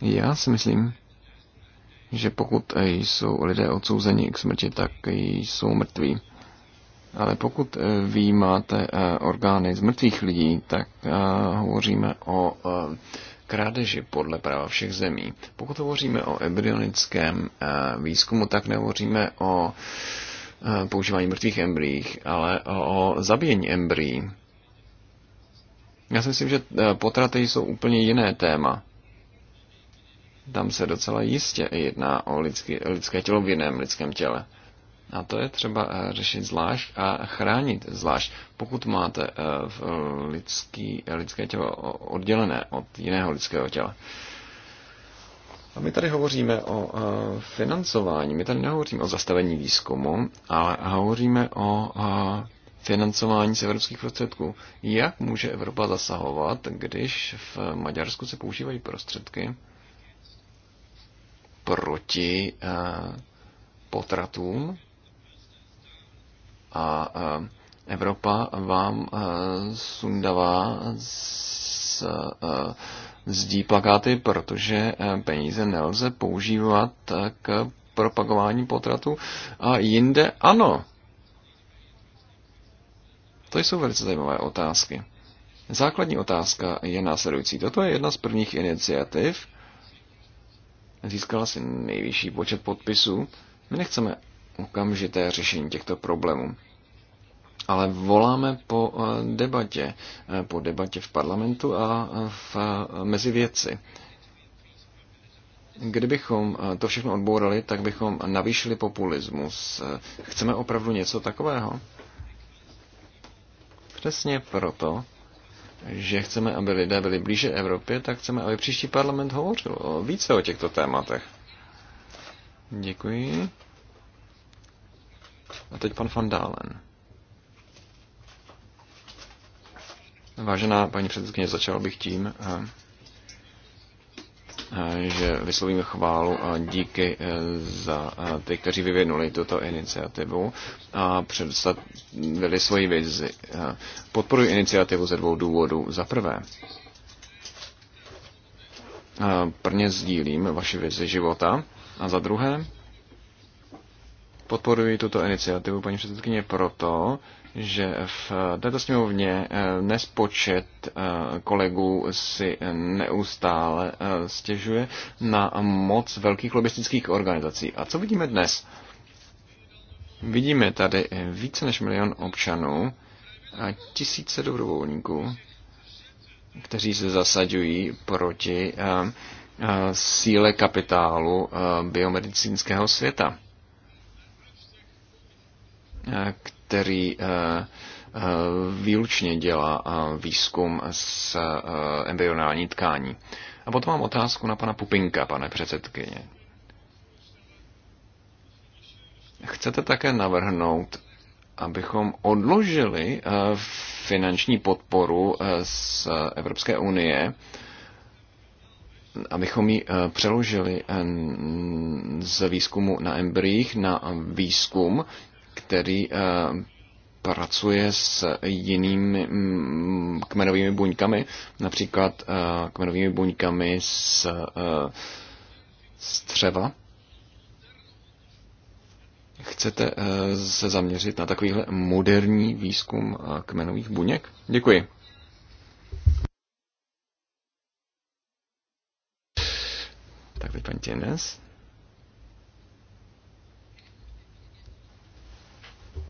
Já si myslím, že pokud jsou lidé odsouzeni k smrti, tak jsou mrtví. Ale pokud eh, výjímáte eh, orgány z mrtvých lidí, tak eh, hovoříme o krádeži podle práva všech zemí. Pokud hovoříme o embryonickém výzkumu, tak nehovoříme o používání mrtvých embryí, ale o zabíjení embryí. Já si myslím, že potraty jsou úplně jiné téma. Tam se docela jistě jedná o lidské, lidské tělo v jiném lidském těle. A to je třeba eh, řešit zvlášť a chránit zvlášť. Pokud máte eh, eh, lidský, lidské tělo oddělené od jiného lidského těla. A my tady hovoříme o financování, my tady nehovoříme o zastavení výzkumu, ale hovoříme o financování z evropských prostředků. Jak může Evropa zasahovat, když v Maďarsku se používají prostředky proti potratům a Evropa vám sundává z zdí plakáty, protože peníze nelze používat k propagování potratu a jinde ano. To jsou velice zajímavé otázky. Základní otázka je následující. Toto je jedna z prvních iniciativ. Získala si nejvyšší počet podpisů. My nechceme okamžité řešení těchto problémů. Ale voláme po eh, debatě, eh, po debatě v parlamentu a eh, v, mezi věci. Kdybychom to všechno odbourali, tak bychom navýšili populismus. Chceme opravdu něco takového? Přesně proto, že chceme, aby lidé byli blíže Evropě, tak chceme, aby příští parlament hovořil více o těchto tématech. Děkuji. A teď pan Van Dalen. Vážená paní předsedkyně, začal bych tím, eh, eh, že vyslovíme chválu a eh, díky za ty, kteří vyvinuli tuto iniciativu a představili svoji vizi. Podporuji iniciativu ze dvou důvodů. Za prvé, prvně sdílím vaši vizi života a za druhé, Podporuji tuto iniciativu, paní předsedkyně, proto, že v této sněmovně eh, nespočet eh, kolegů si neustále eh, stěžuje na moc velkých lobistických organizací. A co vidíme dnes? Vidíme tady více než milion občanů a tisíce dobrovolníků, kteří se zasaďují proti síle kapitálu biomedicínského světa který eh, eh, výlučně dělá eh, výzkum s embryonální tkání. A potom mám otázku na pana Pupinka, pane předsedkyně. Chcete také navrhnout, abychom odložili finanční podporu z Evropské unie, abychom ji přeložili z výzkumu na embryích na výzkum, který eh, pracuje s jinými mm, kmenovými buňkami, například eh, kmenovými buňkami z střeva. Eh, Chcete se zaměřit na takovýhle moderní výzkum kmenových buněk? Děkuji. Tak teď paní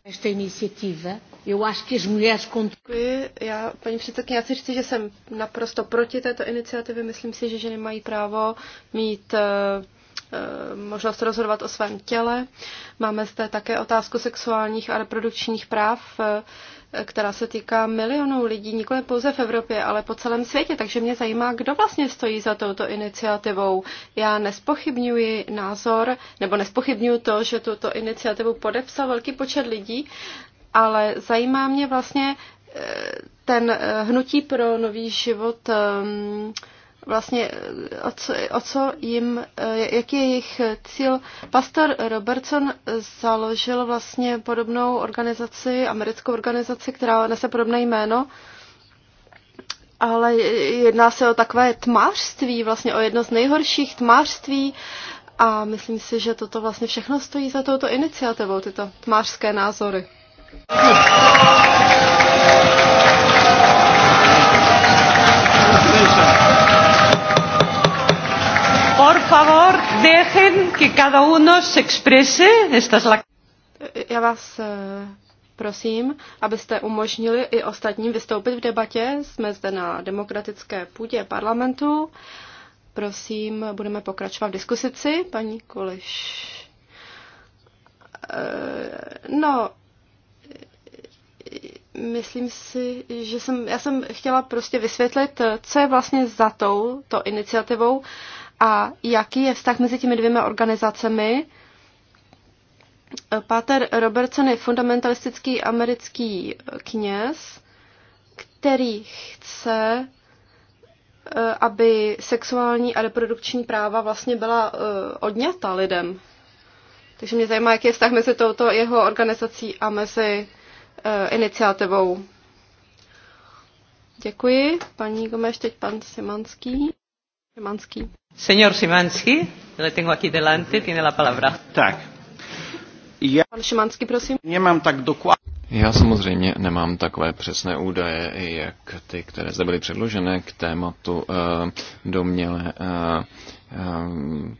Esta iniciativa, eu acho que as mulheres Děkuji. Já, paní předsedkyně, já si říci, že jsem naprosto proti této iniciativě. Myslím si, že ženy mají právo mít eh, eh, možnost rozhodovat o svém těle. Máme zde také otázku sexuálních a reprodukčních práv která se týká milionů lidí, nikoli pouze v Evropě, ale po celém světě. Takže mě zajímá, kdo vlastně stojí za touto iniciativou. Já nespochybňuji názor, nebo nespochybňuji to, že tuto iniciativu podepsal velký počet lidí, ale zajímá mě vlastně eh, ten eh, hnutí pro nový život ehm, vlastně eh, o co, o co jim, eh, jaký je jejich cíl. Pastor Robertson založil vlastně podobnou organizaci, americkou organizaci, která nese podobné jméno, ale jedná se o takové tmářství, vlastně o jedno z nejhorších tmářství a myslím si, že toto vlastně všechno stojí za touto iniciativou, tyto tmářské názory. Thank you. Por favor, dejen que cada uno se exprese. Esta es la... Já vás eh, prosím, abyste umožnili i ostatním vystoupit v debatě. Jsme zde na demokratické půdě parlamentu. Prosím, budeme pokračovat v diskusici. Paní Kuliš. Eh, no, myslím si, že jsem, já jsem chtěla prostě vysvětlit, co je vlastně za tou, to iniciativou a jaký je vztah mezi těmi dvěma organizacemi. Páter Robertson je fundamentalistický americký kněz, který chce, eh, aby sexuální a reprodukční práva vlastně byla eh, odňata lidem. Takže mě zajímá, jaký je vztah mezi touto jeho organizací a mezi eh, iniciativou. Děkuji. Paní Gomeš, teď pan Simanský. Simanský. Señor Simansky, le tengo aquí delante, tiene la palabra. Tak. Já, Pan Šimanský, prosím. Nemám tak dokladně. Já samozřejmě nemám takové přesné údaje, jak ty, které zde byly předloženy k tématu uh, eh, domělé uh, eh, uh, eh,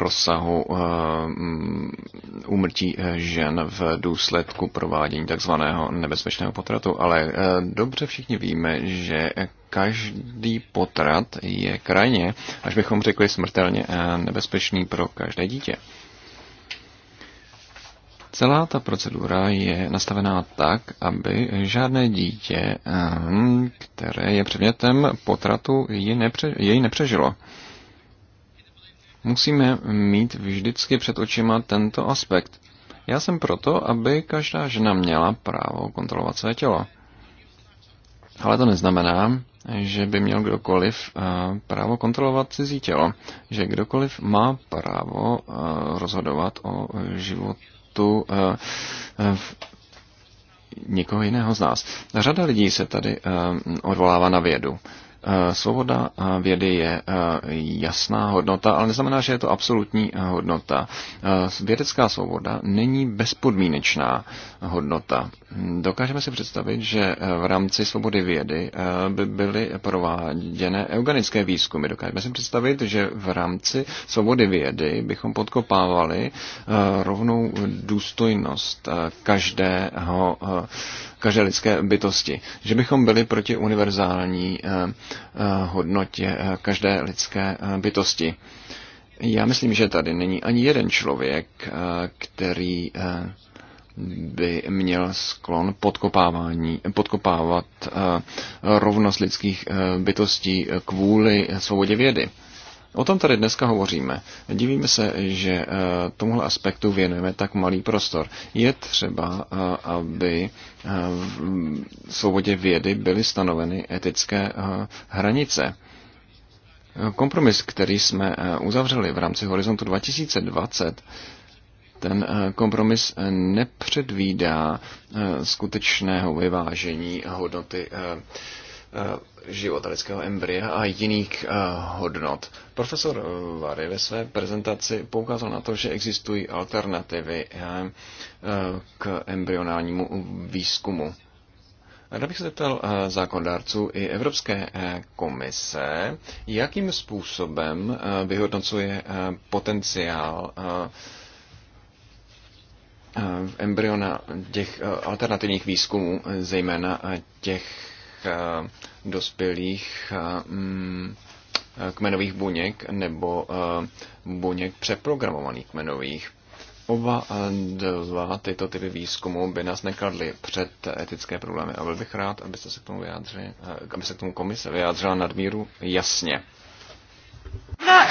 rozsahu eh, mm, úmrtí eh, žen v důsledku provádění takzvaného nebezpečného potratu, ale eh, dobře všichni víme, že každý potrat je krajně, až bychom řekli smrtelně nebezpečný pro každé dítě. Celá ta procedura je nastavená tak, aby žádné dítě, které je předmětem potratu, jej nepřežilo musíme mít vždycky před očima tento aspekt. Já jsem proto, aby každá žena měla právo kontrolovat své tělo. Ale to neznamená, že by měl kdokoliv eh, právo kontrolovat cizí tělo. Že kdokoliv má právo eh, rozhodovat o životu eh, někoho jiného z nás. Řada lidí se tady odvolává na vědu. Eh, svoboda eh, vědy je eh, jasná hodnota, ale neznamená, že je to absolutní hodnota. Vědecká svoboda není bezpodmínečná hodnota. Dokážeme si představit, že v rámci svobody vědy by byly prováděné organické výzkumy. Dokážeme si představit, že v rámci svobody vědy bychom podkopávali rovnou důstojnost každého každé lidské bytosti. Že bychom byli proti univerzální eh, eh, hodnotě eh, každé lidské bytosti. Já myslím, že tady není ani jeden člověk, který by měl sklon podkopávání, podkopávat rovnost lidských bytostí kvůli svobodě vědy. O tom tady dneska hovoříme. Divíme se, že eh, tomuhle aspektu věnujeme tak malý prostor. Je třeba, eh, aby eh, v svobodě vědy byly stanoveny etické hranice. Kompromis, který jsme uzavřeli v rámci Horizontu 2020, ten kompromis nepředvídá skutečného vyvážení hodnoty života lidského embrya a jiných eh, hodnot. Profesor eh, Vary ve své prezentaci poukázal na to, že existují alternativy eh, k embryonálnímu výzkumu. Rád bych se zeptal zákonodárců i Evropské komise, jakým způsobem vyhodnocuje potenciál embryona těch alternativních výzkumů, zejména těch Eh, dospělých eh, mm, kmenových buněk nebo eh, buněk přeprogramovaných kmenových. Oba dva tyto typy výzkumu by nás nekladly před etické problémy a byl bych rád, abyste se k tomu, vyjádřili, aby se k tomu komise vyjádřila nadmíru jasně. Ah,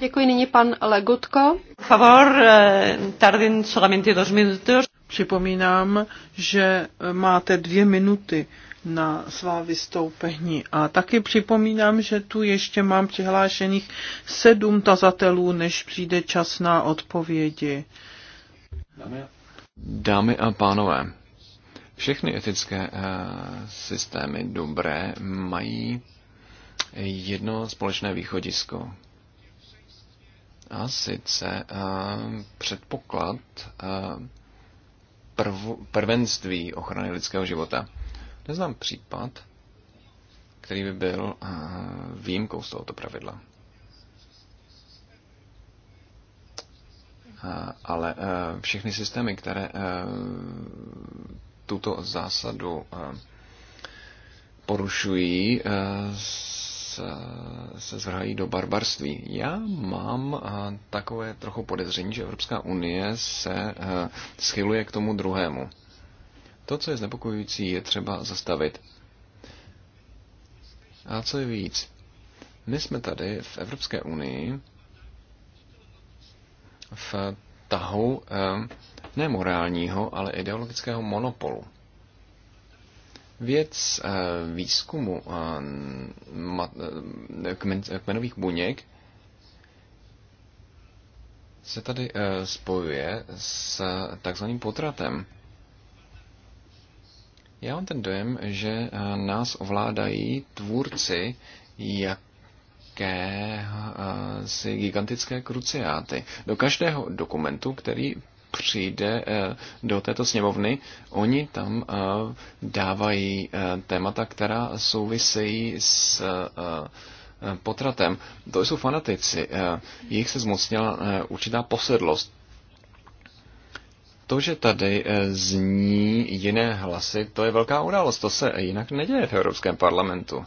Děkuji nyní pan Legutko. Favor, eh, tarden solamente dos minutos. Připomínám, že eh, máte dvě minuty na svá vystoupení. A taky připomínám, že tu ještě mám přihlášených sedm tazatelů, než přijde čas na odpovědi. Dámy a pánové, všechny etické uh, systémy dobré mají jedno společné východisko. A sice a, eh, předpoklad a, eh, prv, prvenství ochrany lidského života. Neznám případ, který by byl uh, výjimkou z tohoto pravidla. ale všechny systémy, které tuto zásadu porušují, se zvrhají do barbarství. Já mám eh, takové trochu podezření, že Evropská unie se eh, schyluje k tomu druhému. To, co je znepokojující, je třeba zastavit. A co je víc? My jsme tady v Evropské unii v tahu eh, nemorálního, ale ideologického monopolu. Věc eh, výzkumu eh, eh, kmenových buněk se tady spojuje s takzvaným potratem. Já mám ten dojem, že nás ovládají tvůrci jaké si gigantické kruciáty. Do každého dokumentu, který přijde eh, do této sněmovny, oni tam eh, dávají eh, témata, která souvisejí s potratem. To jsou fanatici. Jich se zmocnila určitá posedlost. To, že tady zní jiné hlasy, to je velká událost. To se jinak neděje v Evropském parlamentu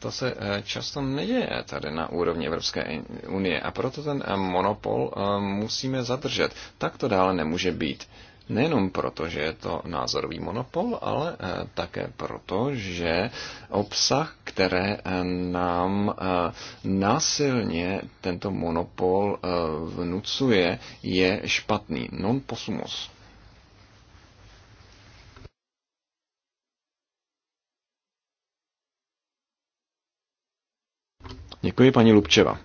to se eh, často neděje tady na úrovni Evropské unie a proto ten eh, monopol eh, musíme zadržet. Tak to dále nemůže být. Nejenom proto, že je to názorový monopol, ale také proto, že obsah, které nám násilně tento monopol vnucuje, je špatný. Non possumus. Děkuji, paní Lubčeva.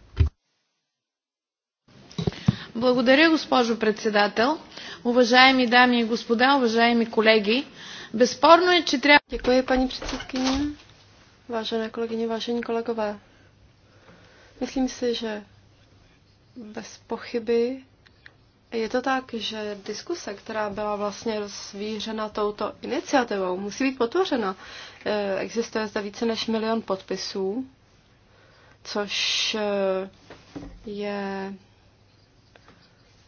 Благодаря, госпожо председател. Уважаеми дами и господа, уважаеми колеги, безспорно е, че трябва... Děkuji, paní předsedkyně. Vážené kolegyně, vážení kolegové. Myslím si, že bez pochyby je to tak, že diskuse, která byla vlastně rozvířena touto iniciativou, musí být potvořena. Eh, existuje zde více než milion podpisů což eh, je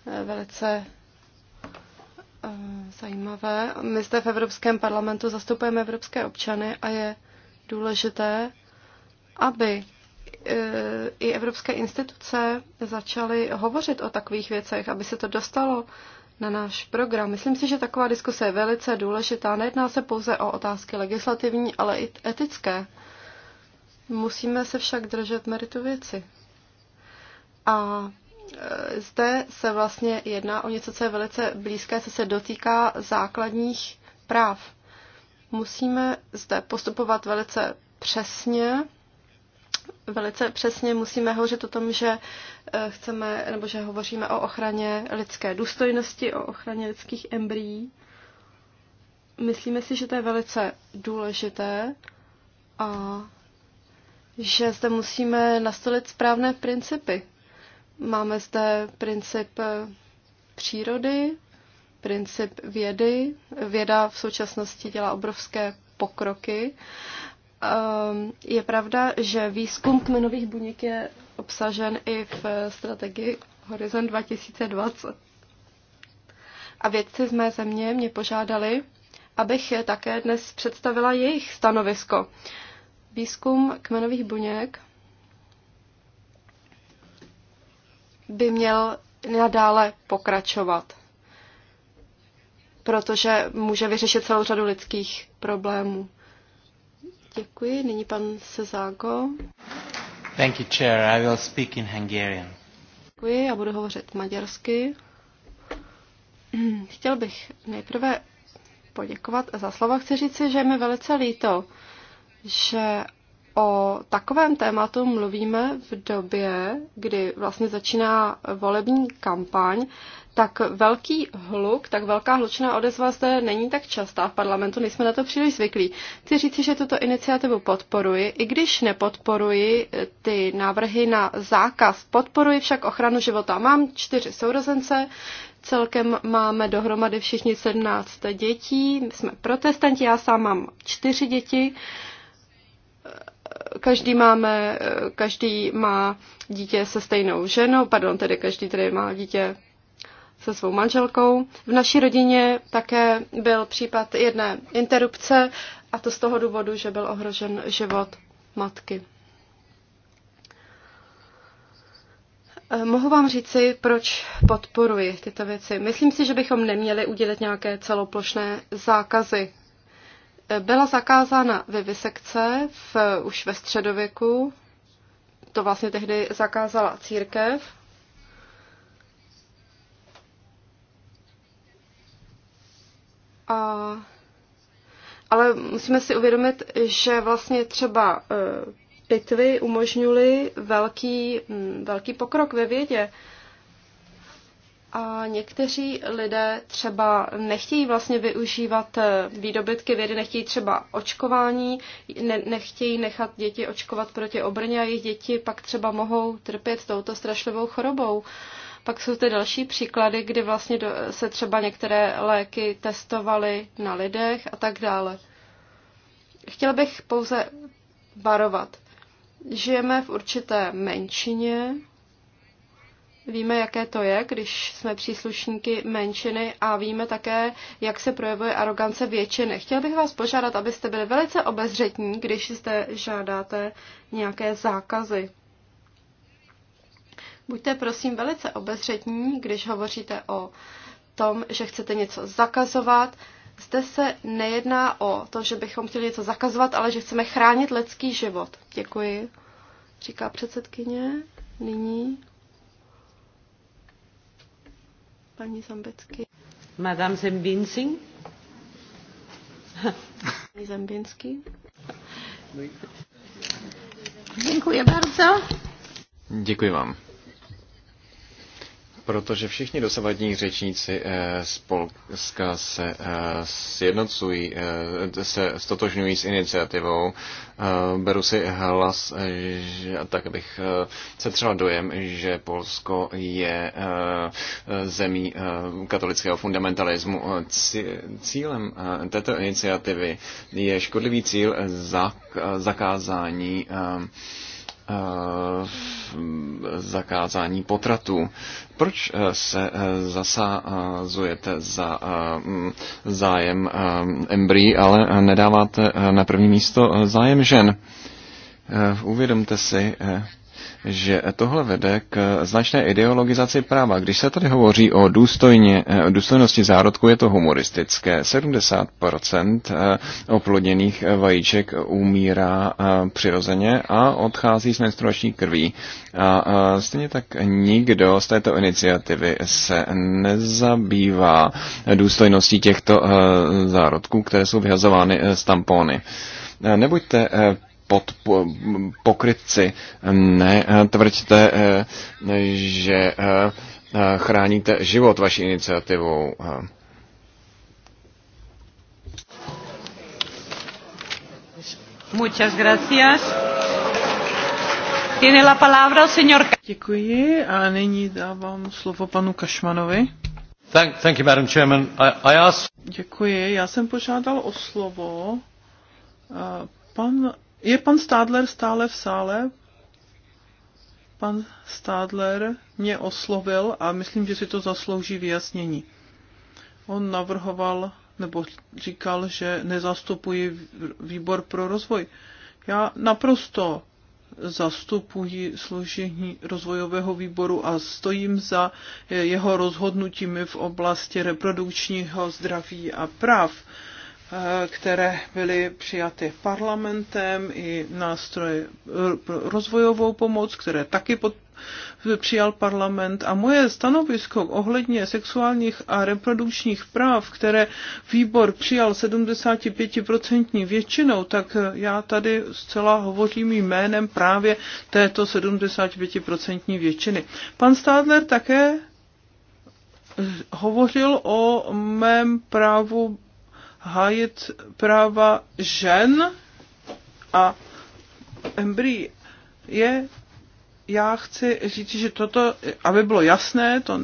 eh, velice eh, zajímavé. My zde v Evropském parlamentu zastupujeme evropské občany a je důležité, aby i evropské instituce začaly hovořit o takových věcech, aby se to dostalo na náš program. Myslím si, že taková diskuse je velice důležitá. Nejedná se pouze o otázky legislativní, ale i etické. Musíme se však držet meritu věci. A e, zde se vlastně jedná o něco, co je velice blízké, co se dotýká základních práv. Musíme zde postupovat velice přesně, velice přesně musíme hovořit o tom, že e, chceme, nebo že hovoříme o ochraně lidské důstojnosti, o ochraně lidských embryí. Myslíme si, že to je velice důležité a že zde musíme nastolit správné principy. Máme zde princip eh, přírody, princip vědy. Věda v současnosti dělá obrovské pokroky. Ehm, je pravda, že výzkum kmenových buněk je obsažen i v eh, strategii Horizon 2020. A vědci z mé země mě požádali, abych také dnes představila jejich stanovisko výzkum kmenových buněk by měl nadále pokračovat, protože může vyřešit celou řadu lidských problémů. Děkuji. Nyní pan Sezáko. Thank you, Chair. I will speak in Hungarian. Děkuji, já budu hovořit maďarsky. Chtěl bych nejprve poděkovat za slova. Chci říci, že je mi velice líto, že o takovém tématu mluvíme v době, kdy vlastně začíná volební kampaň, tak velký hluk, tak velká hlučná odezva zde není tak častá v parlamentu, nejsme na to příliš zvyklí. Chci říci, že tuto iniciativu podporuji, i když nepodporuji eh, ty návrhy na zákaz. Podporuji však ochranu života. Mám čtyři sourozence, celkem máme dohromady všichni 17 dětí, jsme protestanti, já sám mám čtyři děti každý máme, každý má dítě se stejnou ženou, pardon, tedy každý tedy má dítě se svou manželkou. V naší rodině také byl případ jedné interrupce a to z toho důvodu, že byl ohrožen život matky. Mohu vám říci, proč podporuji tyto věci. Myslím si, že bychom neměli udělat nějaké celoplošné zákazy byla zakázána vivisekce v, už ve středověku. To vlastně tehdy zakázala církev. A, ale musíme si uvědomit, že vlastně třeba eh, pitvy umožňuly velký, mm, velký pokrok ve vědě. A někteří lidé třeba nechtějí vlastně využívat eh, výdobytky vědy, nechtějí třeba očkování, ne, nechtějí nechat děti očkovat proti obrně a jejich děti pak třeba mohou trpět touto strašlivou chorobou. Pak jsou ty další příklady, kdy vlastně do, se třeba některé léky testovaly na lidech a tak dále. Chtěla bych pouze varovat. Žijeme v určité menšině, Víme, jaké to je, když jsme příslušníky menšiny a víme také, jak se projevuje arogance většiny. Chtěl bych vás požádat, abyste byli velice obezřetní, když zde žádáte nějaké zákazy. Buďte prosím velice obezřetní, když hovoříte o tom, že chcete něco zakazovat. Zde se nejedná o to, že bychom chtěli něco zakazovat, ale že chceme chránit lidský život. Děkuji, říká předsedkyně. Nyní paní Zambecky. Madame Zembinsky. Pani Zembinsky. Děkuji bardzo. Děkuji vám protože všichni dosavadní řečníci eh, z Polska se eh, sjednocují, eh, se stotožňují s iniciativou. Beru si hlas že, tak, abych se třeba dojem, že Polsko je zemí katolického fundamentalismu. Cílem této iniciativy je škodlivý cíl zakázání Eh, zakázání potratů. Proč eh, se eh, zasazujete za zájem embryí, ale nedáváte na první místo zájem žen? Uvědomte si, že tohle vede k značné ideologizaci práva. Když se tady hovoří o, důstojně, o eh, důstojnosti zárodku, je to humoristické. 70% eh, oploděných eh, vajíček umírá přirozeně a odchází z menstruační krví. A stejně tak nikdo z této iniciativy se nezabývá důstojností těchto zárodků, které jsou vyhazovány z tampony. Nebuďte pod pokrytci. Ne, tvrďte, eh, že eh, chráníte život vaší iniciativou. Muchas gracias. Tiene la palabra señor. Děkuji a nyní dávám slovo panu Kašmanovi. Thank, thank you, Madam Chairman. I, I ask... Děkuji. Já jsem požádal o slovo. Uh, Pan je pan Stádler stále v sále? Pan Stádler mě oslovil a myslím, že si to zaslouží vyjasnění. On navrhoval nebo říkal, že nezastupuji výbor pro rozvoj. Já naprosto zastupuji složení rozvojového výboru a stojím za jeho rozhodnutími v oblasti reprodukčního zdraví a práv. Eh, které byly přijaty parlamentem, i nástroje eh, rozvojovou pomoc, které taky pod, přijal parlament. A moje stanovisko ohledně sexuálních a reprodukčních práv, které výbor přijal 75% většinou, tak eh, já tady zcela hovořím jménem právě této 75% většiny. Pan Stadler také hovořil o mém právu hájit práva žen a embryí je, já chci říct, že toto, aby bylo jasné, to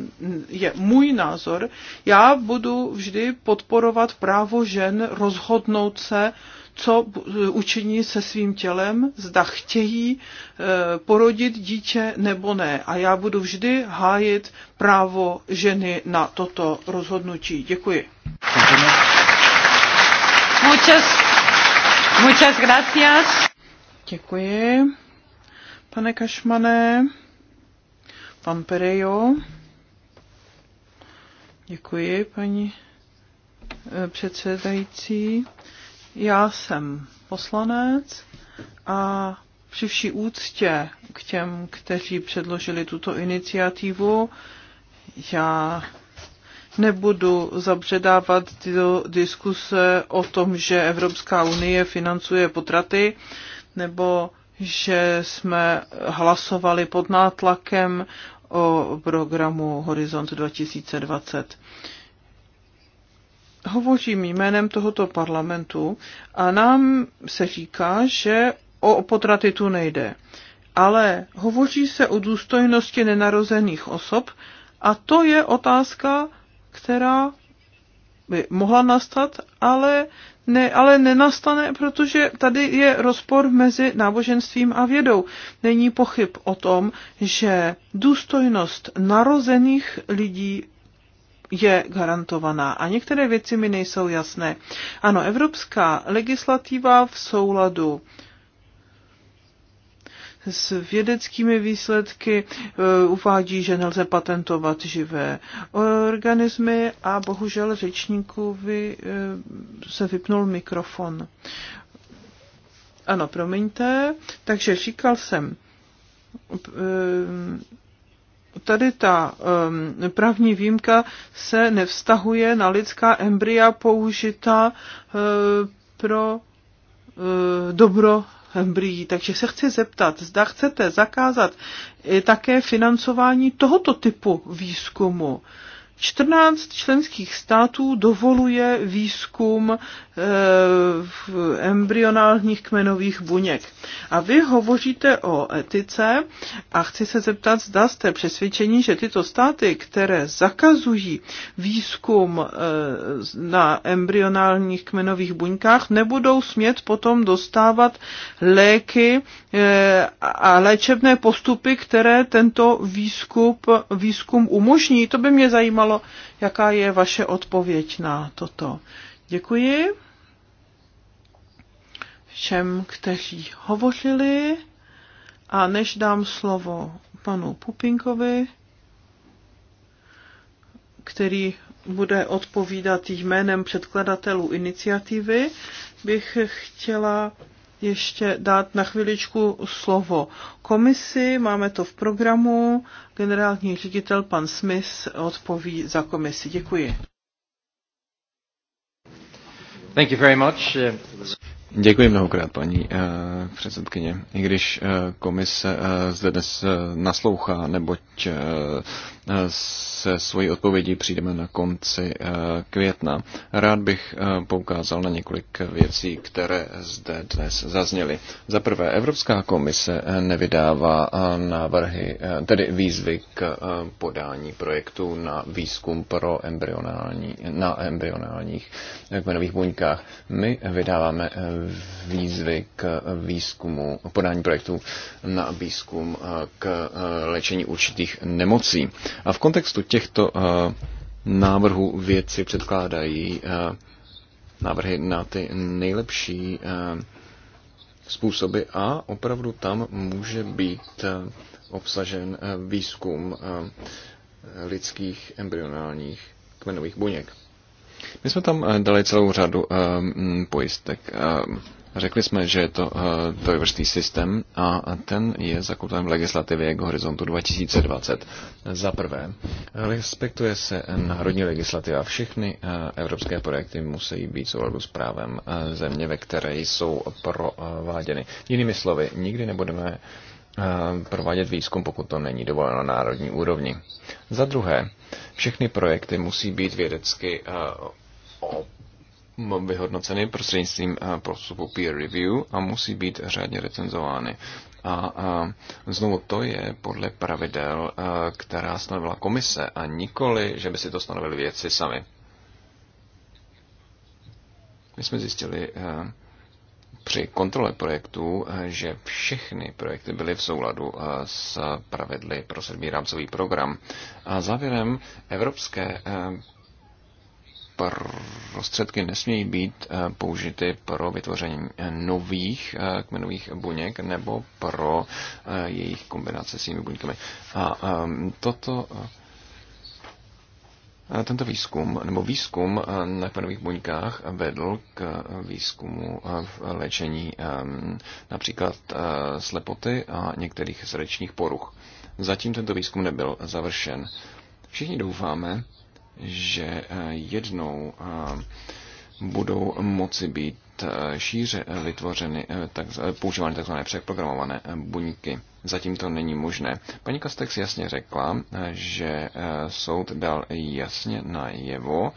je můj názor, já budu vždy podporovat právo žen rozhodnout se, co učiní se svým tělem, zda chtějí e, porodit dítě nebo ne. A já budu vždy hájit právo ženy na toto rozhodnutí. Děkuji. Děkujeme. Muchas, muchas gracias. Děkuji. Pane Kašmané, pan Perejo. Děkuji, paní eh, předsedající. Já jsem poslanec a při vší úctě k těm, kteří předložili tuto iniciativu, já nebudu zabředávat do diskuse o tom, že Evropská unie financuje potraty, nebo že jsme hlasovali pod nátlakem o programu Horizont 2020. Hovořím jménem tohoto parlamentu a nám se říká, že o potraty tu nejde. Ale hovoří se o důstojnosti nenarozených osob a to je otázka která by mohla nastat, ale, ne, ale nenastane, protože tady je rozpor mezi náboženstvím a vědou. Není pochyb o tom, že důstojnost narozených lidí je garantovaná. A některé věci mi nejsou jasné. Ano, evropská legislativa v souladu s vědeckými výsledky e, uvádí, že nelze patentovat živé organismy a bohužel řečníkovi e, se vypnul mikrofon. Ano, promiňte. Takže říkal jsem, e, tady ta právní výjimka se nevztahuje na lidská embrya použita pro dobro brýlí. Takže se chci zeptat, zda chcete zakázat také financování tohoto typu výzkumu 14 členských států dovoluje výzkum eh, v embryonálních kmenových buněk. A vy hovoříte o etice a chci se zeptat, zda jste přesvědčení, že tyto státy, které zakazují výzkum eh, na embryonálních kmenových buňkách, nebudou smět potom dostávat léky eh, a léčebné postupy, které tento výzkum, výzkum umožní. To by mě zajímalo zajímalo, jaká je vaše odpověď na toto. Děkuji všem, kteří hovořili. A než dám slovo panu Pupinkovi, který bude odpovídat jménem předkladatelů iniciativy, bych chtěla ještě dát na chviličku slovo komisi. Máme to v programu. Generální ředitel pan Smith odpoví za komisi. Děkuji. Thank you very much. Děkuji mnohokrát, paní eh, předsedkyně. I když eh, komise eh, zde dnes naslouchá, neboť se svojí odpovědí přijdeme na konci eh, května. Rád bych eh, poukázal na několik věcí, které zde dnes zazněly. Za prvé, Evropská komise eh, nevydává návrhy, tedy výzvy k podání projektů na výzkum pro embryonální, na embryonálních kmenových buňkách. My vydáváme výzvy k výzkumu, podání projektů na výzkum k léčení určitých nemocí. A v kontextu těchto eh, návrhů věci předkládají eh, návrhy na ty nejlepší eh, způsoby a opravdu tam může být obsažen výzkum lidských embryonálních kmenových buněk. My jsme tam dali celou řadu pojistek Řekli jsme, že je to eh, trojvrstý systém a ten je zakotven v legislativě k horizontu 2020. Za prvé, respektuje se národní legislativa. Všechny eh, evropské projekty musí být souladu s právem eh, země, ve které jsou prováděny. Jinými slovy, nikdy nebudeme provádět výzkum, pokud to není dovoleno na národní úrovni. Za druhé, všechny projekty musí být vědecky vyhodnoceny prostřednictvím eh, postupu peer review a musí být řádně recenzovány. A, a znovu to je podle pravidel, eh, která stanovila komise a nikoli, že by si to stanovili věci sami. My jsme zjistili eh, při kontrole projektů, že všechny projekty byly v souladu s pravidly pro sedmý rámcový program. A závěrem evropské prostředky nesmějí být eh, použity pro vytvoření eh, nových eh, kmenových buněk nebo pro jejich kombinace s jinými buňkami. A toto tento výzkum, nebo výzkum na kmenových buňkách vedl k výzkumu v léčení například slepoty a některých srdečních poruch. Zatím tento výzkum nebyl završen. Všichni doufáme, že eh, jednou eh, budou moci být eh, šíře vytvořeny, tak, používány tzv. přeprogramované buňky. Zatím to není možné. Paní Kastex jasně řekla, že soud dal jasně najevo,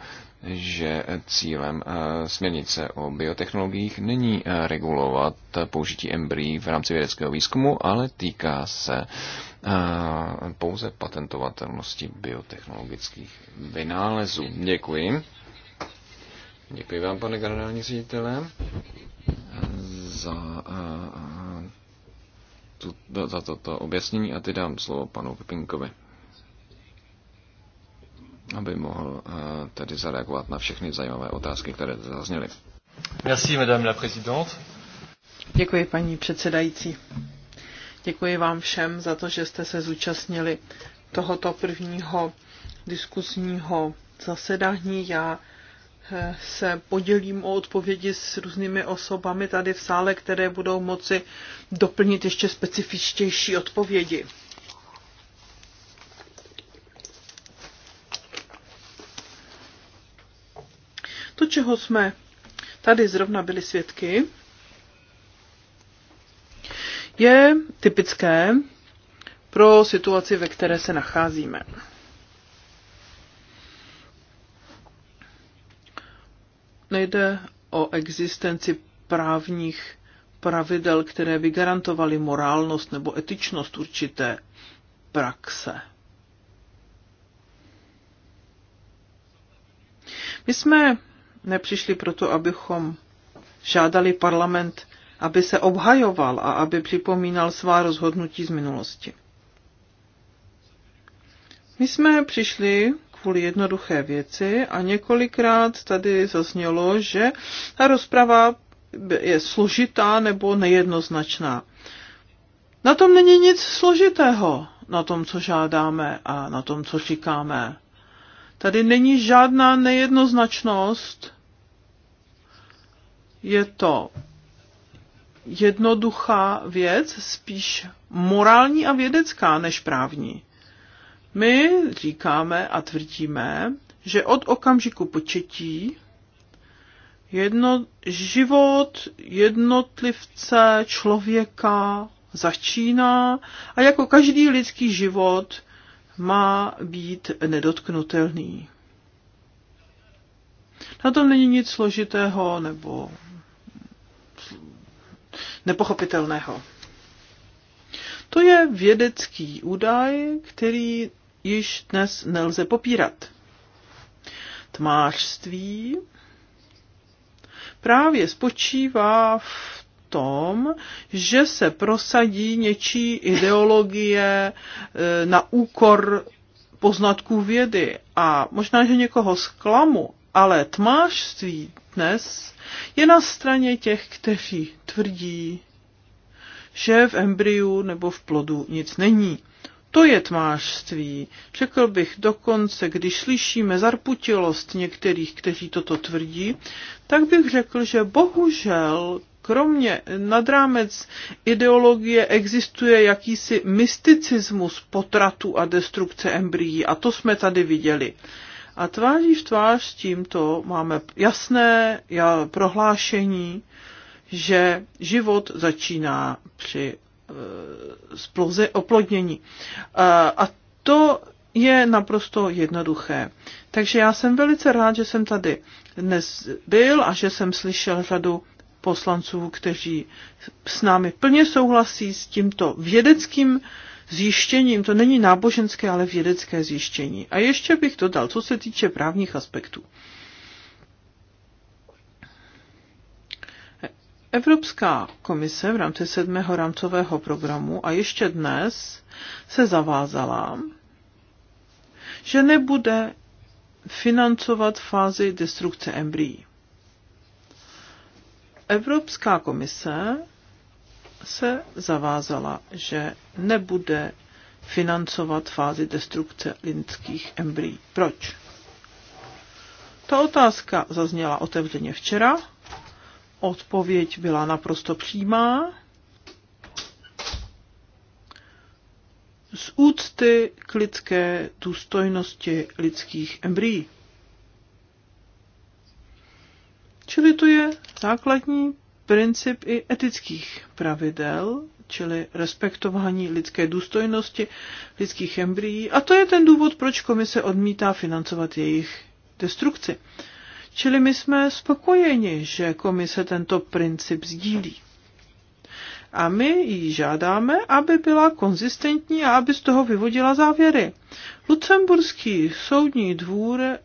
že cílem směrnice o biotechnologiích není regulovat použití embryí v rámci vědeckého výzkumu, ale týká se pouze patentovatelnosti biotechnologických vynálezů. Děkuji. Děkuji vám, pane generální ředitele, za, za toto objasnění a ty dám slovo panu Pepinkovi, aby mohl tedy zareagovat na všechny zajímavé otázky, které zazněly. Merci, madame la présidente. Děkuji, paní předsedající. Děkuji vám všem za to, že jste se zúčastnili tohoto prvního diskusního zasedání. Já eh, se podělím o odpovědi s různými osobami tady v sále, které budou moci doplnit ještě specifičtější odpovědi. To, čeho jsme tady zrovna byli svědky, je typické pro situaci, ve které se nacházíme. Nejde o existenci právních pravidel, které by garantovaly morálnost nebo etičnost určité praxe. My jsme nepřišli proto, abychom žádali parlament aby se obhajoval a aby připomínal svá rozhodnutí z minulosti. My jsme přišli kvůli jednoduché věci a několikrát tady zaznělo, že ta rozprava je složitá nebo nejednoznačná. Na tom není nic složitého, na tom, co žádáme a na tom, co říkáme. Tady není žádná nejednoznačnost. Je to jednoduchá věc, spíš morální a vědecká než právní. My říkáme a tvrdíme, že od okamžiku početí jedno, život jednotlivce, člověka začíná a jako každý lidský život má být nedotknutelný. Na tom není nic složitého nebo nepochopitelného. To je vědecký údaj, který již dnes nelze popírat. Tmářství právě spočívá v tom, že se prosadí něčí ideologie eh, na úkor poznatků vědy a možná, že někoho zklamu, ale tmářství dnes, je na straně těch, kteří tvrdí, že v embryu nebo v plodu nic není. To je tmářství. Řekl bych dokonce, když slyšíme zarputilost některých, kteří toto tvrdí, tak bych řekl, že bohužel kromě nadrámec ideologie existuje jakýsi mysticismus potratu a destrukce embryí a to jsme tady viděli. A tváří v tvář s tímto máme jasné prohlášení, že život začíná při e, sploze oplodnění. E, a to je naprosto jednoduché. Takže já jsem velice rád, že jsem tady dnes byl a že jsem slyšel řadu poslanců, kteří s námi plně souhlasí s tímto vědeckým zjištěním, to není náboženské, ale vědecké zjištění. A ještě bych dodal, co se týče právních aspektů. Evropská komise v rámci sedmého rámcového programu a ještě dnes se zavázala, že nebude financovat fázi destrukce embryí. Evropská komise se zavázala, že nebude financovat fázi destrukce lidských embryí. Proč? Ta otázka zazněla otevřeně včera. Odpověď byla naprosto přímá. Z úcty k lidské důstojnosti lidských embryí. Čili to je základní princip i etických pravidel, čili respektování lidské důstojnosti, lidských embryí. A to je ten důvod, proč komise odmítá financovat jejich destrukci. Čili my jsme spokojeni, že komise tento princip sdílí. A my ji žádáme, aby byla konzistentní a aby z toho vyvodila závěry. Lucemburský soudní dvůr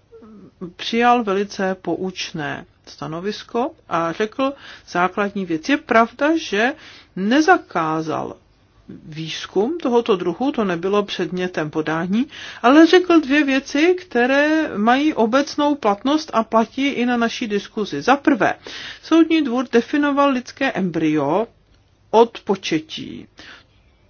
přijal velice poučné stanovisko a řekl základní věc. Je pravda, že nezakázal výzkum tohoto druhu, to nebylo předmětem podání, ale řekl dvě věci, které mají obecnou platnost a platí i na naší diskuzi. Za prvé, soudní dvůr definoval lidské embryo od početí.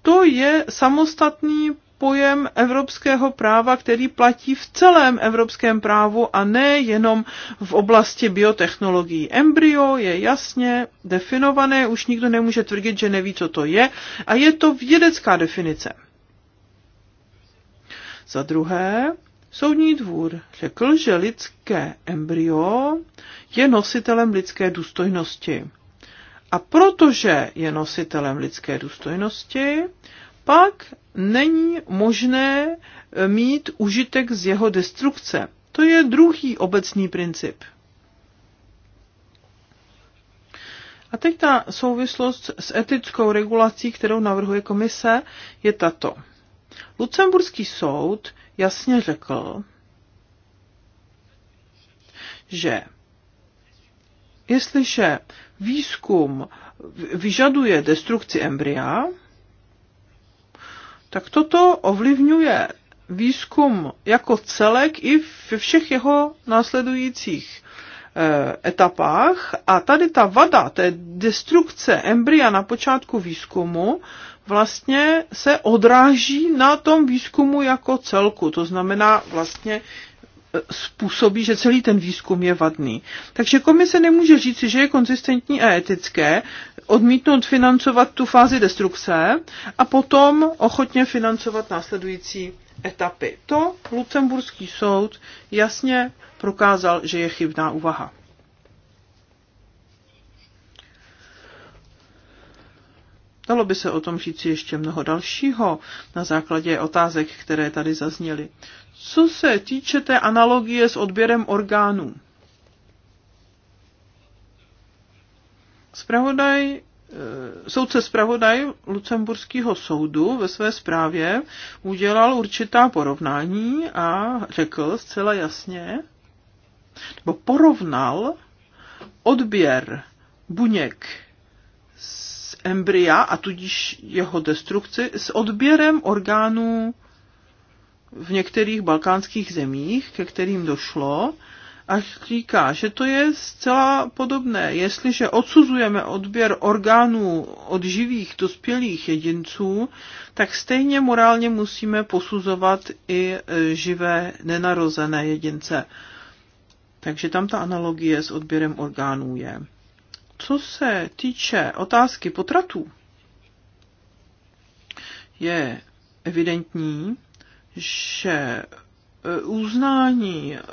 To je samostatný pojem evropského práva, který platí v celém evropském právu a ne jenom v oblasti biotechnologií. Embryo je jasně definované, už nikdo nemůže tvrdit, že neví, co to je a je to vědecká definice. Za druhé, Soudní dvůr řekl, že lidské embryo je nositelem lidské důstojnosti. A protože je nositelem lidské důstojnosti, pak není možné eh, mít užitek z jeho destrukce. To je druhý obecný princip. A teď ta souvislost s etickou regulací, kterou navrhuje komise, je tato. Lucemburský soud jasně řekl, že jestliže výzkum vyžaduje destrukci embrya, tak toto ovlivňuje výzkum jako celek i ve všech jeho následujících eh, etapách a tady ta vada té destrukce embrya na počátku výzkumu vlastně se odráží na tom výzkumu jako celku. To znamená vlastně eh, způsobí, že celý ten výzkum je vadný. Takže komise nemůže říci, že je konzistentní a etické, odmítnout financovat tu fázi destrukce a potom ochotně financovat následující etapy. To Lucemburský soud jasně prokázal, že je chybná úvaha. Dalo by se o tom říci ještě mnoho dalšího na základě otázek, které tady zazněly. Co se týče té analogie s odběrem orgánů, Spravodaj eh, soudce zpravodaj Lucemburského soudu ve své zprávě udělal určitá porovnání a řekl zcela jasně, nebo porovnal odběr buněk z embrya a tudíž jeho destrukci s odběrem orgánů v některých balkánských zemích, ke kterým došlo, a říká, že to je zcela podobné. Jestliže odsuzujeme odběr orgánů od živých dospělých jedinců, tak stejně morálně musíme posuzovat i e, živé nenarozené jedince. Takže tam ta analogie s odběrem orgánů je. Co se týče otázky potratů, je evidentní, že Eh, uznání eh,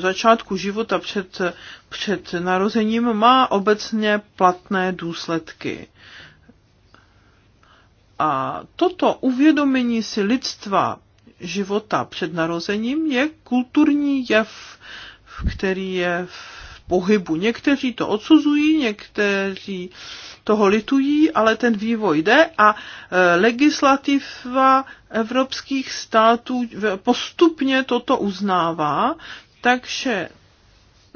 začátku života před, před narozením má obecně platné důsledky. A toto uvědomění si lidstva života před narozením je kulturní jev, který je v pohybu. Někteří to odsuzují, někteří toho litují, ale ten vývoj jde a e, legislativa evropských států postupně toto uznává, takže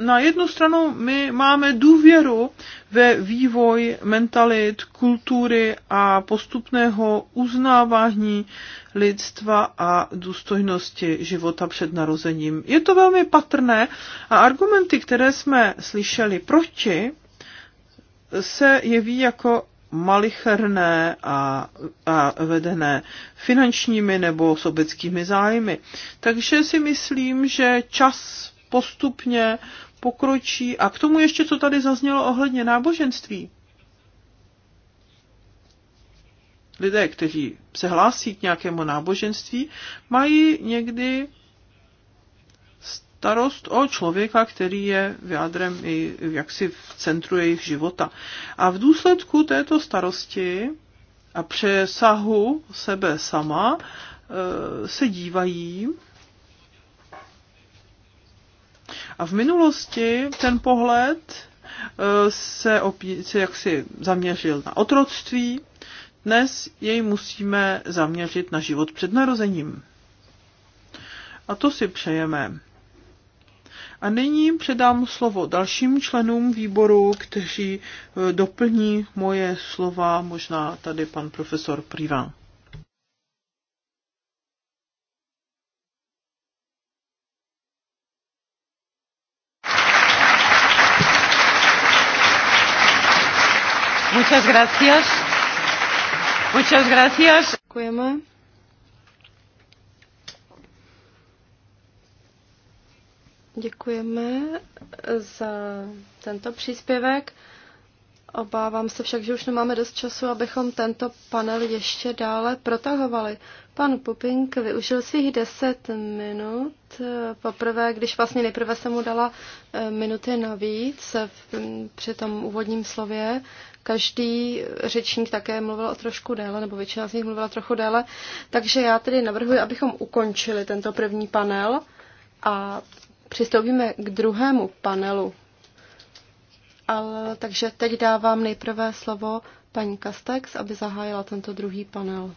na jednu stranu my máme důvěru ve vývoj mentalit, kultury a postupného uznávání lidstva a důstojnosti života před narozením. Je to velmi patrné a argumenty, které jsme slyšeli proti, se jeví jako malicherné a, a vedené finančními nebo sobeckými zájmy. Takže si myslím, že čas postupně pokročí. A k tomu ještě, co tady zaznělo ohledně náboženství. Lidé, kteří se hlásí k nějakému náboženství, mají někdy starost o člověka, který je v jádrem i jaksi v centru jejich života. A v důsledku této starosti a přesahu sebe sama eh, se dívají A v minulosti ten pohled eh, se, opí, se jaksi zaměřil na otroctví, dnes jej musíme zaměřit na život před narozením. A to si přejeme. A nyní předám slovo dalším členům výboru, kteří eh, doplní moje slova, možná tady pan profesor Privan. Muchas gracias. Muchas gracias. Děkujeme. Děkujeme za tento příspěvek. Obávám se však, že už nemáme dost času, abychom tento panel ještě dále protahovali. Pan Pupink využil svých 10 minut. Eh, poprvé, když vlastně nejprve jsem mu dala eh, minuty navíc eh, hm, při tom úvodním slově, každý řečník také mluvil o trošku déle, nebo většina z nich mluvila trochu déle. Takže já tedy navrhuji, abychom ukončili tento první panel a přistoupíme k druhému panelu. Ale, takže teď dávám nejprve slovo paní Kastex, aby zahájila tento druhý panel.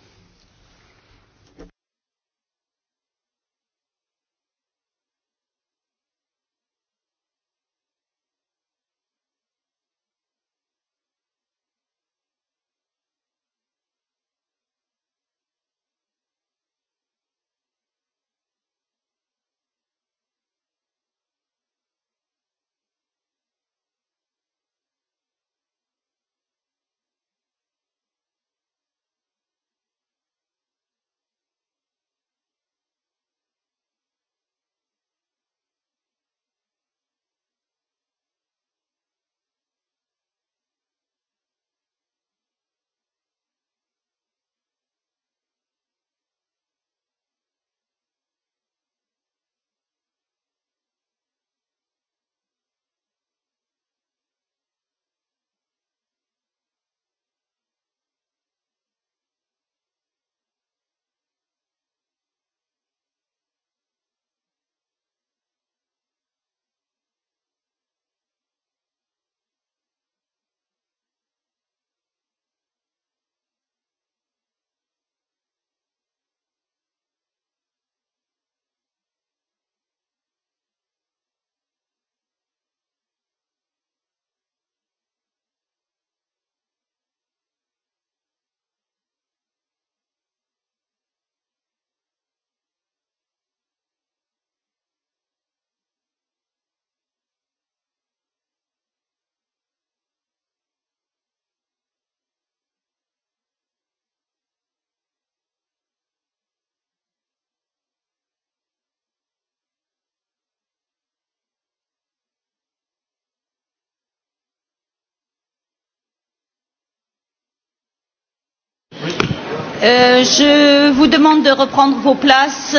Eh, je vous demande de reprendre vos places.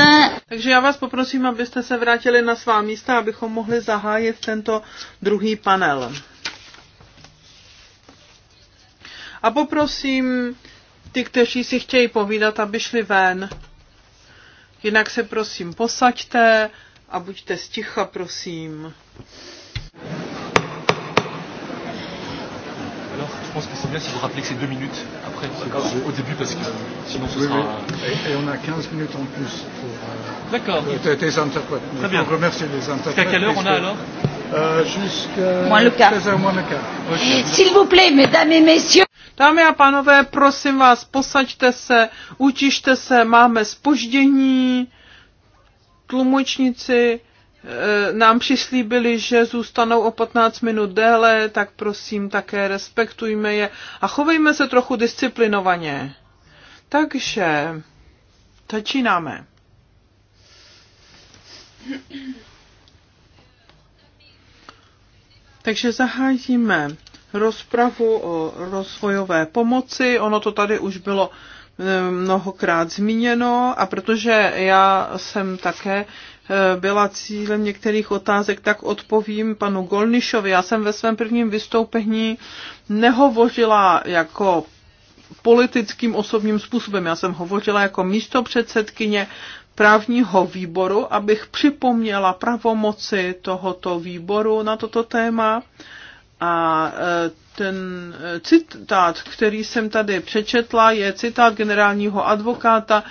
Takže já vás poprosím, abyste se vrátili na svá místa, abychom mohli zahájit tento druhý panel. A poprosím ty, kteří si chtějí povídat, aby šli ven. Jinak se prosím posaďte a buďte sticha, prosím. heure. Je pense que c'est bien si vous rappelez que c'est deux minutes après, au début, parce que sinon ce oui, sera. Oui. Et et on a 15 minutes en plus pour euh, D'accord. Euh, tes interprètes. Très bien. On remercie les interprètes. Jusqu'à quelle heure on a alors euh, Jusqu'à moins le quart. S'il vous plaît, mesdames et messieurs. Dámy a pánové, prosím vás, posaďte se, utište se, máme spoždění, tlumočníci Eh, nám přislíbili, že zůstanou o 15 minut déle, tak prosím také respektujme je a chovejme se trochu disciplinovaně. Takže začínáme. Takže zahájíme rozpravu o rozvojové pomoci. Ono to tady už bylo eh, mnohokrát zmíněno a protože já jsem také Eh, byla cílem některých otázek, tak odpovím panu Golnišovi. Já jsem ve svém prvním vystoupení nehovořila jako politickým osobním způsobem. Já jsem hovořila jako místo předsedkyně právního výboru, abych připomněla pravomoci tohoto výboru na toto téma. A e, ten citát, který jsem tady přečetla, je citát generálního advokáta,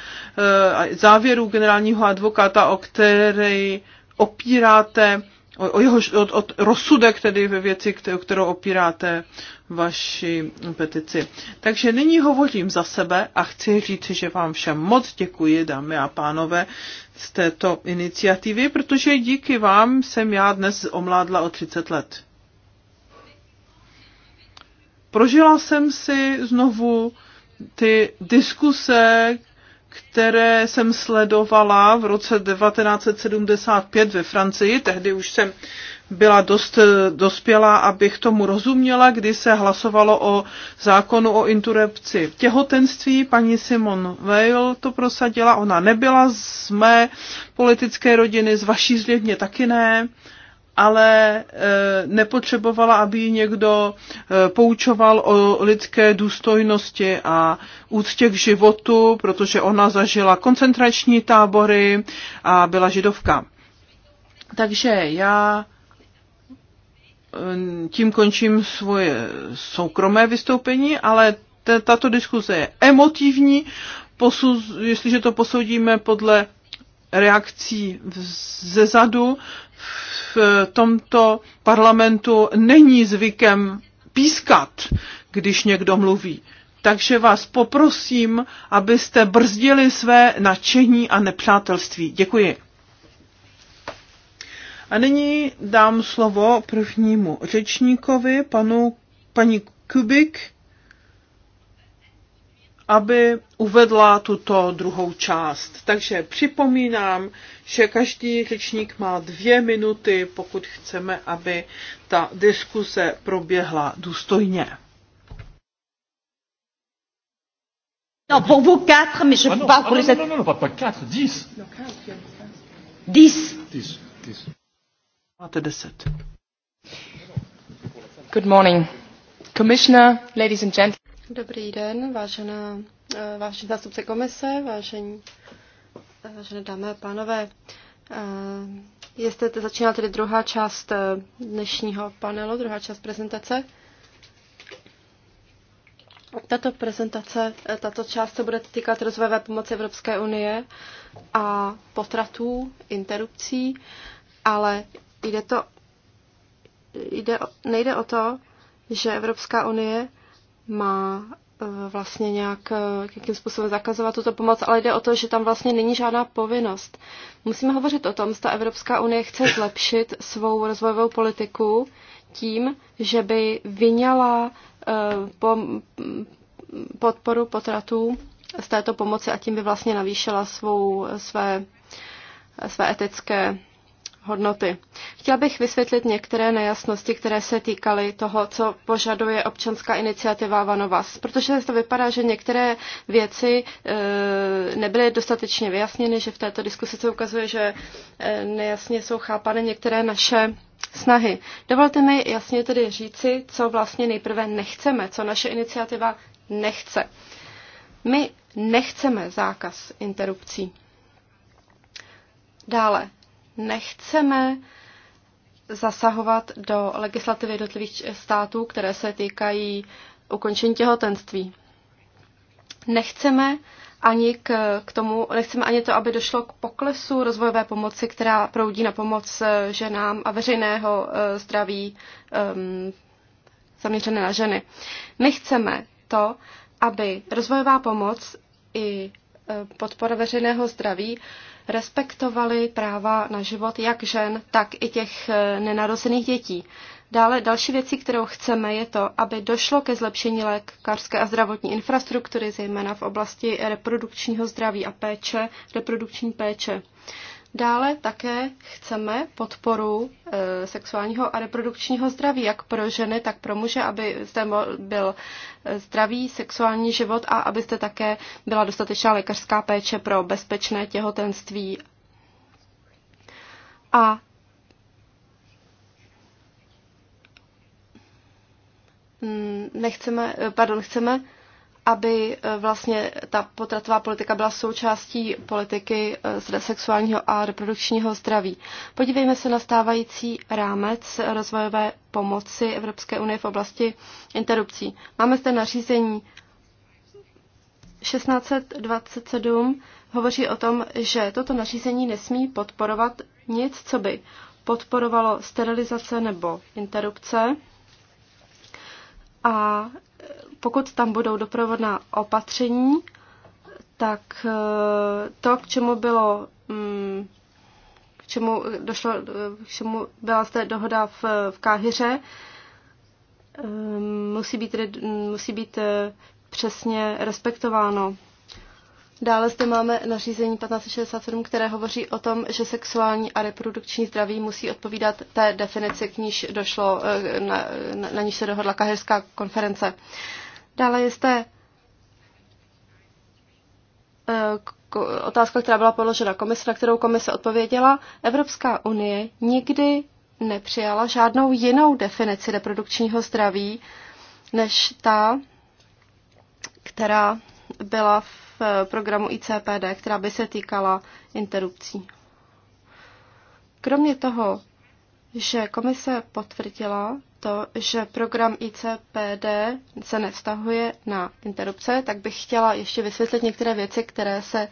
e, závěru generálního advokáta, o který opíráte, o, o jeho o, o rozsudek tedy ve věci, kterou, kterou opíráte vaši petici. Takže nyní hovořím za sebe a chci říct, že vám všem moc děkuji, dámy a pánové, z této iniciativy, protože díky vám jsem já dnes omládla o 30 let prožila jsem si znovu ty diskuse, které jsem sledovala v roce 1975 ve Francii. Tehdy už jsem byla dost eh, dospělá, abych tomu rozuměla, kdy se hlasovalo o zákonu o interrupci těhotenství. Paní Simon Weil to prosadila, ona nebyla z mé politické rodiny, z vaší zjevně taky ne. Uh, ale eh, nepotřebovala, aby ji někdo eh, poučoval o lidské důstojnosti a úctě k životu, protože ona zažila koncentrační tábory a byla židovka. Takže já eh, tím končím svoje soukromé vystoupení, ale tato diskuze je emotivní, posuz, jestliže to posoudíme podle reakcí ze zadu, v v tomto parlamentu není zvykem pískat, když někdo mluví. Takže vás poprosím, abyste brzdili své nadšení a nepřátelství. Děkuji. A nyní dám slovo prvnímu řečníkovi, panu, paní Kubik aby uvedla tuto druhou část. Takže připomínám, že každý řečník má dvě minuty, pokud chceme, aby ta diskuse proběhla důstojně. No, pour vous quatre, mais je ah vous parle ah pour les autres. Non, non, non, pas, pas quatre, dix. Dix. Dix. Máte deset. Good morning. Commissioner, ladies and gentlemen. Dobrý den, vážená, eh, vážení zástupce komise, vážení, vážené dámy a pánové. Eh, jestli začíná tedy druhá část eh, dnešního panelu, druhá část prezentace. Tato prezentace, tato část se bude týkat rozvojové pomoci Evropské unie a potratů, interrupcí, ale jde to, jde, nejde o to, že Evropská unie má eh, vlastně nějak, eh, jakým způsobem zakazovat tuto pomoc, ale jde o to, že tam vlastně není žádná povinnost. Musíme hovořit o tom, zda Evropská unie chce zlepšit svou rozvojovou politiku tím, že by vyňala eh, podporu potratů z této pomoci a tím by vlastně navýšila svou, své, své etické hodnoty. Chtěl bych vysvětlit některé nejasnosti, které se týkaly toho, co požaduje občanská iniciativa Vanovas, protože to vypadá, že některé věci e, nebyly dostatečně vyjasněny, že v této diskusi se ukazuje, že e, nejasně jsou chápány některé naše snahy. Dovolte mi jasně tedy říci, co vlastně nejprve nechceme, co naše iniciativa nechce. My nechceme zákaz interrupcí. Dále, nechceme zasahovat do legislativy jednotlivých států, které se týkají ukončení těhotenství. Nechceme ani k, k tomu, nechceme ani to, aby došlo k poklesu rozvojové pomoci, která proudí na pomoc eh, ženám a veřejného eh, zdraví um, zaměřené na ženy. Nechceme to, aby rozvojová pomoc i eh, podpora veřejného zdraví uh, respektovali práva na život jak žen, tak i těch eh, nenarozených dětí. Dále další věcí, kterou chceme, je to, aby došlo ke zlepšení lékařské a zdravotní infrastruktury, zejména v oblasti reprodukčního zdraví a péče, reprodukční péče. Dále také chceme podporu e, sexuálního a reprodukčního zdraví, jak pro ženy, tak pro muže, aby zde byl e, zdravý sexuální život a aby zde také byla dostatečná lékařská péče pro bezpečné těhotenství. A mm, nechceme, e, pardon, chceme aby eh, vlastně ta potratová politika byla součástí politiky eh, sexuálního a reprodukčního zdraví. Podívejme se na stávající rámec rozvojové pomoci Evropské unie v oblasti interrupcí. Máme zde nařízení 1627 hovoří o tom, že toto nařízení nesmí podporovat nic, co by podporovalo sterilizace nebo interrupce. A pokud tam budou doprovodná opatření, tak eh, to, k čemu bylo mm, k čemu došlo, eh, k čemu byla zde dohoda v, v Káhyře, eh, musí být, musí být přesně respektováno. Dále zde máme nařízení 1567, které hovoří o tom, že sexuální a reprodukční zdraví musí odpovídat té definici, k níž došlo, na, na, na níž se dohodla kahirská konference. Uh, Dále je zde eh, otázka, která byla položena komise, na kterou komise odpověděla. Evropská unie nikdy nepřijala žádnou jinou definici reprodukčního zdraví, než ta, která byla v eh, programu ICPD, která by se týkala interrupcí. Kromě toho, že komise potvrdila, to, že program ICPD se nevztahuje na interrupce, tak bych chtěla ještě vysvětlit některé věci, které se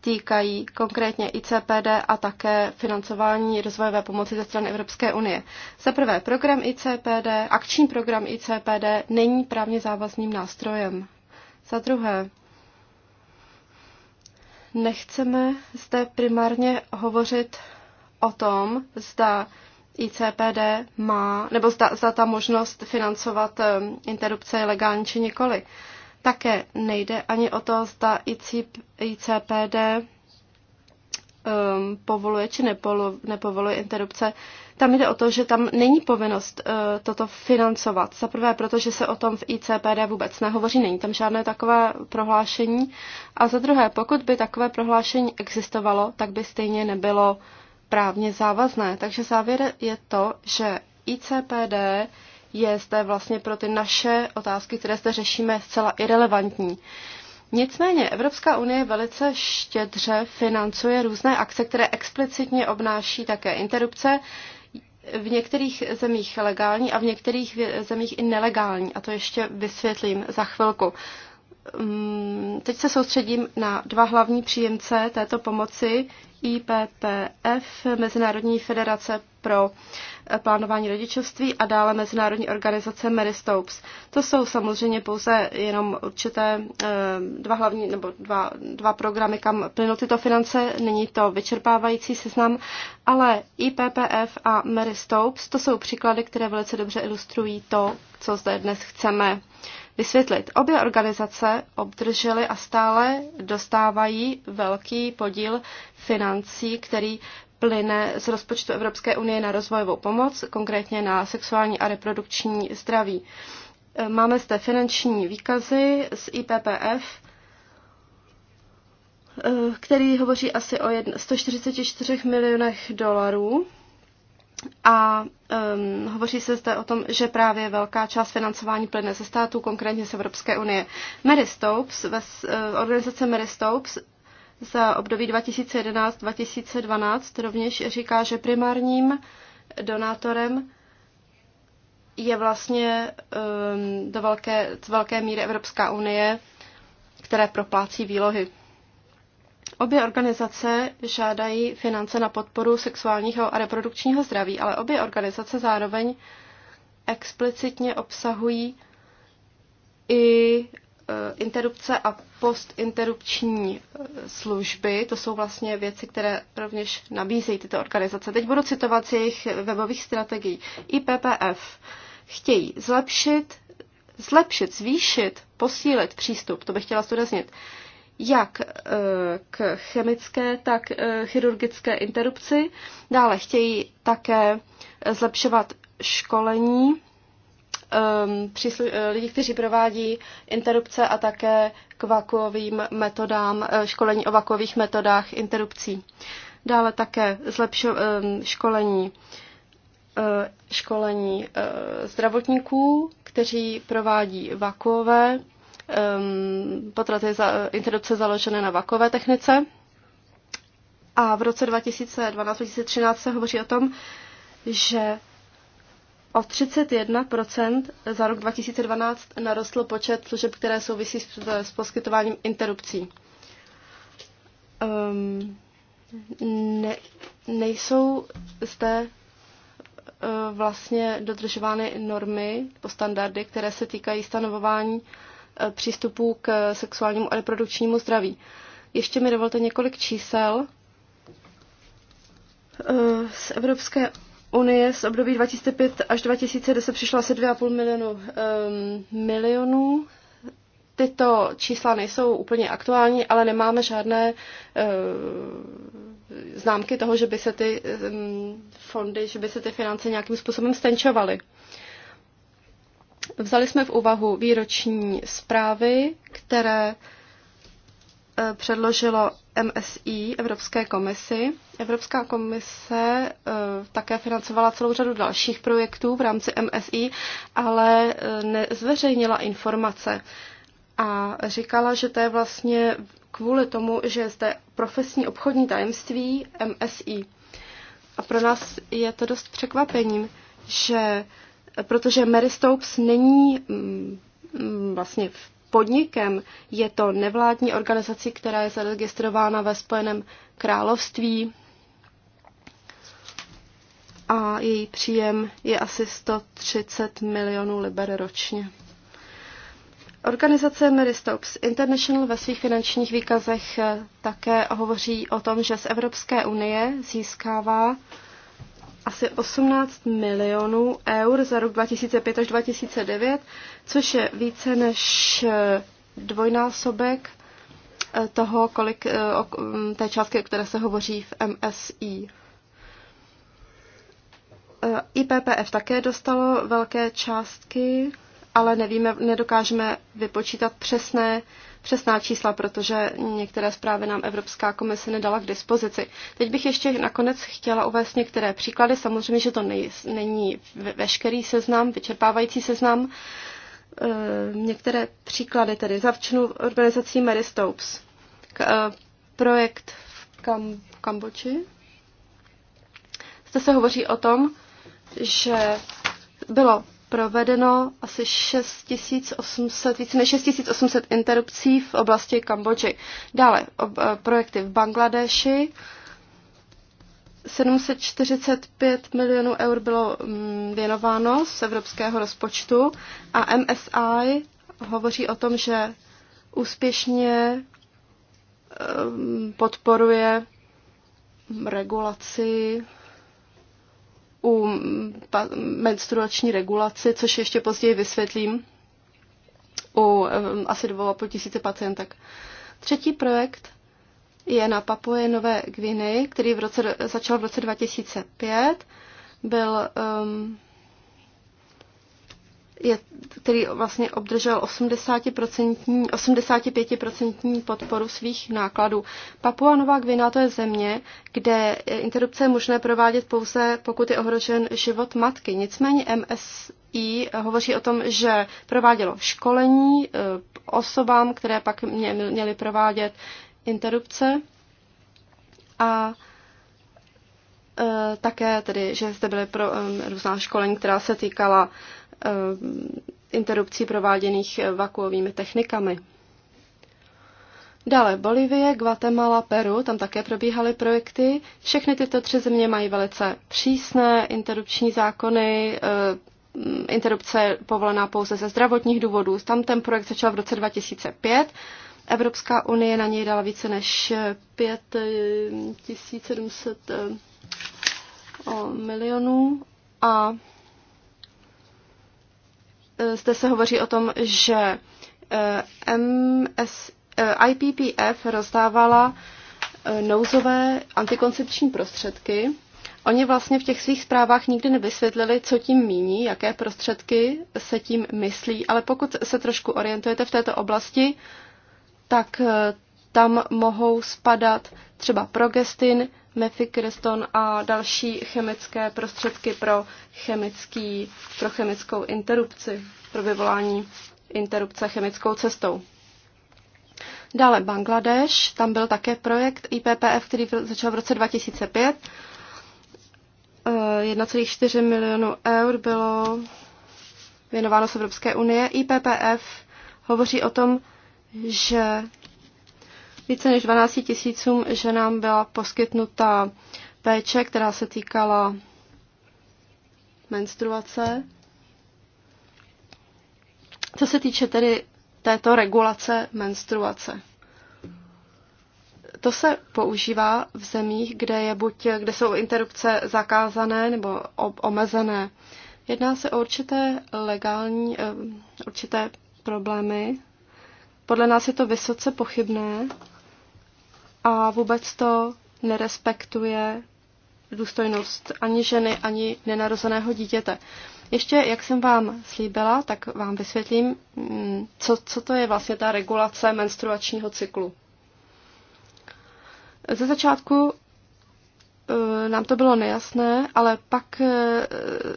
týkají konkrétně ICPD a také financování rozvojové pomoci ze strany Evropské unie. Za prvé, program ICPD, akční program ICPD není právně závazným nástrojem. Za druhé, nechceme zde primárně hovořit o tom, zda ICPD má, nebo zda, zda ta možnost financovat um, interrupce je legální či nikoli. Také nejde ani o to, zda ICPD um, povoluje či nepolu, nepovoluje interrupce. Tam jde o to, že tam není povinnost uh, toto financovat. Za prvé, protože se o tom v ICPD vůbec nehovoří, není tam žádné takové prohlášení. A za druhé, pokud by takové prohlášení existovalo, tak by stejně nebylo uh, právně závazné. Takže závěr je to, že ICPD je zde vlastně pro ty naše otázky, které zde řešíme, zcela irrelevantní. Nicméně Evropská unie velice štědře financuje různé akce, které explicitně obnáší také interrupce, v některých zemích legální a v některých zemích i nelegální. A to ještě vysvětlím za chvilku. Mm, teď se soustředím na dva hlavní příjemce této pomoci. IPPF, Mezinárodní federace pro eh, plánování rodičovství a dále Mezinárodní organizace Mary Stopes. To jsou samozřejmě pouze jenom určité eh, dva hlavní nebo dva, dva programy, kam plynou tyto finance. Není to vyčerpávající seznam, ale IPPF a Mary Stopes to jsou příklady, které velice dobře ilustrují to, co zde dnes chceme vysvětlit. Obě organizace obdržely a stále dostávají velký podíl financí, který plyne z rozpočtu Evropské unie na rozvojovou pomoc, konkrétně na sexuální a reprodukční zdraví. Máme zde finanční výkazy z IPPF, eh, který hovoří asi o 144 milionech dolarů a um, hovoří se zde o tom, že právě velká část financování plyne ze států, konkrétně z Evropské unie. Mary Stopes, ve, uh, organizace Mary Stopes za období 2011-2012 rovněž říká, že primárním donátorem je vlastně um, do velké, velké míry Evropská unie, které proplácí výlohy. Obě organizace žádají finance na podporu sexuálního a reprodukčního zdraví, ale obě organizace zároveň explicitně obsahují i e, interrupce a postinterrupční e, služby. To jsou vlastně věci, které rovněž nabízejí tyto organizace. Teď budu citovat z jejich webových strategií. IPPF chtějí zlepšit, zlepšit, zvýšit, posílit přístup, to bych chtěla zdůraznit, jak eh, k chemické, tak eh, chirurgické interrupci. Dále chtějí také zlepšovat školení ehm, eh, lidí, kteří provádí interrupce a také k vakuovým metodám, školení o vakuových metodách interrupcí. Dále také zlepšo, ehm, školení, školení zdravotníků, kteří provádí vakuové Ehm, potraty za, interrupce založené na vakové technice. A v roce 2012-2013 se hovoří o tom, že o 31% za rok 2012 narostl počet služeb, které souvisí s, s poskytováním interrupcí. Um, ne, nejsou zde uh, vlastně dodržovány normy po standardy, které se týkají stanovování uh, Eh, přístupů k sexuálnímu a reprodukčnímu zdraví. Ještě mi dovolte několik čísel eh, z Evropské unie z období 2005 až 2010 přišlo asi 2,5 milionu um, milionů. Tyto čísla nejsou úplně aktuální, ale nemáme žádné uh, známky toho, že by se ty um, fondy, že by se ty finance nějakým způsobem stenčovaly. Uh, Vzali jsme v úvahu výroční zprávy, které eh, předložilo MSI Evropské komisi. Evropská komise eh, také financovala celou řadu dalších projektů v rámci MSI, ale eh, nezveřejnila informace a říkala, že to je vlastně kvůli tomu, že je zde profesní obchodní tajemství MSI. A pro nás je to dost překvapením, že protože Mary Stopes není mm, mm, vlastně podnikem, je to nevládní organizace, která je zaregistrována ve Spojeném království a její příjem je asi 130 milionů liber ročně. Organizace Mary Stokes International ve svých finančních výkazech eh, také hovoří o tom, že z Evropské unie získává asi 18 milionů eur za rok 2005 až 2009, což je více než eh, dvojnásobek eh, toho, kolik eh, mm, té částky, o které se hovoří v MSI. IPPF také dostalo velké částky, ale nevíme, nedokážeme vypočítat přesné přesná čísla, protože některé zprávy nám Evropská komise nedala k dispozici. Teď bych ještě nakonec chtěla uvést některé příklady. Samozřejmě, že to nej, není veškerý seznam, vyčerpávající seznam. E, některé příklady tedy zavčnu organizací Mary Stopes. K, e, projekt v Kam, Kambodži. Zde se hovoří o tom, že bylo provedeno asi 6800, více než 6800 interrupcí v oblasti Kambodži. Dále ob, eh, projekty v Bangladeši. 745 milionů eur bylo mm, věnováno z evropského rozpočtu a MSI hovoří o tom, že úspěšně eh, podporuje regulaci u menstruační regulaci, což ještě později vysvětlím, u um, asi 2,5 tisíce pacientek. Třetí projekt je na Papuje Nové Gviny, který v roce, začal v roce 2005. Byl um, je, který vlastně obdržel 80%, 85% podporu svých nákladů. Papua Nová Gvina to je země, kde interrupce je možné provádět pouze, pokud je ohrožen život matky. Nicméně MSI hovoří o tom, že provádělo školení eh, osobám, které pak měly provádět interrupce a eh, také tedy, že zde byly pro, různá školení, která se týkala uh, Eh, interrupcí prováděných vakuovými technikami. Dále Bolivie, Guatemala, Peru, tam také probíhaly projekty. Všechny tyto tři země mají velice přísné interrupční zákony, eh, interrupce je povolená pouze ze zdravotních důvodů. Tam ten projekt začal v roce 2005. Evropská unie na něj dala více než 5700 eh, milionů a Eh, zde se hovoří o tom, že eh, MS, eh, IPPF rozdávala nouzové antikoncepční prostředky. Oni vlastně v těch svých zprávách nikdy nevysvětlili, co tím míní, jaké prostředky se tím myslí, ale pokud se trošku orientujete v této oblasti, tak tam mohou spadat třeba progestin, mefikreston a další chemické prostředky pro, chemický, pro chemickou interrupci, pro vyvolání interrupce chemickou cestou. Dále Bangladeš, tam byl také projekt IPPF, který začal v roce 2005. 1,4 eh, milionu eur bylo věnováno z Evropské unie. IPPF hovoří o tom, že více než 12 tisícům ženám byla poskytnuta péče, která se týkala menstruace. Co se týče tedy této regulace menstruace. To se používá v zemích, kde, je buď, kde jsou interrupce zakázané nebo omezené. Jedná se o určité legální, eh, určité problémy. Podle nás je to vysoce pochybné, a vůbec to nerespektuje důstojnost ani ženy, ani nenarozeného dítěte. Ještě, jak jsem vám slíbila, tak vám vysvětlím, mm, co, co to je vlastně ta regulace menstruačního cyklu. Ze začátku e, nám to bylo nejasné, ale pak e,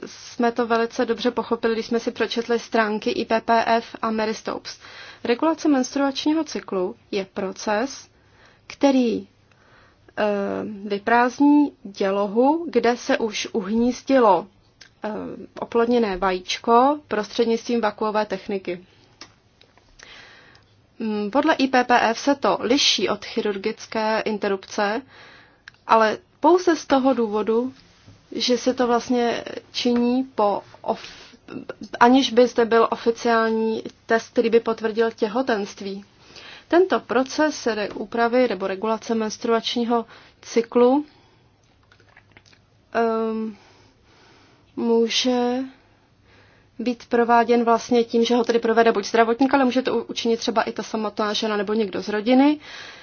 jsme to velice dobře pochopili, když jsme si pročetli stránky IPPF a Mary Stopes. Regulace menstruačního cyklu je proces, který eh, vyprázdní dělohu, kde se už uhnízdilo eh, oplodněné vajíčko prostřednictvím vakuové techniky. Mm, podle IPPF se to liší od chirurgické interrupce, ale pouze z toho důvodu, že se to vlastně činí po of, aniž by zde byl oficiální test, který by potvrdil těhotenství. Tento proces úpravy nebo regulace menstruačního cyklu um, může být prováděn vlastně tím, že ho tedy provede buď zdravotník, ale může to učinit třeba i ta samotná žena nebo někdo z rodiny.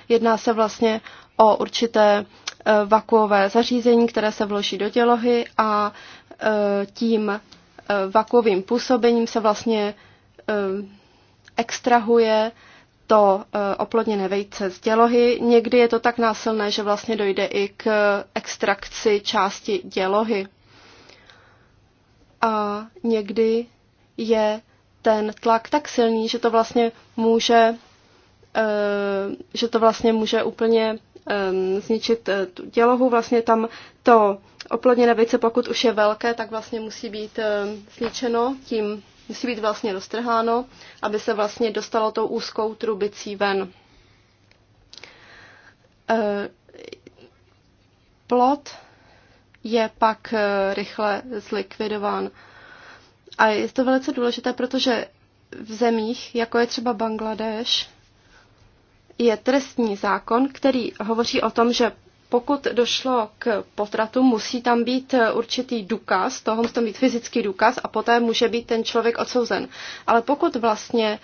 Jedná se vlastně o určité eh, vakuové zařízení, které se vloží do dělohy a eh, tím eh, vakuovým působením se vlastně extrahuje to eh, oplodněné vejce z dělohy. Někdy je to tak násilné, že vlastně dojde i k extrakci části dělohy. A někdy je ten tlak tak silný, že to vlastně může, eh, že to vlastně může úplně ehm, zničit eh, tu dělohu. Vlastně tam to oplodněné vejce, pokud už je velké, tak vlastně musí být ehm, zničeno tím musí být vlastně roztrháno, aby se vlastně dostalo tou úzkou trubicí ven. E, plot je pak e, rychle zlikvidován. A je to velice důležité, protože v zemích, jako je třeba Bangladeš, je trestní zákon, který hovoří o tom, že pokud došlo k potratu, musí tam být určitý důkaz, toho musí tam být fyzický důkaz a poté může být ten člověk odsouzen. Ale pokud vlastně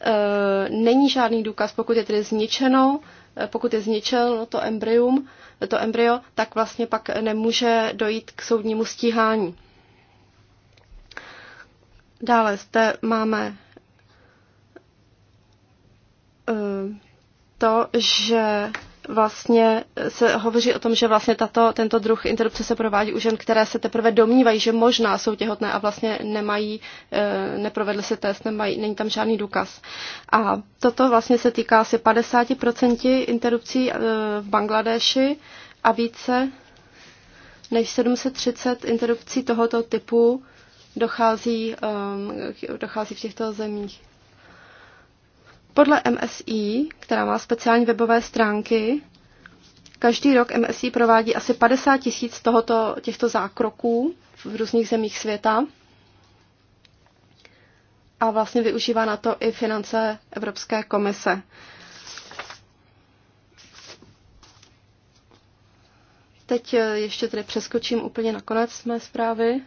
e, není žádný důkaz, pokud je tedy zničeno, e, pokud je zničeno to embryum, to embryo, tak vlastně pak nemůže dojít k soudnímu stíhání. Dále zde máme e, to, že vlastně se hovoří o tom, že vlastně tato, tento druh interrupce se provádí u žen, které se teprve domnívají, že možná jsou těhotné a vlastně nemají, eh, neprovedly si test, nemají, není tam žádný důkaz. A toto vlastně se týká asi 50% interrupcí eh, v Bangladeši a více než 730 interrupcí tohoto typu dochází, ehm, dochází v těchto zemích. Podle MSI, která má speciální webové stránky, každý rok MSI provádí asi 50 tisíc těchto zákroků v různých zemích světa a vlastně využívá na to i finance Evropské komise. Teď eh, ještě tedy přeskočím úplně na konec mé zprávy.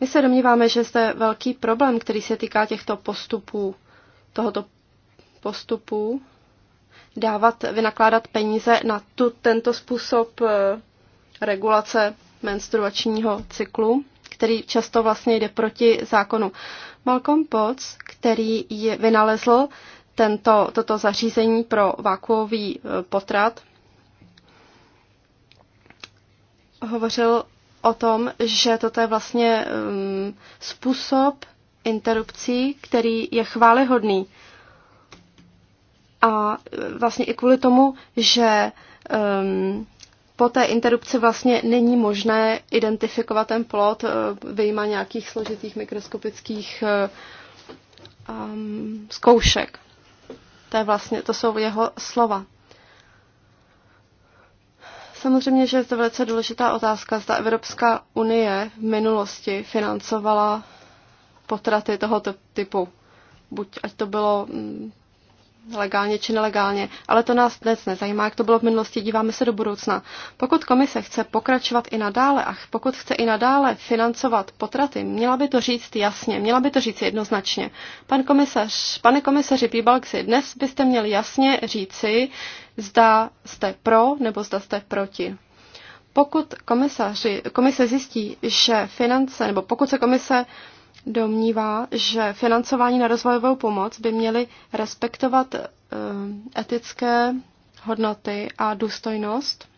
My se domníváme, že zde velký problém, který se týká těchto postupů tohoto postupu dávat, vynakládat peníze na tu, tento způsob eh, regulace menstruačního cyklu, který často vlastně jde proti zákonu. Malcolm Potts, který je, vynalezl tento, toto zařízení pro vákuový eh, potrat, hovořil o tom, že toto je vlastně um, způsob, interrupcí, který je chválehodný. A vlastně i kvůli tomu, že um, po té interrupci vlastně není možné identifikovat ten plot, eh, vyjma nějakých složitých mikroskopických um, zkoušek. To, je vlastně, to jsou jeho slova. Samozřejmě, že je to velice důležitá otázka, zda Evropská unie v minulosti financovala potraty tohoto typu. Buď ať to bylo mm, legálně či nelegálně, ale to nás dnes nezajímá, jak to bylo v minulosti, díváme se do budoucna. Pokud komise chce pokračovat i nadále a pokud chce i nadále financovat potraty, měla by to říct jasně, měla by to říct jednoznačně. Pan komisař, pane komisaři Píbalksi, dnes byste měli jasně říci, zda jste pro nebo zda jste proti. Pokud komisaři, komise zjistí, že finance, nebo pokud se komise domnívá, že financování na rozvojovou pomoc by měly respektovat eh, etické hodnoty a důstojnost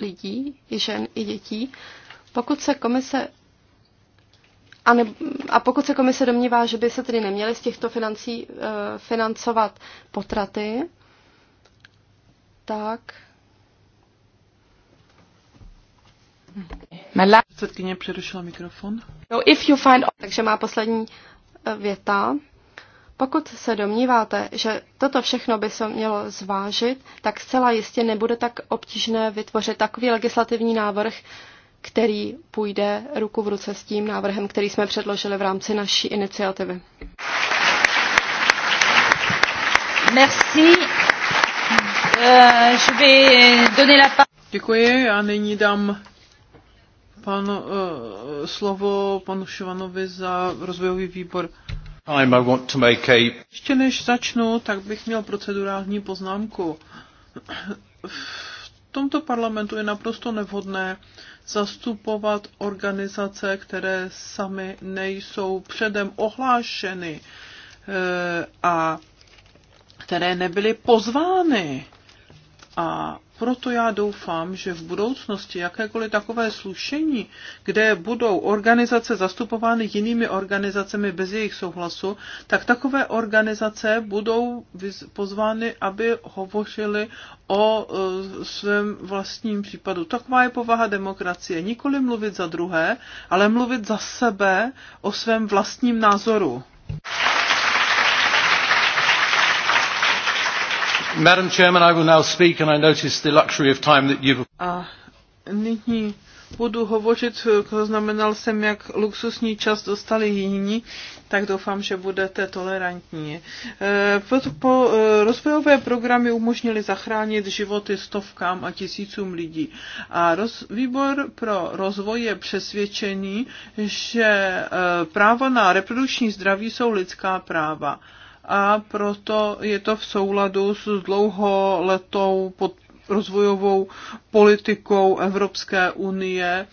lidí, i žen, i dětí. Pokud se komise a, ne, a pokud se komise domnívá, že by se tedy neměly z těchto financí uh, financovat potraty, tak. Předkyně přerušila mikrofon. No, if you find... Takže má poslední eh, věta. Pokud se domníváte, že toto všechno by se mělo zvážit, tak zcela jistě nebude tak obtížné vytvořit takový legislativní návrh, který půjde ruku v ruce s tím návrhem, který jsme předložili v rámci naší iniciativy. Merci. Uh, je vais donner la... Děkuji a nyní dám pan eh, slovo panu Šivanovi za rozvojový výbor. I want to make a... Ještě než začnu, tak bych měl procedurální poznámku. V tomto parlamentu je naprosto nevhodné zastupovat organizace, které sami nejsou předem ohlášeny eh, a které nebyly pozvány. A proto já doufám, že v budoucnosti jakékoliv takové slušení, kde budou organizace zastupovány jinými organizacemi bez jejich souhlasu, tak takové organizace budou pozvány, aby hovořili o e, svém vlastním případu. Taková je povaha demokracie. Nikoli mluvit za druhé, ale mluvit za sebe o svém vlastním názoru. nyní budu hovořit, eh, znamenal jsem, jak luxusní čas dostali jiní, tak doufám, že budete tolerantní. Eh, po, po, eh, rozvojové programy umožnily zachránit životy stovkám a tisícům lidí. A roz, výbor pro rozvoj je přesvědčený, že práva na reprodukční zdraví jsou lidská práva a proto je to v souladu s dlouholetou pod rozvojovou politikou Evropské unie, e,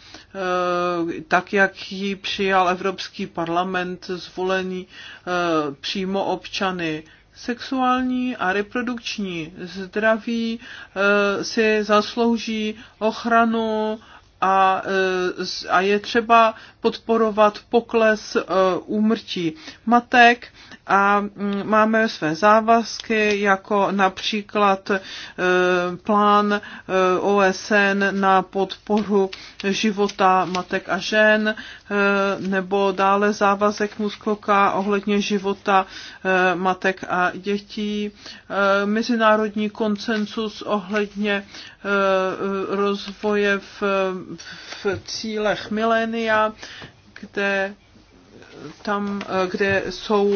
tak jak ji přijal Evropský parlament zvolení e, přímo občany sexuální a reprodukční zdraví e, si zaslouží ochranu a, e, a je třeba podporovat pokles e, úmrtí matek a mm, máme své závazky, jako například e, plán OSN na podporu života matek a žen, nebo dále závazek Muskoka ohledně života matek a dětí, mezinárodní koncensus ohledně rozvoje v v cílech milénia, kde tam, kde jsou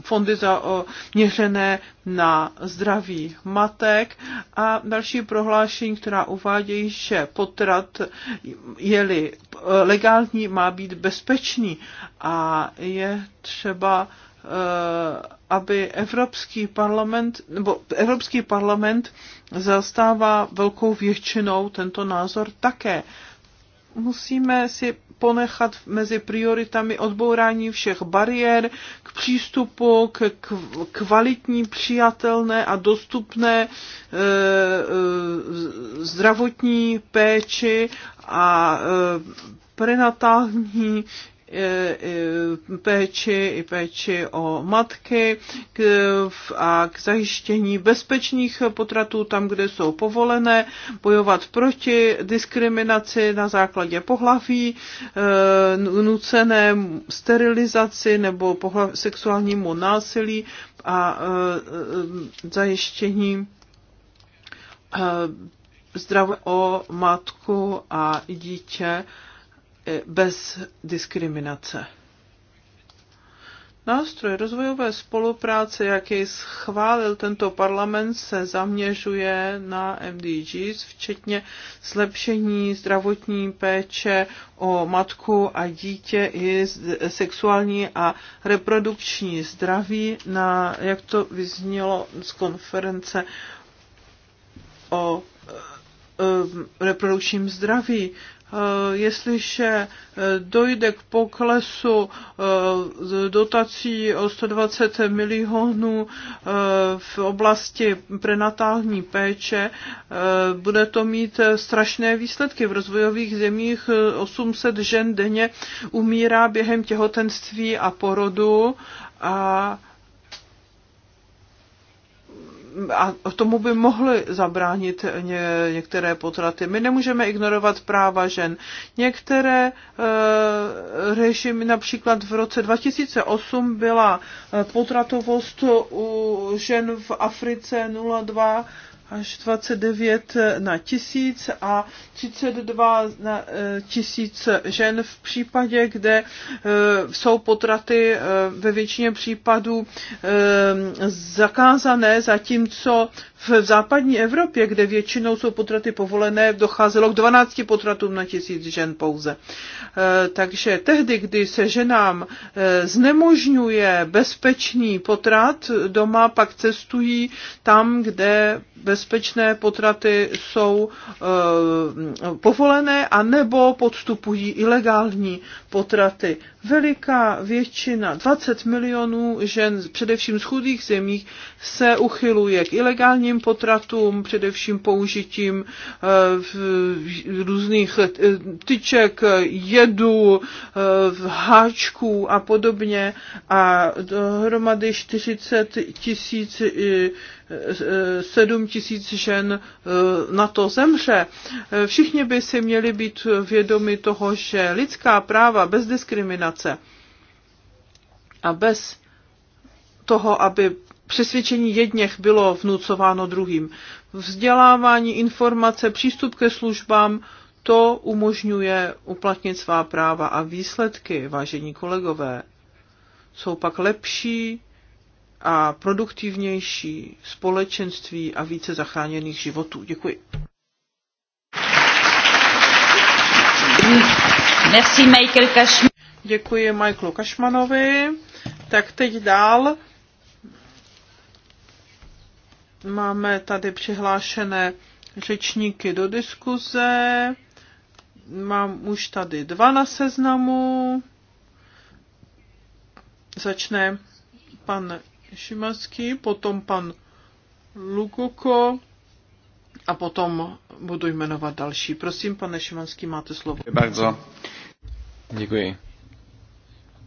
fondy zaměřené na zdraví matek a další prohlášení, která uvádějí, že potrat je-li legální, má být bezpečný a je třeba Eh, aby Evropský parlament, nebo Evropský parlament zastává velkou většinou tento názor také. Musíme si ponechat mezi prioritami odbourání všech bariér k přístupu k kvalitní, přijatelné a dostupné eh, eh, zdravotní péči a prenatální Eh, péči i péči o matky a k zajištění bezpečných potratů tam, kde jsou povolené, bojovat proti diskriminaci na základě pohlaví, eh, nucené sterilizaci nebo sexuálnímu násilí a eh, zajištění zdrav o matku a dítě bez diskriminace. Nástroj rozvojové spolupráce, jaký schválil tento parlament, se zaměřuje na MDGs, včetně zlepšení zdravotní péče o matku a dítě i sexuální a reprodukční zdraví, na, jak to vyznělo z konference o e, e, reprodukčním zdraví. Eh, jestliže eh, dojde k poklesu eh, dotací o 120 milionů v oblasti prenatální péče, bude to mít strašné výsledky. V rozvojových zemích 800 žen denně umírá během těhotenství a porodu a a tomu by mohly zabránit ně, některé potraty. My nemůžeme ignorovat práva žen. Některé e, režimy, například v roce 2008 byla e, potratovost u žen v Africe 0,2 až 29 na tisíc a 32 na e, tisíc žen v případě, kde e, jsou potraty e, ve většině případů zakázané, zatímco v západní Evropě, kde většinou jsou potraty povolené, docházelo k 12 potratům na tisíc žen pouze. E, takže tehdy, kdy se ženám e, znemožňuje bezpečný potrat doma, pak cestují tam, kde bezpečné potraty jsou e, povolené, anebo podstupují ilegální potraty veliká většina, 20 milionů žen, především z chudých zemích, se uchyluje k ilegálním potratům, především použitím eh, různých eh, tyček, jedu, eh, háčků a podobně. A dohromady 40 tisíc 7 tisíc žen eh, na to zemře. Eh, všichni by si měli být vědomi toho, že lidská práva bez diskriminace a bez toho, aby přesvědčení jedněch bylo vnucováno druhým. Vzdělávání, informace, přístup ke službám, to umožňuje uplatnit svá práva a výsledky, vážení kolegové, jsou pak lepší a produktivnější společenství a více zachráněných životů. Děkuji. Merci Michael Kašman. Děkuji Michaelu Kašmanovi. Tak teď dál. Máme tady přihlášené řečníky do diskuze. Mám už tady dva na seznamu. Začne pan Šimanský, potom pan Lukoko a potom budu jmenovat další. Prosím, pane Šimanský, máte slovo. Děkuji. Bardzo. Děkuji.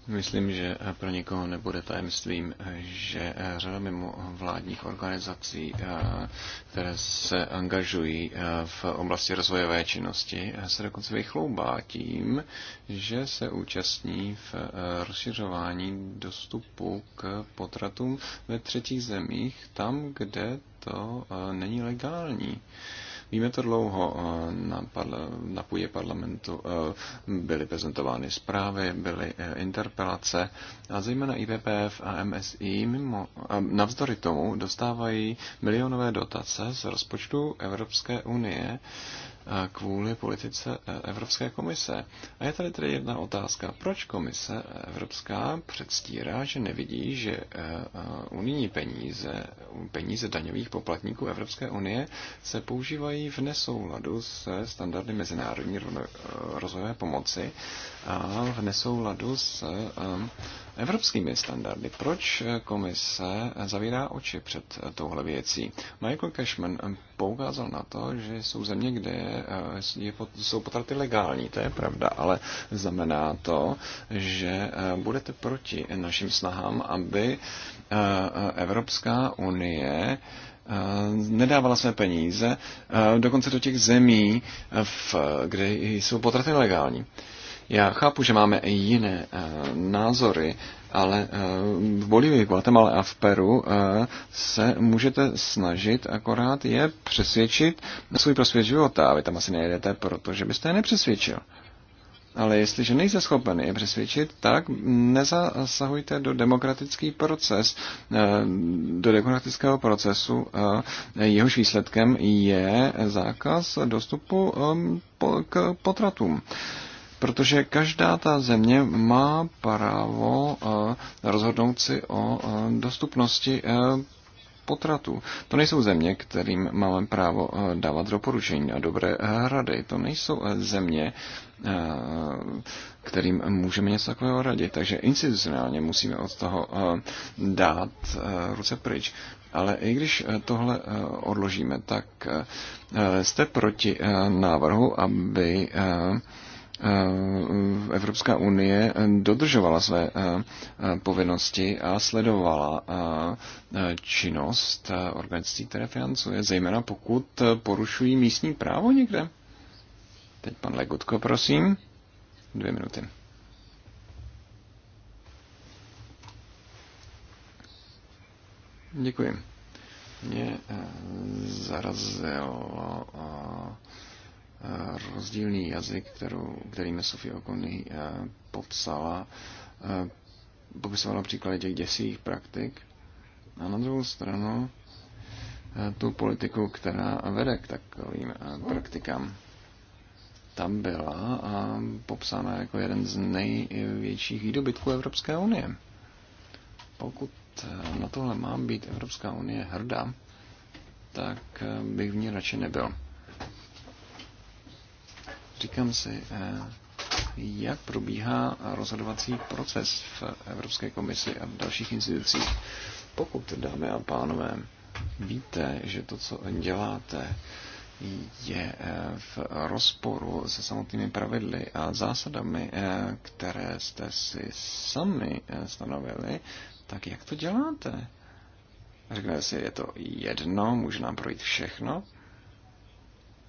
Myslím, že pro někoho nebude tajemstvím, že řada mimo vládních organizací, které se angažují v oblasti rozvojové činnosti, se dokonce vychloubá tím, že se účastní v rozšiřování dostupu k potratům ve třetích zemích, tam, kde to není legální. Víme to dlouho, eh, na, parla, na půdě parlamentu eh, byly prezentovány zprávy, byly eh, interpelace a zejména IPPF a MSI mimo, navzdory tomu dostávají milionové dotace z rozpočtu Evropské unie Eh, kvůli politice eh, Evropské komise. A je tady tedy jedna otázka. Proč komise eh, Evropská předstírá, že nevidí, že unijní peníze, peníze daňových poplatníků Evropské unie se používají v nesouladu se standardy mezinárodní rozvojové pomoci a v nesouladu s um, evropskými standardy. Proč komise zavírá oči před touhle věcí? Michael Cashman poukázal na to, že jsou země, kde eh, je, jsou potraty legální, to je pravda, ale znamená to, že eh, budete proti našim snahám, aby eh, Evropská unie nedávala své peníze dokonce do těch zemí, kde jsou potraty legální. Já chápu, že máme i jiné eh, názory, ale eh, v Bolívii, Guatemala a v Peru eh, se můžete snažit akorát je přesvědčit na svůj prospěch života. A vy tam asi nejedete, protože byste je nepřesvědčil. Ale jestliže nejste schopen je přesvědčit, tak nezasahujte do demokratický proces, do demokratického procesu, jehož výsledkem je zákaz dostupu k potratům. Protože každá ta země má právo eh, rozhodnout si o eh, dostupnosti eh, potratů. To nejsou země, kterým máme právo dávat doporučení a dobré rady. To nejsou země, kterým můžeme něco takového radit. Takže institucionálně musíme od toho dát ruce pryč. Ale i když tohle odložíme, tak jste proti návrhu, aby Evropská unie dodržovala své povinnosti a sledovala činnost organizací, které financuje, zejména pokud porušují místní právo někde. Teď pan Legutko, prosím. Dvě minuty. Děkuji. Mě eh, zarazilo Eh, rozdílný jazyk, kterou, mi Sofie Okony eh, popsala, eh, popisovala příklady těch děsivých praktik. A na druhou stranu tu politiku, která vede k takovým praktikám. Tam byla a popsána jako jeden z největších výdobytků Evropské unie. Pokud na tohle má být Evropská unie hrdá, tak bych v ní radši nebyl. Říkám si, eh, jak probíhá rozhodovací proces v Evropské komisi a v dalších institucích. Pokud, dámy a pánové, víte, že to, co děláte, je eh, v rozporu se samotnými pravidly a zásadami, eh, které jste si sami stanovili, tak jak to děláte? Řeknete si, je to jedno, může nám projít všechno,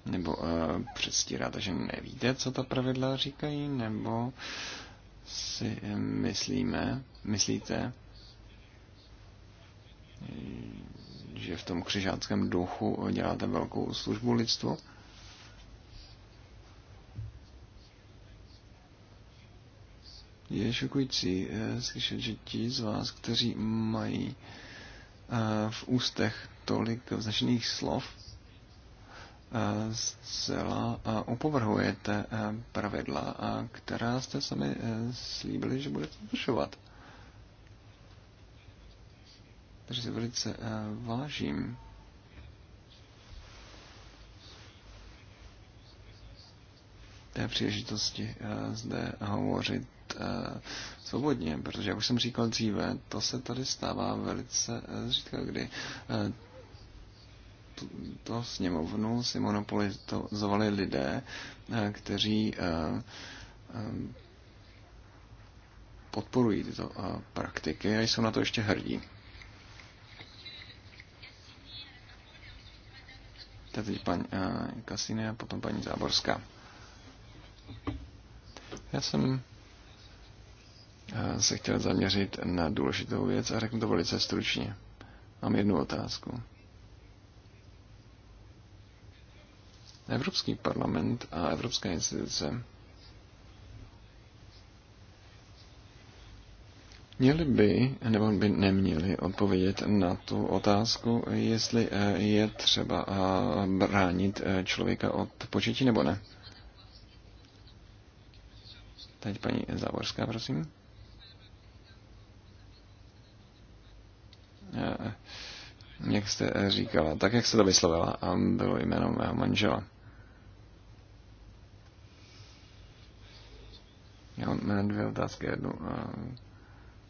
nebo uh, eh, předstíráte, že nevíte, co ta pravidla říkají, nebo si myslíme, myslíte, že v tom křižáckém duchu děláte velkou službu lidstvu? Je šokující eh, slyšet, že ti z vás, kteří mají eh, v ústech tolik vznešených slov, zcela opovrhujete eh, pravidla, která jste sami eh, slíbili, že budete dodržovat. Takže si velice eh, vážím té příležitosti zde hovořit svobodně, protože, jak už jsem říkal dříve, to se tady stává velice zřídka, kdy tuto sněmovnu si monopolizovali lidé, eh, kteří eh, eh, podporují tyto praktiky a jsou na to ještě hrdí. To teď paní Kasiny a potom paní Záborská. Já jsem se chtěl zaměřit na důležitou věc a řeknu to velice stručně. Mám jednu otázku. Evropský parlament a evropské instituce Měli by, nebo by neměli odpovědět na tu otázku, jestli eh, je třeba eh, bránit eh, člověka od početí nebo ne. Teď paní Závorská prosím. Jak jste říkala, tak jak jste to vyslovila, bylo jméno mého manžela. Já mám dvě otázky, jednu a eh,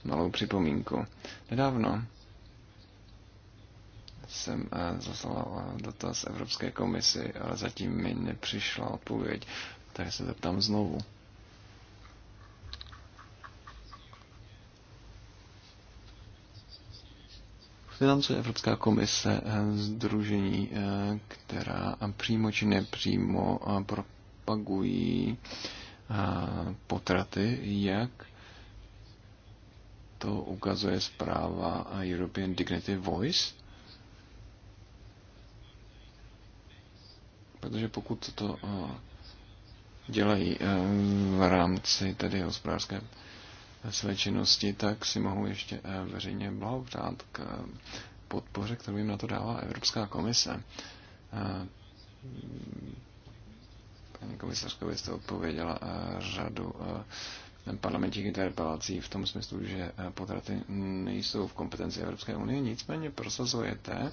malou připomínku. Nedávno jsem eh, zaslal eh, dotaz Evropské komisi, ale zatím mi nepřišla odpověď, takže se zeptám znovu. Financuje Evropská komise združení, která přímo či nepřímo propagují potraty, jak to ukazuje zpráva European Dignity Voice. Protože pokud to eh, dělají eh, v rámci tedy hospodářské své činnosti, tak si mohou ještě eh, veřejně blahopřát k podpoře, kterou jim na to dává Evropská komise. Paní komisařko, vy jste odpověděla eh, řadu eh, parlamentních interpelací v tom smyslu, že eh, potraty nejsou v kompetenci Evropské unie, nicméně prosazujete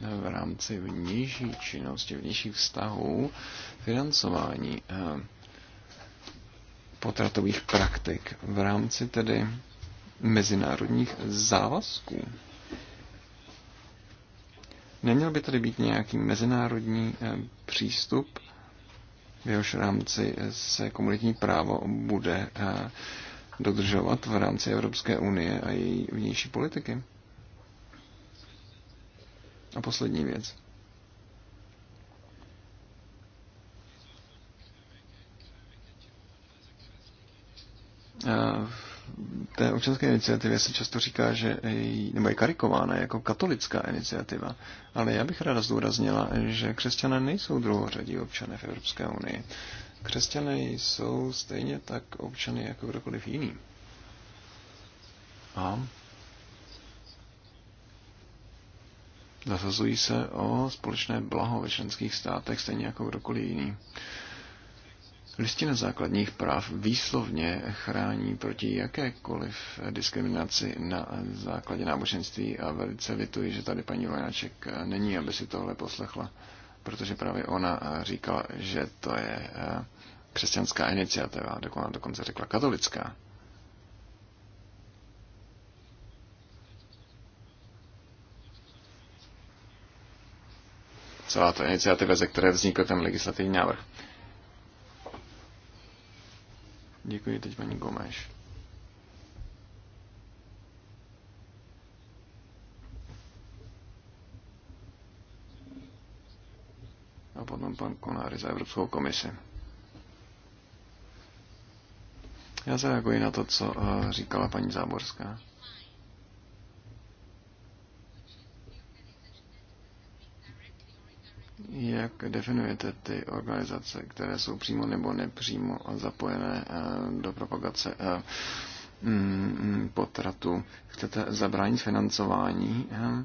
v rámci vnější činnosti, vnějších vztahů financování potratových praktik v rámci tedy mezinárodních závazků. Neměl by tady být nějaký mezinárodní přístup v jehož rámci se komunitní právo bude eh, dodržovat v rámci Evropské unie a její vnější politiky. A poslední věc. Uh, té občanské iniciativě se často říká, že je, nebo je karikována jako katolická iniciativa, ale já bych ráda zdůraznila, že křesťané nejsou druhořadí občané v Evropské unii. Křesťané jsou stejně tak občany jako kdokoliv jiný. A zasazují se o společné blaho ve členských státech stejně jako kdokoliv jiný. Listina základních práv výslovně chrání proti jakékoliv diskriminaci na základě náboženství a velice lituji, že tady paní Vojnáček není, aby si tohle poslechla, protože právě ona říkala, že to je eh, křesťanská iniciativa, dokonce, dokonce řekla katolická. Celá ta iniciativa, ze které vznikl ten legislativní návrh. Děkuji teď paní Gomeš. A potom pan Konáry za Evropskou komisi. Já zareaguji na to, co eh, říkala paní Záborská. jak definujete ty organizace, které jsou přímo nebo nepřímo zapojené eh, do propagace eh, mm, mm, potratu? Chcete zabránit financování eh,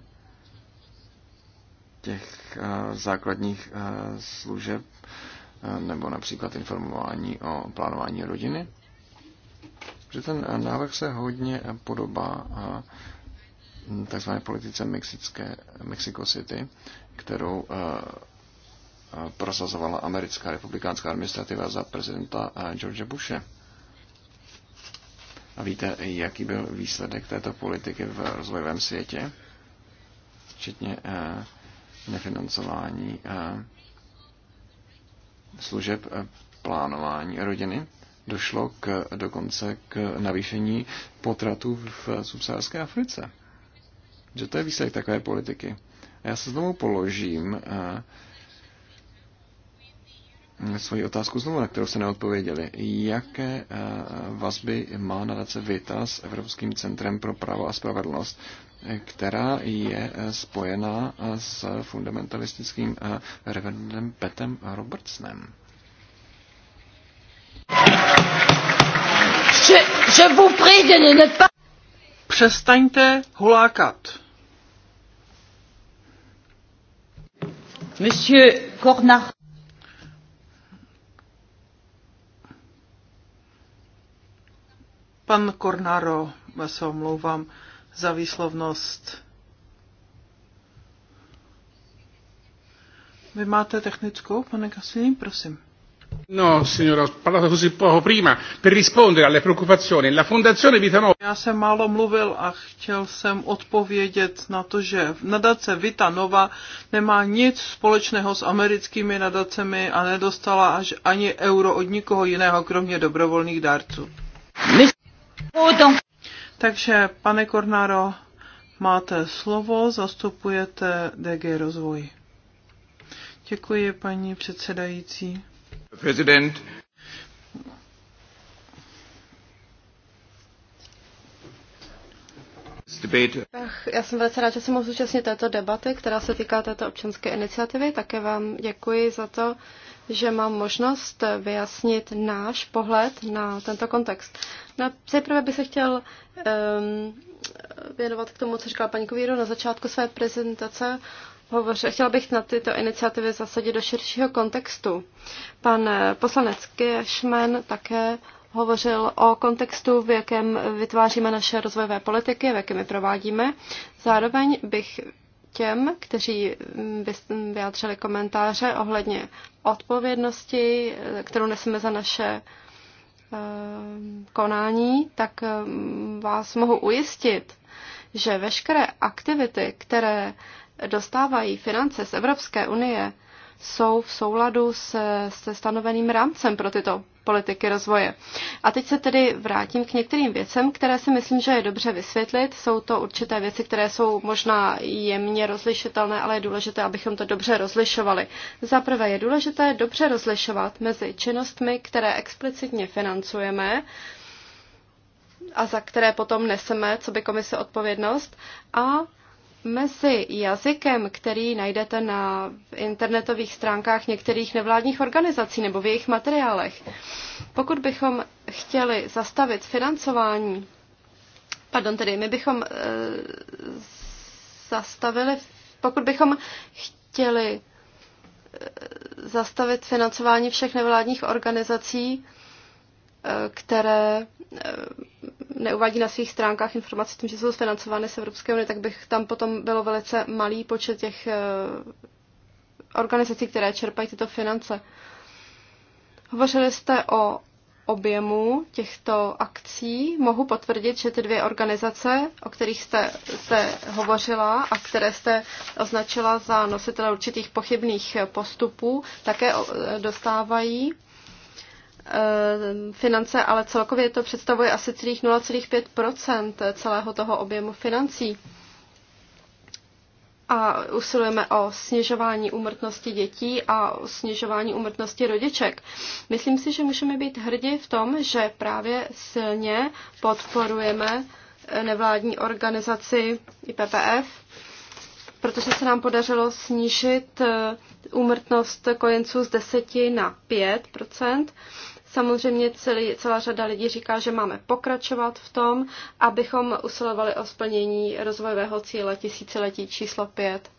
těch základních služeb nebo například informování o plánování rodiny? Protože ten návrh se hodně podobá takzvané politice Mexické, Mexico City, kterou Eh, prosazovala americká republikánská administrativa za prezidenta eh, George Bushe. A víte, jaký byl výsledek této politiky v rozvojovém světě, včetně eh, nefinancování služeb plánování rodiny? Došlo k, dokonce k navýšení potratů v subsaharské Africe. Že to je výsledek takové politiky. A já se znovu položím Eh, svoji otázku znovu, na kterou se neodpověděli. Jaké eh, vazby má nadace VITA s Evropským centrem pro právo a spravedlnost, eh, která je spojená s fundamentalistickým reverendem Petem Robertsnem? Přestaňte hulákat. Monsieur Cornard. Pan Kornaro, já se omlouvám za výslovnost. Vy máte technickou, pane Cassini, prosím. No, signora, parlato così poco prima. Per rispondere alle preoccupazioni, la Fondazione Nova... Já jsem málo mluvil a chtěl jsem odpovědět na to, že nadace Vitanova nemá nic společného s americkými nadacemi a nedostala až ani euro od nikoho jiného, kromě dobrovolných dárců. My... Takže, pane Kornáro, máte slovo, zastupujete DG Rozvoj. Děkuji, paní předsedající. Prezident. Ach, já jsem velice rád, že se mohu zúčastnit této debaty, která se týká této občanské iniciativy. Také vám děkuji za to, že mám možnost vyjasnit náš pohled na tento kontext. No, nejprve bych se chtěl um, věnovat k tomu, co říkala paní Kovíru na začátku své prezentace. Hovoře, chtěla bych na tyto iniciativy zasadit do širšího kontextu. Pan poslanec Kiešmen také hovořil o kontextu, v jakém vytváříme naše rozvojové politiky, v jakém je provádíme. Zároveň bych těm, kteří mm, mm, vyjádřili komentáře ohledně odpovědnosti, kterou neseme za naše eh, konání, tak mm, vás mohu ujistit, že veškeré aktivity, které dostávají finance z Evropské unie, jsou v souladu se, se stanoveným rámcem pro tyto politiky rozvoje. A teď se tedy vrátím k některým věcem, které si myslím, že je dobře vysvětlit. Jsou to určité věci, které jsou možná jemně rozlišitelné, ale je důležité, abychom to dobře rozlišovali. Za prvé je důležité dobře rozlišovat mezi činnostmi, které explicitně financujeme, a za které potom neseme, co by komise odpovědnost, a mezi jazykem, který najdete na internetových stránkách některých nevládních organizací nebo v jejich materiálech. Pokud bychom chtěli zastavit financování, pardon, tedy my bychom e, zastavili, pokud bychom chtěli eh, zastavit financování všech nevládních organizací, eh, které neuvádí na svých stránkách informace tom, že jsou financovány z Evropské unie, tak bych tam potom bylo velice malý počet těch eh, organizací, které čerpají tyto finance. Hovořili jste o objemu těchto akcí. Mohu potvrdit, že ty dvě organizace, o kterých jste, jste hovořila a které jste označila za nositele určitých pochybných postupů, také eh, dostávají Eh, finance, ale celkově to představuje asi 0,5 celého toho objemu financí. A usilujeme o snižování úmrtnosti dětí a o snižování úmrtnosti rodiček. Myslím si, že můžeme být hrdí v tom, že právě silně podporujeme nevládní organizaci IPPF, protože se nám podařilo snížit eh, úmrtnost kojenců z 10 na 5 Samozřejmě celý, celá řada lidí říká, že máme pokračovat v tom, abychom usilovali o splnění rozvojového cíle tisíciletí číslo 5.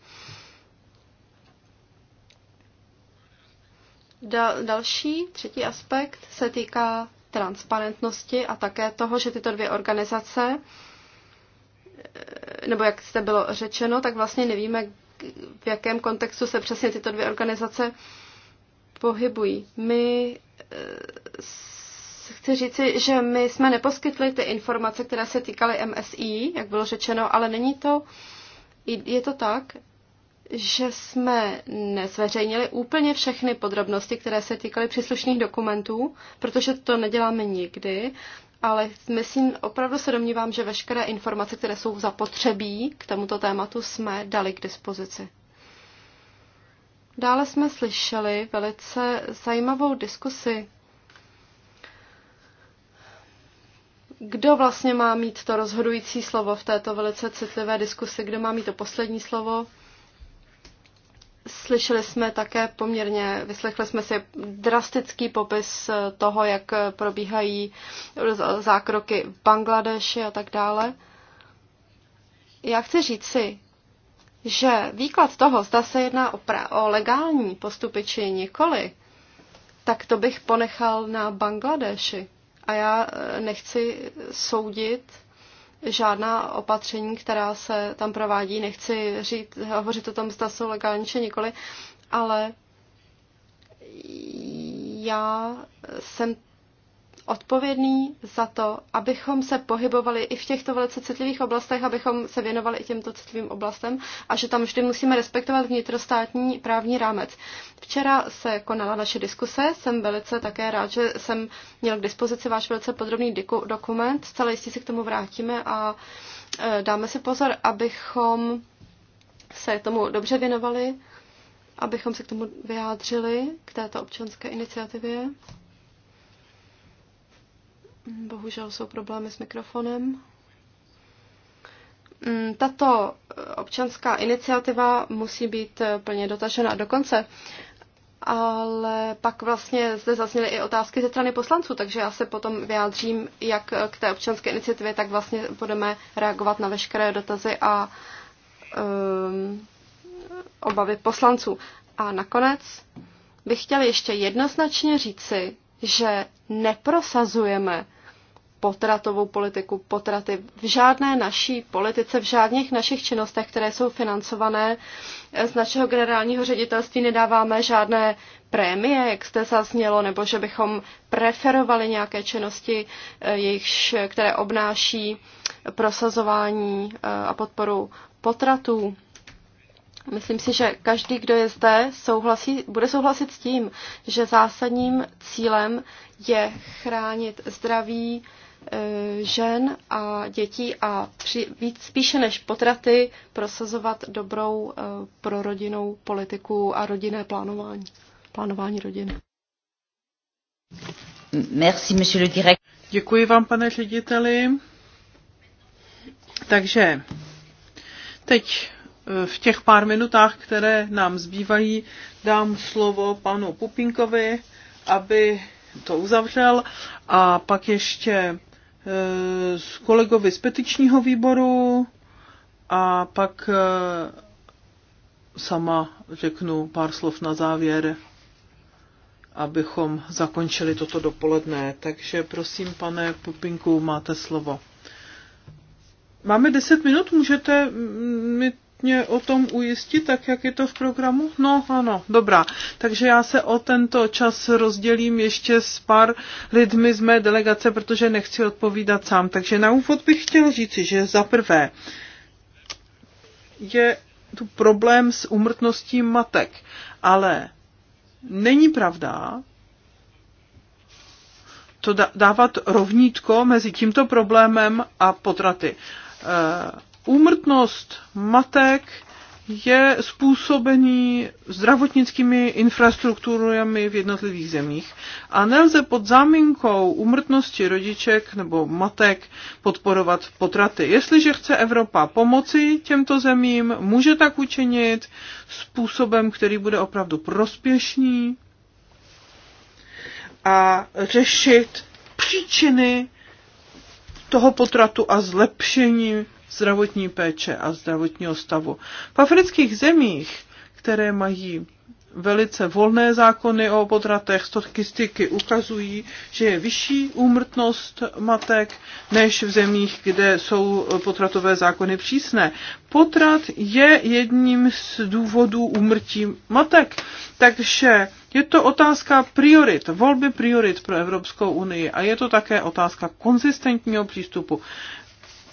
další, třetí aspekt se týká transparentnosti a také toho, že tyto dvě organizace, eh, nebo jak jste bylo řečeno, tak vlastně nevíme, v jakém kontextu se přesně tyto dvě organizace pohybují. My Eh, chci říci, že my jsme neposkytli ty informace, které se týkaly MSI, jak bylo řečeno, ale není to, je to tak, že jsme nezveřejnili úplně všechny podrobnosti, které se týkaly příslušných dokumentů, protože to neděláme nikdy, ale myslím, opravdu se domnívám, že veškeré informace, které jsou zapotřebí k tomuto tématu, jsme dali k dispozici. Dále jsme slyšeli velice zajímavou diskusi. Kdo vlastně má mít to rozhodující slovo v této velice citlivé diskusi, kdo má mít to poslední slovo? Slyšeli jsme také poměrně, vyslechli jsme si drastický popis toho, jak probíhají zákroky v Bangladeši a tak dále. Já chci říct si, že výklad toho, zda se jedná o, pra- o legální postupy či nikoli, tak to bych ponechal na Bangladeši. A já eh, nechci soudit žádná opatření, která se tam provádí. Nechci říct, hovořit o tom, zda jsou legální či nikoli, ale já jsem odpovědný za to, abychom se pohybovali i v těchto velice citlivých oblastech, abychom se věnovali i těmto citlivým oblastem a že tam vždy musíme respektovat vnitrostátní právní rámec. Včera se konala naše diskuse, jsem velice také rád, že jsem měl k dispozici váš velice podrobný dokument, celé jistě se k tomu vrátíme a e, dáme si pozor, abychom se tomu dobře věnovali, abychom se k tomu vyjádřili, k této občanské iniciativě. Bohužel jsou problémy s mikrofonem. Mm, tato eh, občanská iniciativa musí být eh, plně dotažena do konce. Ale pak vlastně zde zazněly i otázky ze strany poslanců, takže já se potom vyjádřím, jak k té občanské iniciativě, tak vlastně budeme reagovat na veškeré dotazy a um, obavy poslanců. A nakonec bych chtěla ještě jednoznačně říci, že neprosazujeme potratovou politiku, potraty v žádné naší politice, v žádných našich činnostech, které jsou financované z našeho generálního ředitelství, nedáváme žádné prémie, jak jste zaznělo, nebo že bychom preferovali nějaké činnosti, eh, jejichž, které obnáší prosazování eh, a podporu potratů. Myslím si, že každý, kdo je zde, souhlasí, bude souhlasit s tím, že zásadním cílem je chránit zdraví e, žen a dětí a při, víc, spíše než potraty prosazovat dobrou pro e, prorodinnou politiku a rodinné plánování, plánování rodiny. Merci, monsieur le direct. Děkuji vám, pane řediteli. Takže teď v těch pár minutách, které nám zbývají, dám slovo panu Pupinkovi, aby to uzavřel a pak ještě z e, kolegovi z petičního výboru a pak e, sama řeknu pár slov na závěr, abychom zakončili toto dopoledne. Takže prosím, pane Pupinku, máte slovo. Máme deset minut, můžete mi mě o tom ujistit, tak jak je to v programu? No, ano, dobrá. Takže já se o tento čas rozdělím ještě s pár lidmi z mé delegace, protože nechci odpovídat sám. Takže na úvod bych chtěl říci, že za prvé je tu problém s umrtností matek, ale není pravda, to dávat rovnítko mezi tímto problémem a potraty eh, Úmrtnost matek je způsobený zdravotnickými infrastrukturami v jednotlivých zemích a nelze pod záminkou umrtnosti rodiček nebo matek podporovat potraty. Jestliže chce Evropa pomoci těmto zemím, může tak učinit způsobem, který bude opravdu prospěšný a řešit příčiny toho potratu a zlepšení zdravotní péče a zdravotního stavu. V afrických zemích, které mají velice volné zákony o potratech, statistiky ukazují, že je vyšší úmrtnost matek než v zemích, kde jsou potratové zákony přísné. Potrat je jedním z důvodů úmrtí matek, takže je to otázka priorit, volby priorit pro Evropskou unii a je to také otázka konzistentního přístupu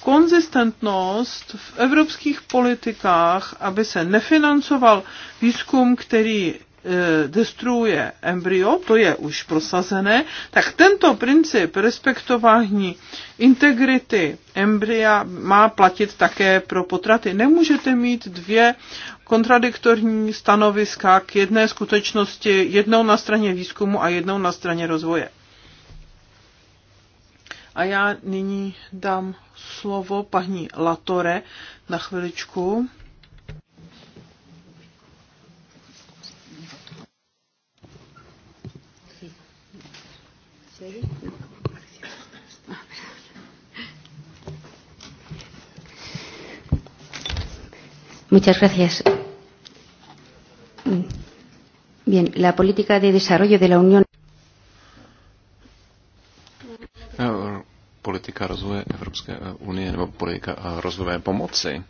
konzistentnost v evropských politikách, aby se nefinancoval výzkum, který e, destruuje embryo, to je už prosazené, tak tento princip respektování integrity embrya má platit také pro potraty. Nemůžete mít dvě kontradiktorní stanoviska k jedné skutečnosti, jednou na straně výzkumu a jednou na straně rozvoje. A já nyní dám slovo paní Latore na chviličku. Muchas gracias. Bien, la política de desarrollo de la Unión. politika rozvoje Evropské eh, unie nebo politika eh, rozvojové pomoci eh,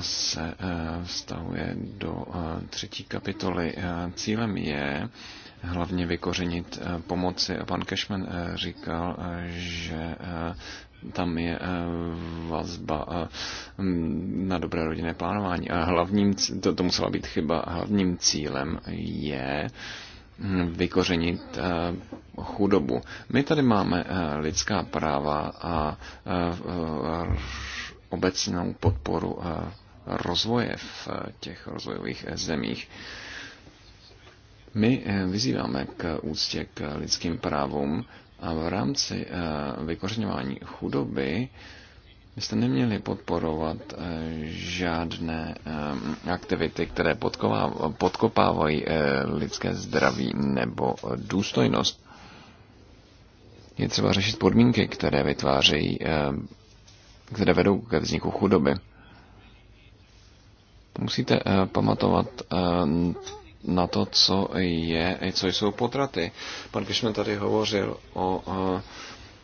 se vztahuje do třetí kapitoly. Cílem je hlavně vykořenit pomoci. A pan Cashman říkal, že tam je vazba na dobré rodinné plánování. A hlavním, to, to musela být chyba, hlavním cílem je uh, vykořenit eh, chudobu. My tady máme eh, lidská práva a eh, obecnou podporu rozvoje v těch rozvojových zemích. My vyzýváme k úctě k lidským právům a v rámci vykořeňování chudoby byste neměli podporovat eh, žádné eh, aktivity, které podkopávají eh, lidské zdraví nebo důstojnost. Je třeba řešit podmínky, které vytvářejí, které vedou ke vzniku chudoby. Musíte pamatovat na to, co je, co jsou potraty. Pan Kišmen tady hovořil o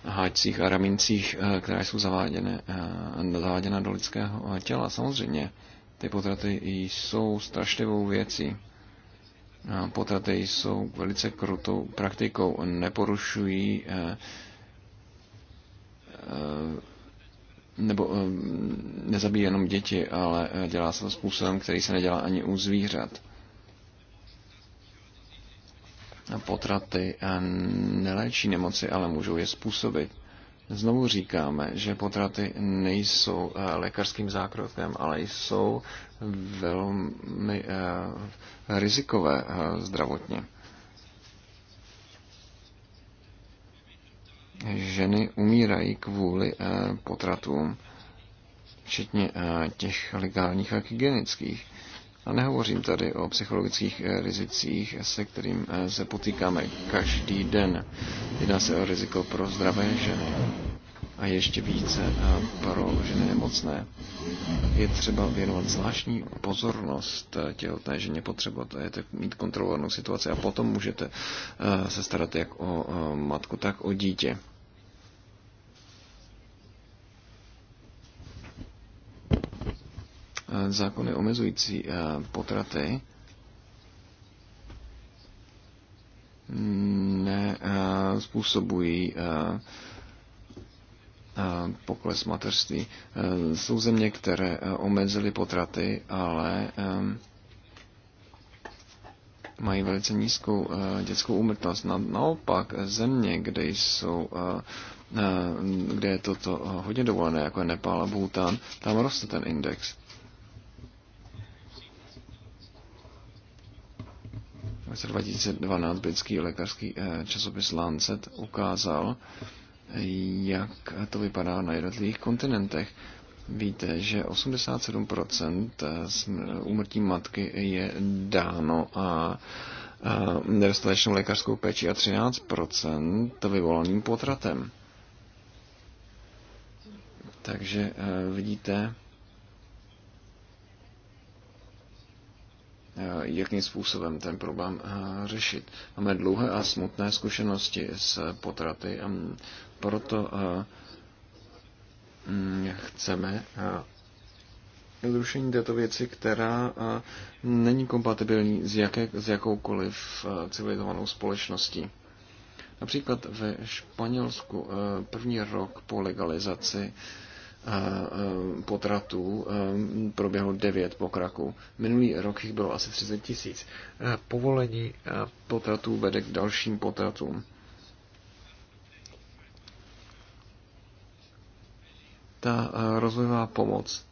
háčcích a ramincích, eh, které jsou zaváděna, eh, zaváděna do lidského eh, těla. Samozřejmě, ty potraty jsou strašlivou věcí. Potraty jsou velice krutou praktikou, neporušují nebo nezabíjí jenom děti, ale dělá se to způsobem, který se nedělá ani u zvířat. Potraty neléčí nemoci, ale můžou je způsobit. Znovu říkáme, že potraty nejsou eh, lékařským zákrokem, ale jsou velmi eh, rizikové eh, zdravotně. Ženy umírají kvůli potratům, včetně těch legálních a hygienických. A nehovořím tady o psychologických eh, rizicích, eh, se kterým eh, se potýkáme každý den. Jedná se o riziko pro zdravé ženy a ještě více pro ženy nemocné. Je třeba věnovat zvláštní pozornost těhotné ženě, potřebujete mít kontrolovanou situaci a potom můžete se starat jak o matku, tak o dítě. Eh, zákony omezující eh, potraty ne, eh, způsobují pokles mateřství. Jsou země, které omezily potraty, ale mají velice nízkou dětskou úmrtnost. Naopak země, kde jsou kde je toto hodně dovolené, jako je Nepál a Bhutan, tam roste ten index. V roce 2012 britský lékařský eh, časopis Lancet ukázal, jak to vypadá na jednotlivých kontinentech. Víte, že 87% eh, eh, úmrtí matky je dáno a nedostatečnou lékařskou péči a 13% vyvolaným potratem. Takže vidíte, Eh, jakým způsobem ten problém eh, řešit. Máme dlouhé a smutné zkušenosti s potraty a proto eh, mm, chceme zrušení této věci, která není kompatibilní s, jaké, s jakoukoliv civilizovanou společností. Například ve Španělsku první rok po legalizaci potratů proběhlo 9 pokraků. Minulý rok jich bylo asi 30 tisíc. Povolení potratů vede k dalším potratům. Ta rozvojová pomoc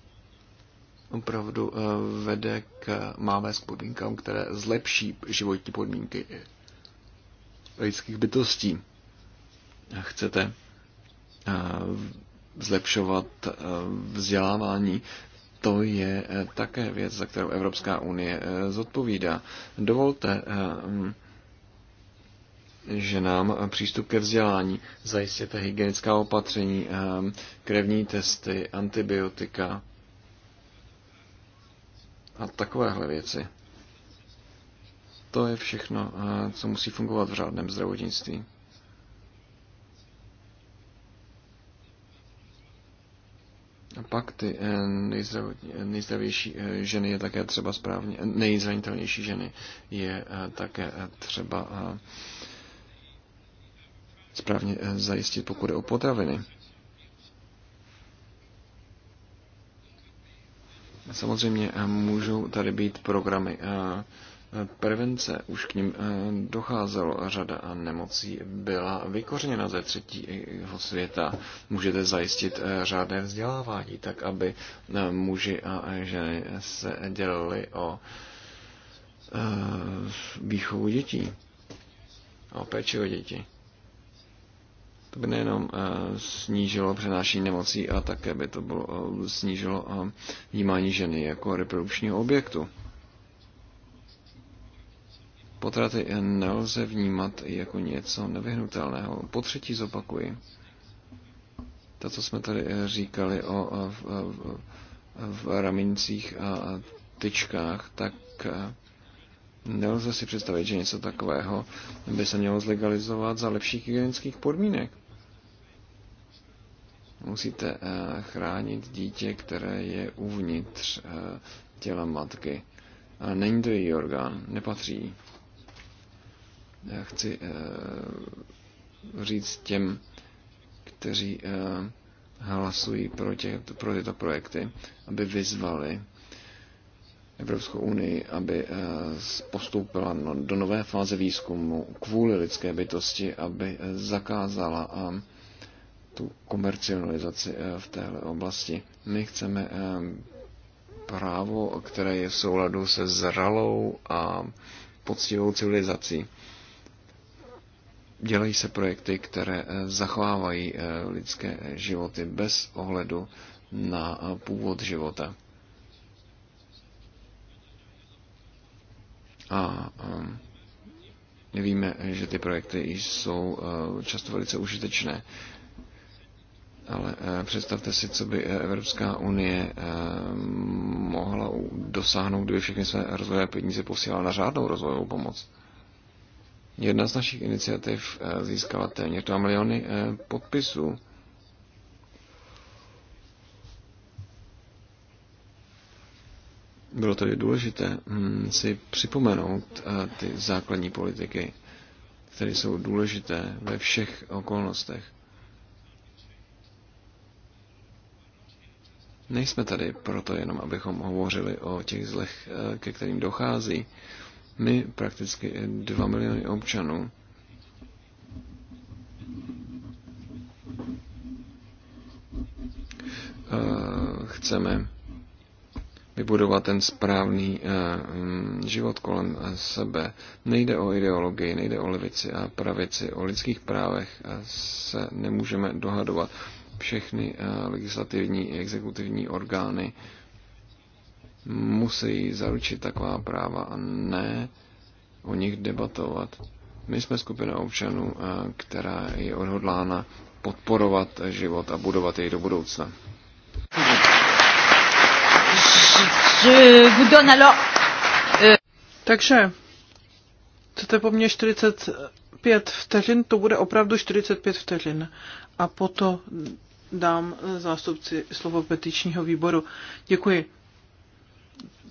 opravdu vede k máme s podmínkám, které zlepší životní podmínky lidských bytostí. Chcete zlepšovat eh, vzdělávání, to je eh, také věc, za kterou Evropská unie eh, zodpovídá. Dovolte, že nám přístup ke vzdělání, zajistěte hygienická opatření, krevní testy, antibiotika a takovéhle věci. To je všechno, co musí fungovat v řádném zdravotnictví. Pak ty eh, nejzdravější eh, ženy je také třeba správně, eh, nejzranitelnější ženy je také třeba správně zajistit, pokud je o potraviny. Samozřejmě můžou tady být programy prevence, už k ním eh, docházelo řada nemocí byla vykořeněna ze třetího světa. Můžete zajistit eh, řádné vzdělávání, tak aby eh, muži a ženy se dělili o výchovu dětí, o péči o děti. To by nejenom snížilo přenášení nemocí, a také by to bylo, snížilo vnímání ženy jako reprodukčního objektu. Potraty nelze vnímat jako něco nevyhnutelného. Po třetí zopakuji. To, co jsme tady eh, říkali o, eh, v, eh, v, v ramincích a tyčkách, tak nelze si představit, že něco takového by se mělo zlegalizovat za lepších hygienických podmínek. Musíte chránit dítě, které je uvnitř těla matky. A není to její orgán, nepatří chci eh, říct těm, kteří eh, hlasují pro, tě, pro tyto projekty, aby vyzvali Evropskou unii, aby eh, postoupila no, do nové fáze výzkumu kvůli lidské bytosti, aby zakázala tu komercionalizaci v této oblasti. My chceme právo, které je v souladu se zralou a poctivou civilizací dělají se projekty, které eh, zachovávají eh, lidské životy bez ohledu na eh, původ života. A víme, že ty projekty jsou často velice užitečné. Ale představte si, co by Evropská unie mohla dosáhnout, kdyby všechny své rozvojové peníze posílala na řádnou rozvojovou pomoc. Jedna z našich iniciativ eh, získala téměř 2 miliony eh, podpisů. Bylo tedy důležité hm, si připomenout eh, ty základní politiky, které jsou důležité ve všech okolnostech. Nejsme tady proto jenom, abychom hovořili o těch zlech, ke kterým dochází, my prakticky 2 miliony občanů eh, chceme vybudovat ten správný eh, mm, život kolem eh, sebe. Nejde o ideologii, nejde o levici a pravici, o lidských právech se nemůžeme dohadovat. Všechny legislativní i exekutivní orgány musí zaručit taková práva a ne o nich debatovat. My jsme skupina občanů, eh, která je odhodlána podporovat život a budovat jej do budoucna. Euh, Takže, chcete po mně 45 vteřin, to bude opravdu 45 vteřin. A potom dám eh, zástupci slovo petičního výboru. Děkuji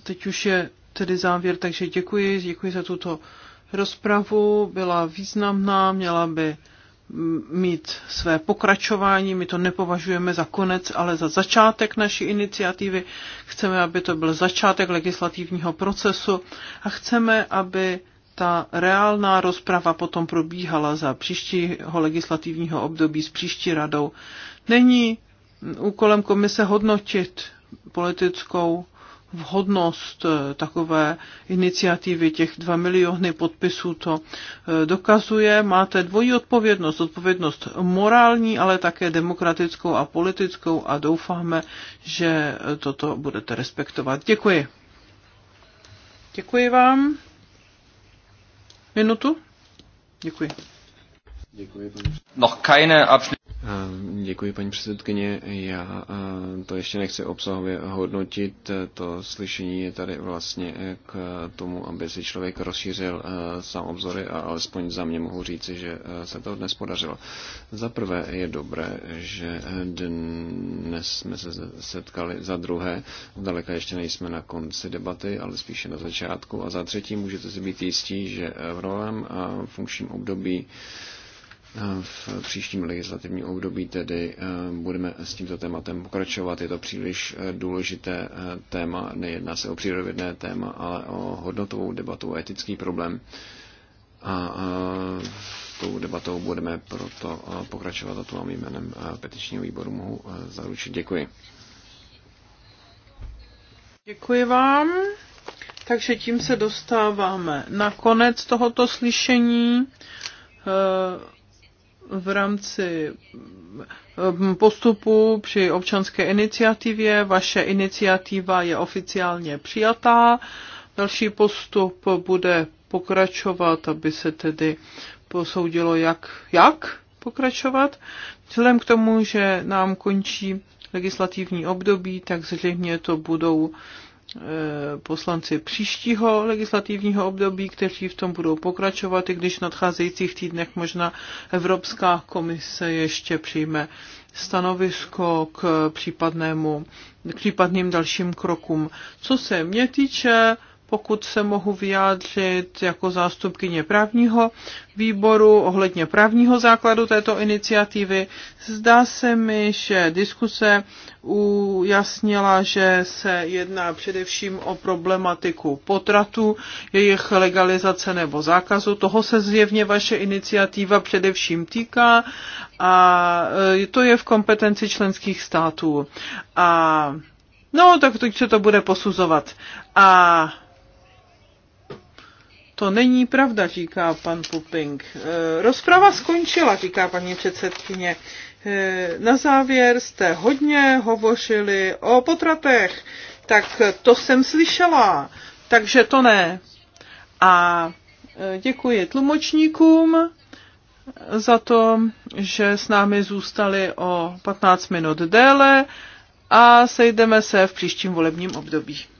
teď už je tedy závěr, takže děkuji, děkuji za tuto rozpravu, byla významná, měla by mít své pokračování. My to nepovažujeme za konec, ale za začátek naší iniciativy. Chceme, aby to byl začátek legislativního procesu a chceme, aby ta reálná rozprava potom probíhala za příštího legislativního období s příští radou. Není úkolem komise hodnotit politickou vhodnost eh, takové iniciativy, těch 2 miliony podpisů to eh, dokazuje. Máte dvojí odpovědnost, odpovědnost morální, ale také demokratickou a politickou a doufáme, že eh, toto budete respektovat. Děkuji. Děkuji vám. Minutu? Děkuji. Eh, děkuji, paní předsedkyně. Já eh, to ještě nechci obsahově hodnotit. To slyšení je tady vlastně eh, k tomu, aby si člověk rozšířil sám obzory a alespoň za mě mohu říci, že se to dnes podařilo. Za prvé je dobré, že dnes jsme se setkali. Za druhé, daleka ještě nejsme na konci debaty, ale spíše na začátku. A za třetí můžete si být jistí, že v novém funkčním období v příštím legislativním období tedy eh, budeme s tímto tématem pokračovat. Je to příliš eh, důležité eh, téma, nejedná se o přírodovědné téma, ale o hodnotovou debatu, o etický problém. A tou debatou budeme proto pokračovat a to vám jménem petičního výboru mohu zaručit. Děkuji. Děkuji vám. Takže tím se dostáváme na konec tohoto slyšení v rámci mm, postupu při občanské iniciativě. Vaše iniciativa je oficiálně přijatá. Další postup bude pokračovat, aby se tedy posoudilo, jak, jak pokračovat. Vzhledem k tomu, že nám končí legislativní období, tak zřejmě to budou Eh, poslanci příštího legislativního období, kteří v tom budou pokračovat, i když v nadcházejících týdnech možná Evropská komise ještě přijme stanovisko k případnému, k případným dalším krokům. Co se mě týče, pokud se mohu vyjádřit jako zástupkyně právního výboru ohledně právního základu této iniciativy. Zdá se mi, že diskuse ujasnila, že se jedná především o problematiku potratu, jejich legalizace nebo zákazu. Toho se zjevně vaše iniciativa především týká a e, to je v kompetenci členských států. A No, tak teď se to bude posuzovat. A to není pravda, říká pan Puping. E, rozprava skončila, říká paní předsedkyně. E, na závěr jste hodně hovořili o potratech. Tak to jsem slyšela, takže to ne. A e, děkuji tlumočníkům za to, že s námi zůstali o 15 minut déle a sejdeme se v příštím volebním období.